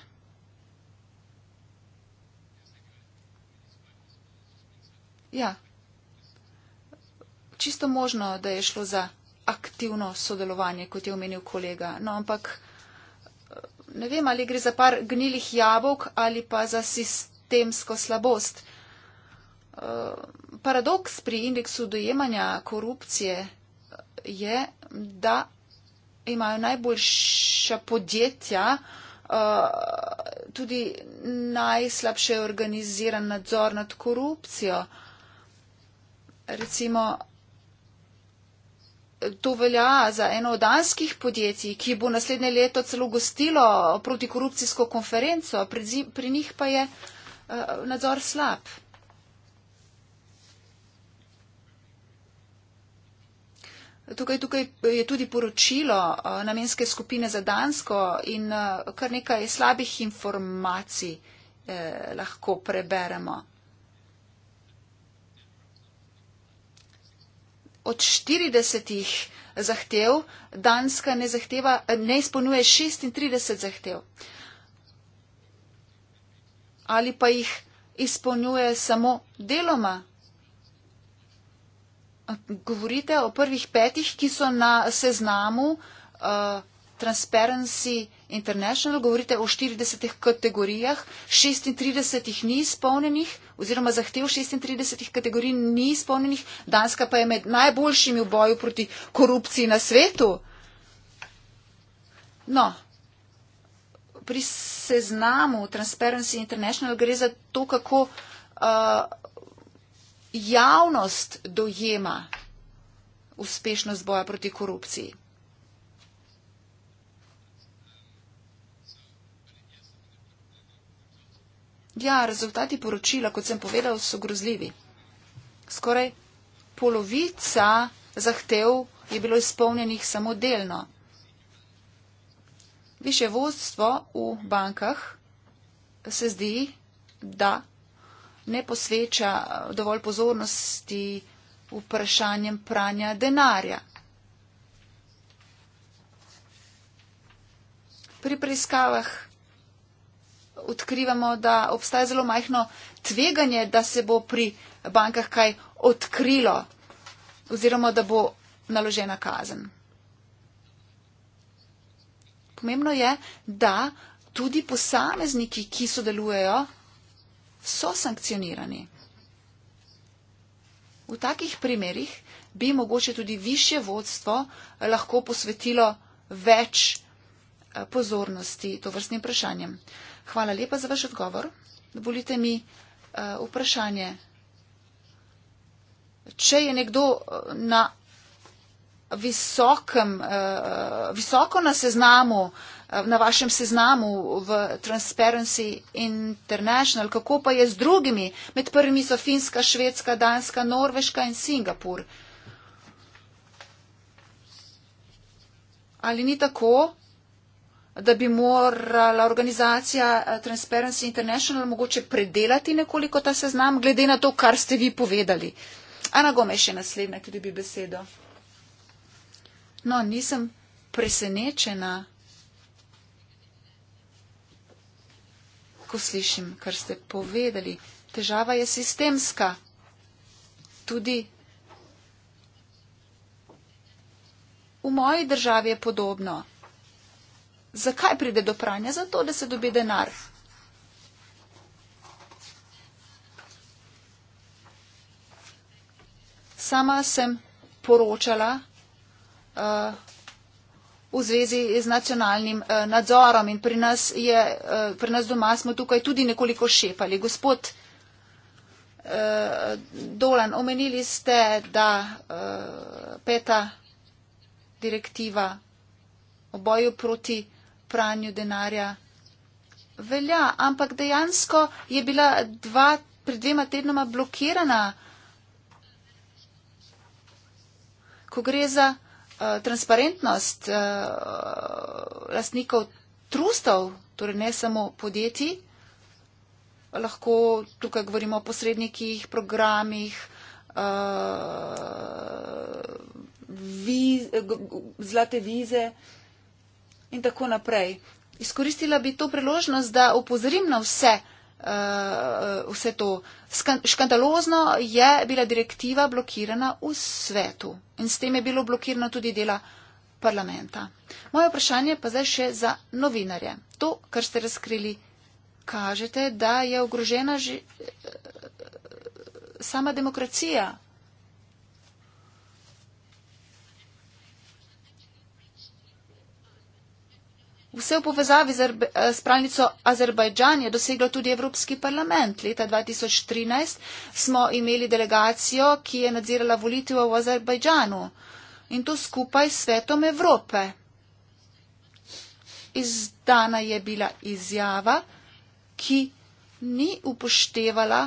Ja, čisto možno, da je šlo za aktivno sodelovanje, kot je omenil kolega. No, ampak. Ne vem, ali gre za par gnilih jabolk ali pa za sistemsko slabost. E, paradoks pri indeksu dojemanja korupcije je, da imajo najboljša podjetja e, tudi najslabše organiziran nadzor nad korupcijo. Recimo, to velja za eno od danskih podjetij, ki bo naslednje leto celo gostilo protikorupcijsko konferenco, pri, pri njih pa je uh, nadzor slab. Tukaj, tukaj je tudi poročilo uh, namenske skupine za Dansko in uh, kar nekaj slabih informacij eh, lahko preberemo. od 40 zahtev Danska ne, zahteva, ne izpolnjuje 36 zahtev. Ali pa jih izpolnjuje samo deloma. Govorite o prvih petih, ki so na seznamu uh, Transparency International, govorite o 40 kategorijah, 36 ni izpolnjenih, oziroma zahtev 36 kategorij ni izpolnjenih, Danska pa je med najboljšimi v boju proti korupciji na svetu. No, pri seznamu Transparency International gre za to, kako uh, javnost dojema uspešnost boja proti korupciji. Ja, rezultati poročila, kot sem povedal, so grozljivi. Skoraj polovica zahtev je bilo izpolnjenih samo delno. Više vodstvo v bankah se zdi, da ne posveča dovolj pozornosti vprašanjem pranja denarja. Pri preiskavah odkrivamo, da obstaja zelo majhno tveganje, da se bo pri bankah kaj odkrilo oziroma da bo naložena kazen. Pomembno je, da tudi posamezniki, ki sodelujejo, so sankcionirani. V takih primerjih bi mogoče tudi više vodstvo lahko posvetilo več eh, pozornosti to vrstnim vprašanjem. Hvala lepa za vaš odgovor. Dovolite mi uh, vprašanje. Če je nekdo eh, na visokem, uh, visoko na seznamu, uh, na vašem seznamu v Transparency International, kako pa je z drugimi? Med prvimi so Finska, Švedska, Danska, Norveška in Singapur. Ali ni tako? da bi morala organizacija eh, Transparency International mogoče predelati nekoliko ta seznam, glede na to, kar ste vi povedali. Ana Gome še naslednja, ki dobi besedo. No, nisem presenečena, ko slišim, kar ste povedali. Težava je sistemska. Tudi v moji državi je podobno. Zakaj pride do pranja? Zato, da se dobi denar. Sama sem poročala uh, v zvezi z nacionalnim uh, nadzorom in pri nas, je, uh, pri nas doma smo tukaj tudi nekoliko šepali. Gospod uh, Dolan, omenili ste, da uh, peta direktiva o boju proti pranju denarja. Velja, ampak dejansko je bila dva, pred dvema tednoma blokirana. Ko gre za uh, transparentnost uh, lastnikov trustov, torej ne samo podjetij, lahko tukaj govorimo o posrednikih, programih, uh, eh, viz, zlate vize in tako naprej. Izkoristila bi to priložnost, da upozorim na vse, uh, vse to. Skan škandalozno je bila direktiva blokirana v svetu in s tem je bilo blokirano tudi dela parlamenta. Moje vprašanje pa zdaj še za novinarje. To, kar ste razkrili, kažete, da je ogrožena že, uh, sama demokracija Vse v povezavi z eh, pravnico Azerbajdžan je doseglo tudi Evropski parlament. Leta 2013 smo imeli delegacijo, ki je nadzirala volitev v Azerbajdžanu in to skupaj s svetom Evrope. Izdana je bila izjava, ki ni upoštevala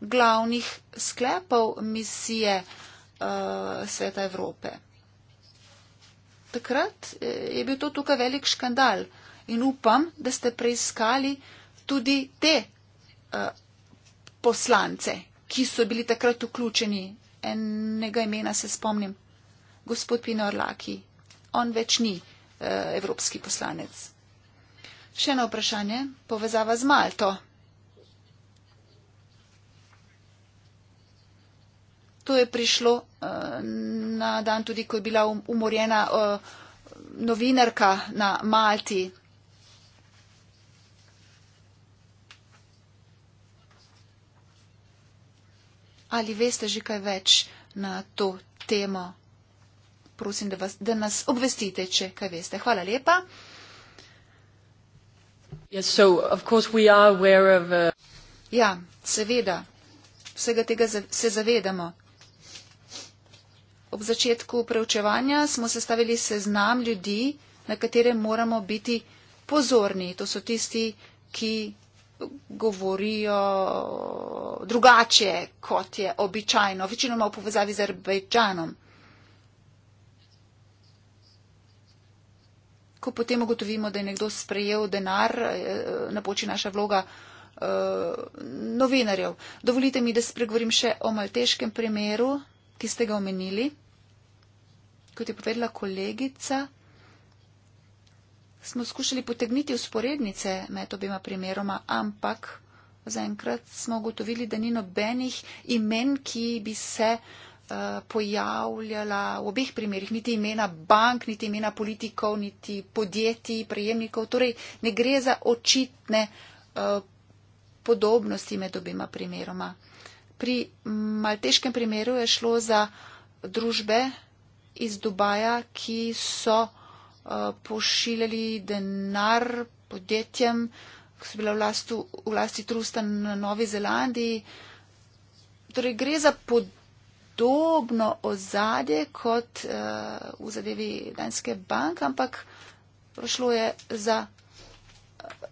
glavnih sklepov misije uh, sveta Evrope takrat eh, je bil to tukaj velik škandal in upam, da ste preiskali tudi te uh, poslance, ki so bili takrat vključeni. Enega imena se spomnim, gospod Pino Orlaki. On več ni uh, evropski poslanec. Še eno vprašanje, povezava z Malto. To je prišlo uh, na dan tudi, ko je bila um, umorjena uh, novinarka na Malti. Ali veste že kaj več na to temo? Prosim, da, vas, da nas obvestite, če kaj veste. Hvala lepa. Yes, so, of of a... Uh, ja, seveda. Vsega tega se zavedamo ob začetku preučevanja smo sestavili seznam ljudi, na katere moramo biti pozorni. To so tisti, ki govorijo drugače, kot je običajno, večinoma v povezavi z Arbejdžanom. Ko potem ugotovimo, da je nekdo sprejel denar, eh, napoči naša vloga eh, novinarjev. Dovolite mi, da spregovorim še o malteškem primeru, ki ste ga omenili kot je povedala kolegica, smo skušali potegniti usporednice med obima primeroma, ampak zaenkrat smo ugotovili, da ni nobenih imen, ki bi se uh, pojavljala v obeh primerjih, niti imena bank, niti imena politikov, niti podjetij, prejemnikov. Torej, ne gre za očitne uh, podobnosti med obima primeroma. Pri malteškem primeru je šlo za družbe, iz Dubaja, ki so uh, pošiljali denar podjetjem, ki so bila v, lastu, v lasti trusta na Novi Zelandiji. Torej, gre za podobno ozadje kot uh, v zadevi Danske banke, ampak šlo je za. Eh,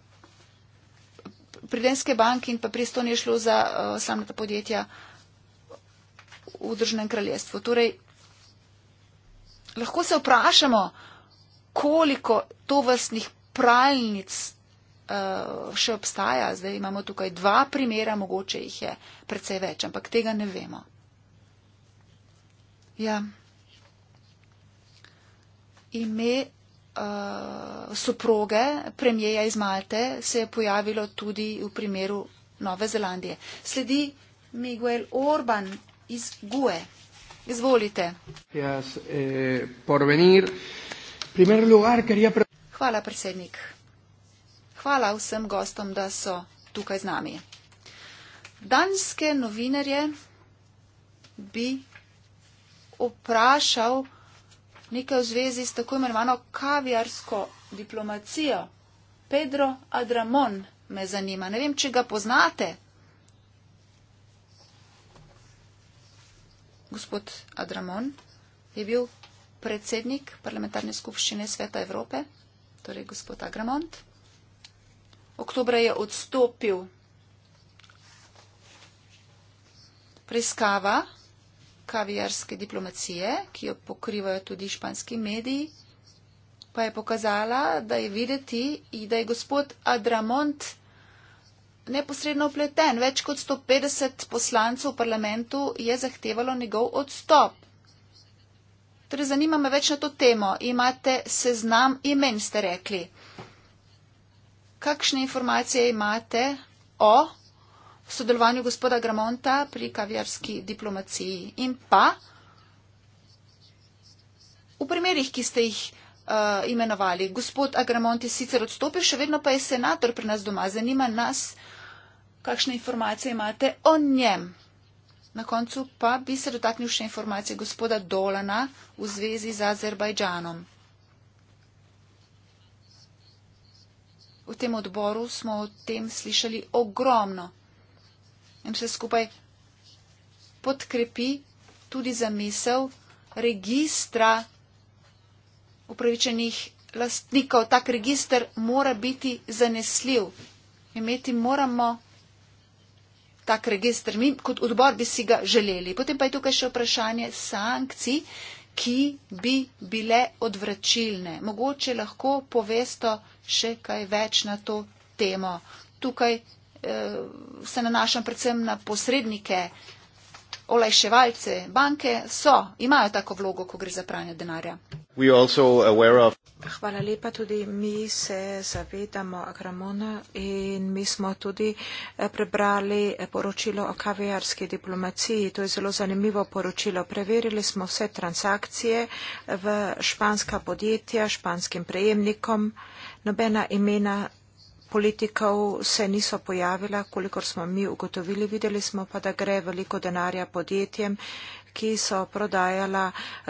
pri Denske banki in pa pri Estoniji je šlo za uh, slamnata podjetja v Združenem kraljestvu. Torej, lahko se vprašamo, koliko tovrstnih pralnic uh, še obstaja. Zdaj imamo tukaj dva primera, mogoče jih je precej več, ampak tega ne vemo. Ja. Ime uh, soproge premijeja iz Malte se je pojavilo tudi v primeru Nove Zelandije. Sledi Miguel Orban iz Gue. Izvolite. Eh, Hvala, predsednik. Hvala vsem gostom, da so tukaj z nami. Danske novinarje bi vprašal nekaj v zvezi s tako imenovano kavijarsko diplomacijo. Pedro Adramon me zanima. Ne vem, če ga poznate. gospod Adramon je bil predsednik parlamentarne skupščine Sveta Evrope, torej gospod Agramont. Oktobra je odstopil preiskava kavijarske diplomacije, ki jo pokrivajo tudi španski mediji, pa je pokazala, da je videti, da je gospod Adramont neposredno upleten. Več kot 150 poslancev v parlamentu je zahtevalo njegov odstop. Torej, zanima me več na to temo. Imate seznam imen, ste rekli. Kakšne informacije imate o sodelovanju gospoda Gramonta pri kavjarski diplomaciji in pa v primerih, ki ste jih uh, imenovali. Gospod Agramont je sicer odstopil, še vedno pa je senator pri nas doma. Zanima nas. Uh, kakšne informacije imate o njem. Na koncu pa bi se dotaknil še informacije gospoda Dolana v zvezi z Azerbajdžanom. V tem odboru smo o tem slišali ogromno in vse skupaj podkrepi tudi zamisel registra upravičenih lastnikov. Tak registr mora biti zanesljiv. Imeti moramo tak registr mi kot odbor bi si ga želeli. Potem pa je tukaj še vprašanje sankcij, ki bi bile odvračilne. Mogoče lahko povesto še kaj več na to temo. Tukaj eh, se nanašam predvsem na posrednike, olajševalce. Banke so, imajo tako vlogo, ko gre za pranje denarja. Hvala lepa. Tudi mi se zavedamo Agramona in mi smo tudi eh, prebrali eh, poročilo o kavijarski diplomaciji. To je zelo zanimivo poročilo. Preverili smo vse transakcije eh, v španska podjetja, španskim prejemnikom. Nobena imena politikov se niso pojavila, kolikor smo mi ugotovili. Videli smo pa, da gre veliko denarja podjetjem ki so prodajala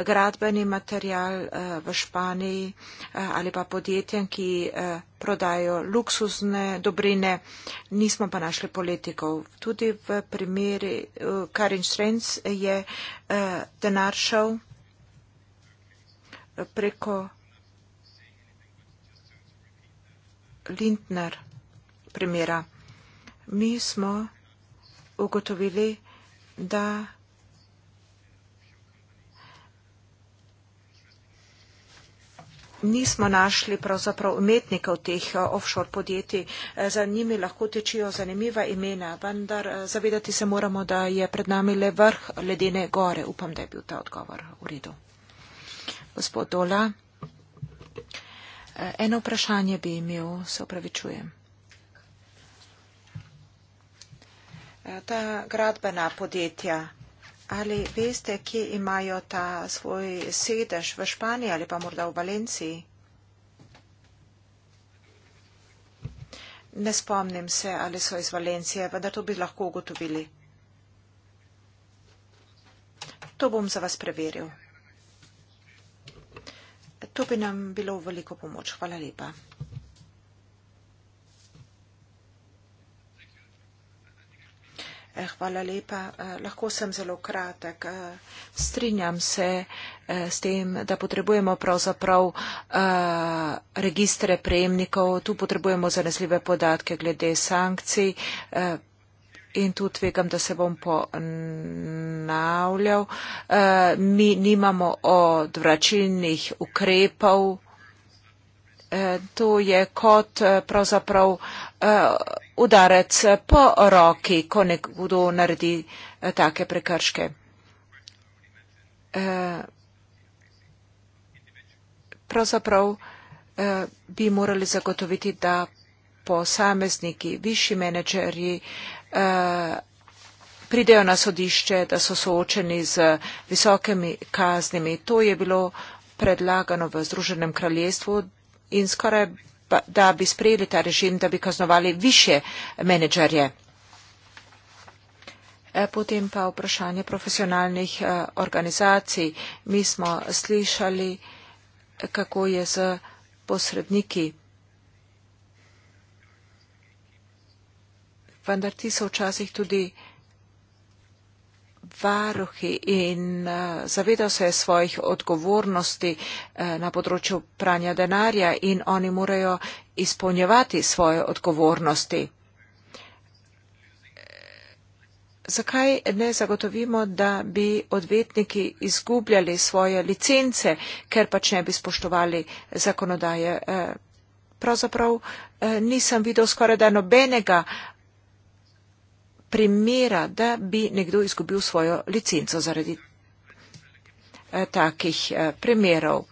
gradbeni material eh, v Španiji eh, ali pa podjetjem, ki eh, prodajo luksuzne dobrine, nismo pa našli politikov. Tudi v primeri Karin Šrenc je denar šel preko Lindner primera. Mi smo ugotovili, da nismo našli pravzaprav umetnikov teh eh, offshore podjetij. Eh, za njimi lahko tečijo zanimiva imena, vendar eh, zavedati se moramo, da je pred nami le vrh ledene gore. Upam, da je bil ta odgovor v redu. Gospod Dola, eno vprašanje bi imel, se upravičujem. Ta gradbena podjetja. Ali veste, kje imajo ta svoj sedež v Španiji ali pa morda v Valenciji? Ne spomnim se, ali so iz Valencije, vendar to bi lahko ugotovili. To bom za vas preveril. To bi nam bilo v veliko pomoč. Hvala lepa. Eh, hvala lepa. Eh, lahko sem zelo kratek. Eh, strinjam se eh, s tem, da potrebujemo pravzaprav eh, registre prejemnikov. Tu potrebujemo zanesljive podatke glede sankcij. Eh, In tu tvegam, da se bom ponavljal. Eh, mi nimamo odvračilnih ukrepov Eh, to je kot eh, pravzaprav eh, udarec po roki, ko nekdo naredi take prekrške. Pravzaprav bi morali zagotoviti, da posamezniki, višji menedžerji pridejo na sodišče, da so soočeni z visokimi kaznimi. To je bilo predlagano v Združenem kraljestvu, in skoraj pa, da bi sprejeli ta režim, da bi kaznovali više menedžerje. E, potem pa vprašanje profesionalnih e, organizacij. Mi smo slišali, kako je z posredniki. Vendar ti so včasih tudi varuhi in uh, eh, zavedajo se svojih odgovornosti uh, na področju pranja denarja in oni morajo izpolnjevati svoje odgovornosti. Zakaj ne zagotovimo, da bi odvetniki izgubljali svoje licence, ker pač ne bi spoštovali zakonodaje? Eh, pravzaprav nisem videl skoraj da nobenega primera, da bi nekdo izgubil svojo licenco zaradi eh, takih eh, primerov.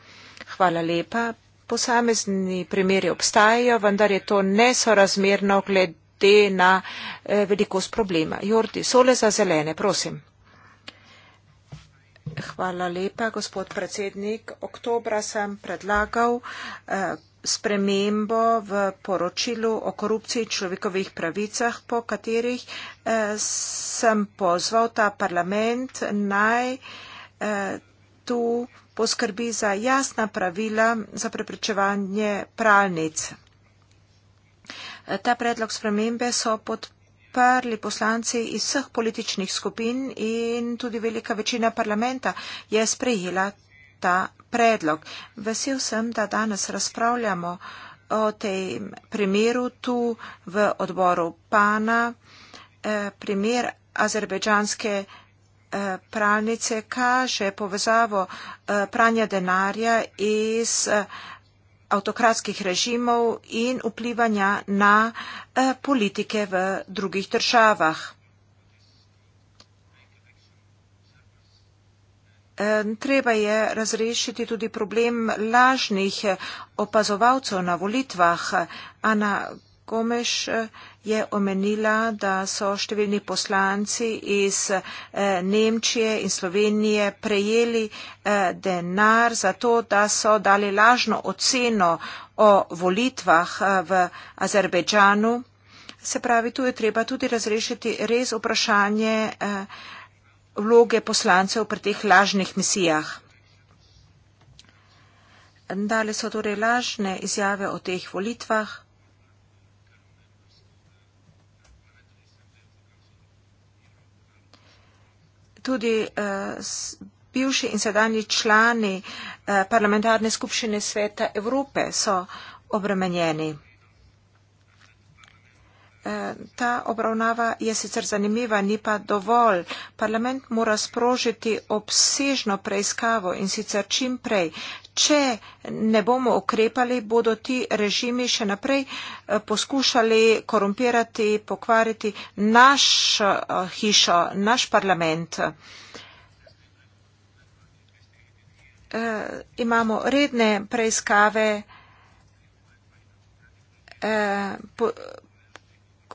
Hvala lepa. Posamezni primeri obstajajo, vendar je to nesorazmerno glede na eh, velikost problema. Jordi, sole za zelene, prosim. Hvala lepa, gospod predsednik. Oktobra sem predlagal spremembo v poročilu o korupciji človekovih pravicah, po katerih eh, sem pozval ta parlament naj eh, tu poskrbi za jasna pravila za preprečevanje pralnic. Ta predlog spremembe so podprli poslanci iz vseh političnih skupin in tudi velika večina parlamenta je sprejela ta predlog. Vesel sem, da danes razpravljamo o tej primeru tu v odboru Pana, eh, primer azerbejdžanske eh, pralnice kaže povezavo eh, pranja denarja iz avtokratskih režimov in vplivanja na politike v drugih državah. Treba je razrešiti tudi problem lažnih eh, opazovalcev na volitvah. Ana Gomeš eh, je omenila, da so številni poslanci iz eh, Nemčije in Slovenije prejeli denar za to, da so dali lažno oceno o volitvah v Azerbejdžanu. Se pravi, tu je treba tudi razrešiti res vprašanje vloge poslancev pri teh lažnih misijah. Dale so torej lažne izjave o teh volitvah. Tudi uh, bivši in sedanji člani uh, parlamentarne skupščine sveta Evrope so obremenjeni. Ta obravnava je sicer zanimiva, ni pa dovolj. Parlament mora sprožiti obsežno preiskavo in sicer čim prej. Če ne bomo ukrepali, bodo ti režimi še naprej eh, poskušali korumpirati, pokvariti naš eh, hišo, naš parlament. Eh, imamo redne preiskave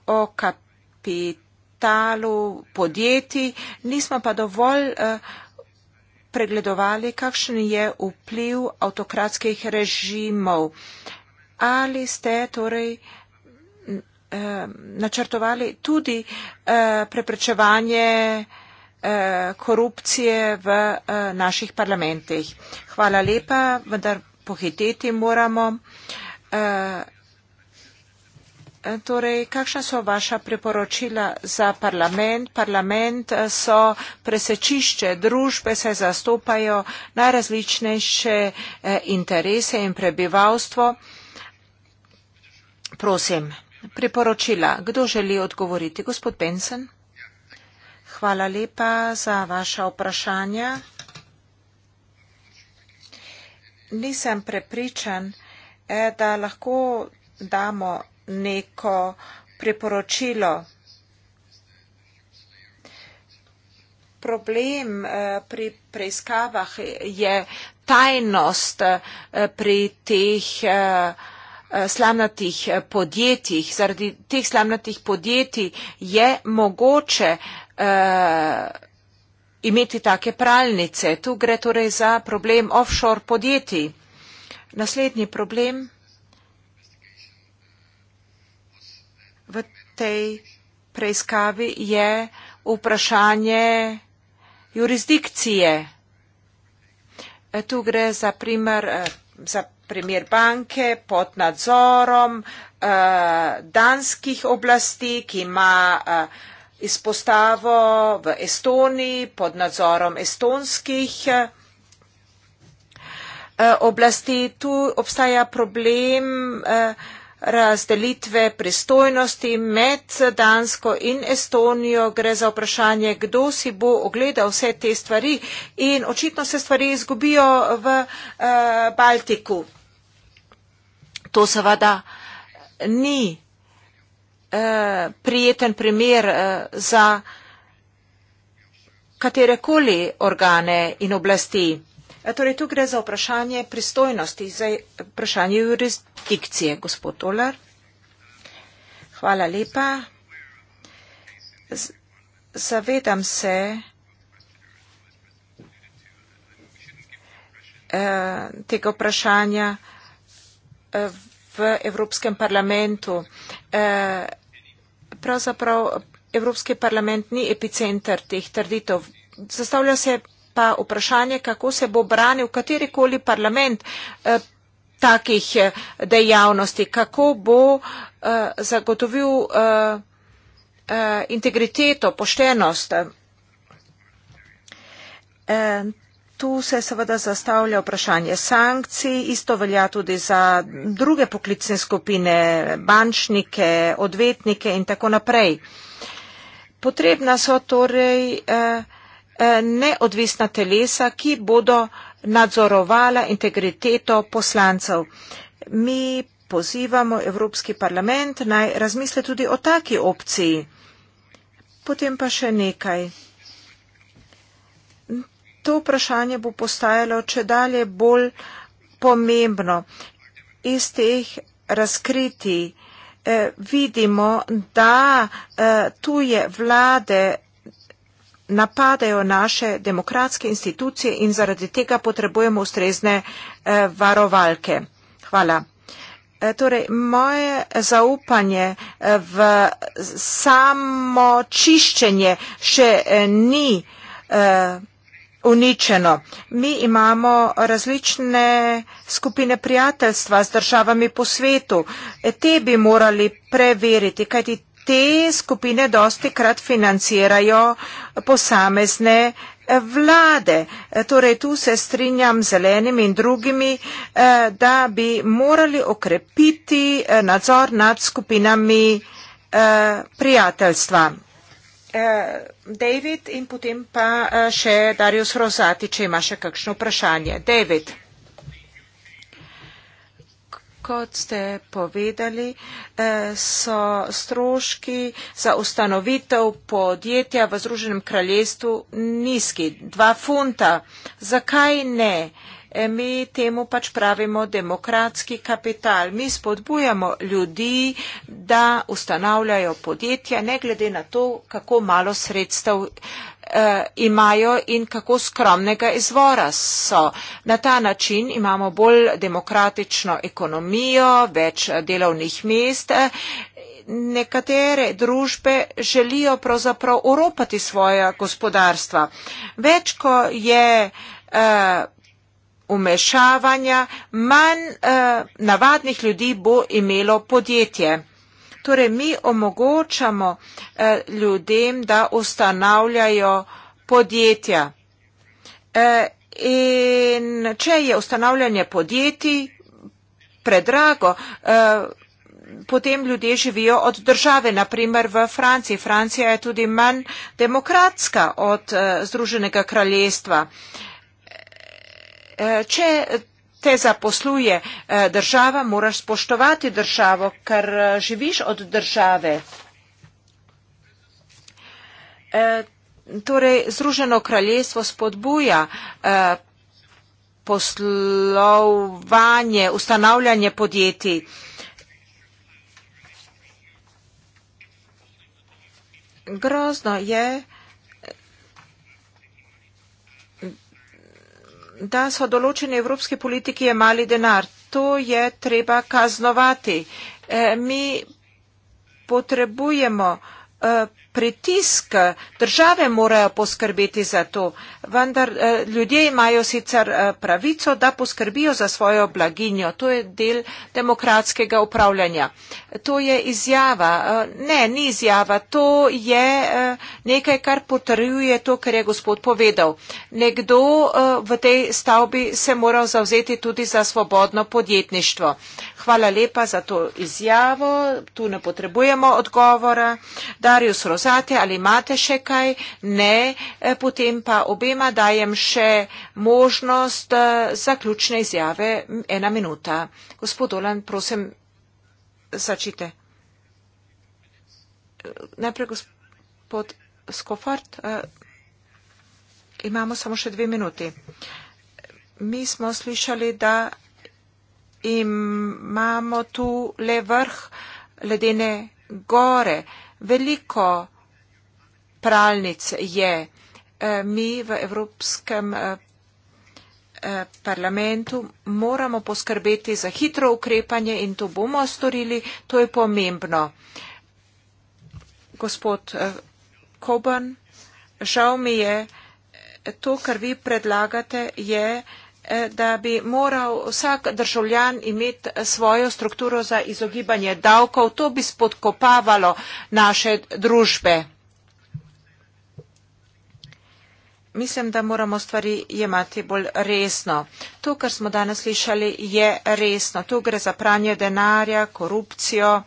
o kapitalu podjetij, nismo pa dovolj eh, pregledovali, kakšen je vpliv avtokratskih režimov. Ali ste torej eh, načrtovali tudi eh, preprečevanje korupcije v naših parlamentih. Hvala lepa, vendar pohiteti moramo. Torej, kakšna so vaša priporočila za parlament? Parlament eh, so presečišče družbe, saj zastopajo najrazličnejše eh, interese in prebivalstvo. Prosim, priporočila. Kdo želi odgovoriti? Gospod Benson? Hvala lepa za vaša vprašanja. Nisem prepričan, eh, da lahko damo neko priporočilo. Problem eh, pri preiskavah je tajnost eh, pri teh eh, slamnatih podjetjih. Zaradi teh slamnatih podjetij je mogoče imeti take pralnice. Tu gre torej za problem offshore podjetij. Naslednji problem. v tej preiskavi je vprašanje jurisdikcije. Tu gre za primer, eh, za primer banke pod nadzorom eh, danskih oblasti, ki ima eh, izpostavo v Estoniji pod nadzorom estonskih oblasti. Tu obstaja problem, razdelitve pristojnosti med Dansko in Estonijo. Gre za vprašanje, kdo si bo ogledal vse te stvari in očitno se stvari izgubijo v uh, Baltiku. To seveda ni uh, prijeten primer uh, za katerekoli organe in oblasti. E, torej, tu gre za vprašanje pristojnosti, za vprašanje jurisdikcije, gospod Dolar. Hvala lepa. Zavedam se, e, tega vprašanja e, v Evropskem parlamentu. Pravzaprav Evropski parlament ni epicenter teh trditev. Zastavlja se pa vprašanje, kako se bo branil katerikoli parlament eh, takih eh, dejavnosti, kako bo eh, zagotovil integriteto, poštenost. Tu se seveda zastavlja vprašanje sankcij, isto velja tudi za druge poklicne skupine, bančnike, odvetnike in tako naprej. Potrebna so torej eh, Eh, neodvisna telesa, ki bodo nadzorovala integriteto poslancev. Mi pozivamo Evropski parlament naj razmisle tudi o taki opciji. Potem pa še nekaj. To vprašanje bo postajalo če dalje bolj pomembno. Iz teh razkriti eh, vidimo, da eh, tuje vlade napadajo naše demokratske institucije in zaradi tega potrebujemo ustrezne eh, varovalke. Hvala. Eh, torej, moje zaupanje eh, v samo čiščenje še ni uničeno. Mi imamo različne skupine prijateljstva z državami po svetu. E, te bi morali preveriti, kajti te skupine dosti krat financirajo posamezne vlade. Torej tu se strinjam zelenimi in drugimi, eh, da bi morali okrepiti eh, nadzor nad skupinami eh, prijateljstva. David in potem pa še Darius Rozati, če ima še kakšno vprašanje. David kot ste povedali, eh, so stroški za ustanovitev podjetja v Združenem kraljestvu nizki, dva funta. Zakaj ne? E, mi temu pač pravimo demokratski kapital. Mi spodbujamo ljudi, da ustanavljajo podjetja, ne glede na to, kako malo sredstev uh, imajo in kako skromnega izvora so. Na ta način imamo bolj demokratično ekonomijo, več delovnih mest. Nekatere družbe želijo pravzaprav oropati svoje gospodarstva. Več, ko je uh, eh, umešavanja, manj uh, navadnih ljudi bo imelo podjetje. Torej, mi omogočamo eh, ljudem, da ustanavljajo podjetja. Eh, in če je ustanavljanje podjetij predrago, eh, potem ljudje živijo od države, naprimer v Franciji. Francija je tudi manj demokratska od Združenega kraljestva. Če te zaposluje eh, država, moraš spoštovati državo, ker eh, živiš od države. Eh, torej, Združeno kraljestvo spodbuja poslovanje, ustanavljanje podjetij. Grozno je, da so določene evropske politike jemali denar. To je treba kaznovati. Eh, mi potrebujemo eh, pritisk, države morajo poskrbeti za to, vendar eh, ljudje imajo sicer eh, pravico, da poskrbijo za svojo blaginjo. To je del demokratskega upravljanja. To je izjava. Eh, ne, ni izjava. To je nekaj, kar potrjuje to, kar je gospod povedal. Nekdo v tej stavbi se mora zauzeti tudi za svobodno podjetništvo. Hvala lepa za to izjavo. Tu ne potrebujemo odgovora. Darius Rozen pozate ali imate še kaj, ne, eh, potem pa obema dajem še možnost eh, zaključne izjave ena minuta. Gospod Dolan, prosim, začite. Eh, najprej gospod Skofart, imamo samo še dve minuti. Mi smo slišali, da imamo tu le vrh ledene gore. Veliko pralnic je. Eh, mi v Evropskem eh, eh, parlamentu moramo poskrbeti za hitro ukrepanje in to bomo storili. To je pomembno. Gospod Koban, žal mi je, to, kar vi predlagate, je Eh, da bi moral vsak državljan imeti eh, svojo strukturo za izogibanje davkov, to bi spodkopavalo naše družbe. Mislim, da moramo stvari jemati bolj resno. To, kar smo danes slišali, je resno. Tu gre za pranje denarja, korupcijo.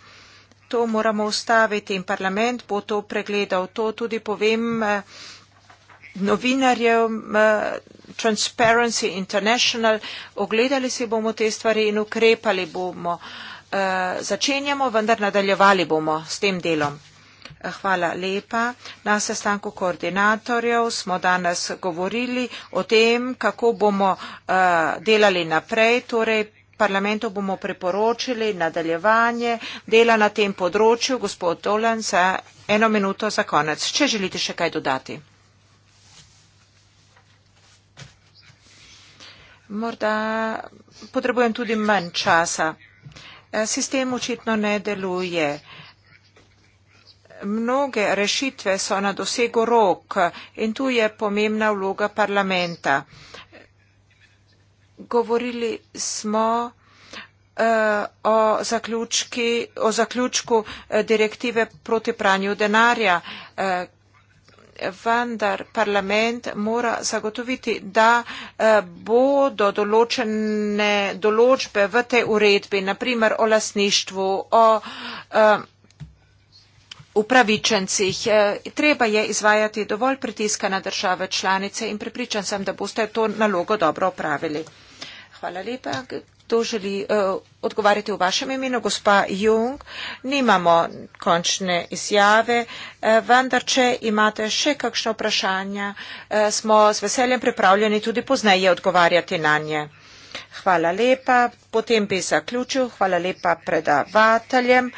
To moramo ustaviti in parlament bo to pregledal. To tudi povem eh, novinarjev Transparency International. Ogledali si bomo te stvari in ukrepali bomo. Eh, začenjamo, vendar nadaljevali bomo s tem delom. Eh, hvala lepa. Na sestanku koordinatorjev smo danes govorili o tem, kako bomo eh, delali naprej. Torej, parlamentu bomo priporočili nadaljevanje dela na tem področju. Gospod Dolan, za eno minuto za konec. Če želite še kaj dodati. morda potrebujem tudi manj časa. E, sistem očitno ne deluje. Mnoge rešitve so na dosegu rok in tu je pomembna vloga parlamenta. Govorili smo uh, o, zaključki, o zaključku e, direktive proti pranju denarja, uh, vendar parlament mora zagotoviti, da eh, bodo določene določbe v tej uredbi, naprimer o lasništvu, o eh, upravičencih. Eh, treba je izvajati dovolj pritiska na države članice in pripričan sem, da boste to nalogo dobro opravili. Hvala lepa kdo želi uh, odgovarjati v vašem imenu, gospa Jung, nimamo končne izjave, uh, vendar če imate še kakšno vprašanje, uh, smo z veseljem pripravljeni tudi pozneje odgovarjati na nje. Hvala lepa. Potem bi zaključil. Hvala lepa predavateljem.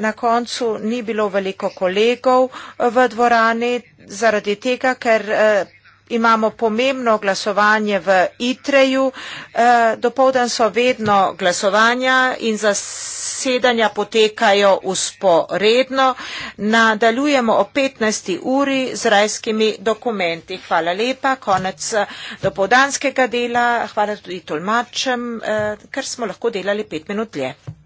Na koncu ni bilo veliko kolegov v dvorani zaradi tega, ker eh, imamo pomembno glasovanje v Itreju. Eh, dopoldan so vedno glasovanja in zasedanja potekajo usporedno. Nadaljujemo o 15. uri z rajskimi dokumenti. Hvala lepa, konec eh, dopoldanskega dela. Hvala tudi tolmačem, eh, ker smo lahko delali pet minut dlje.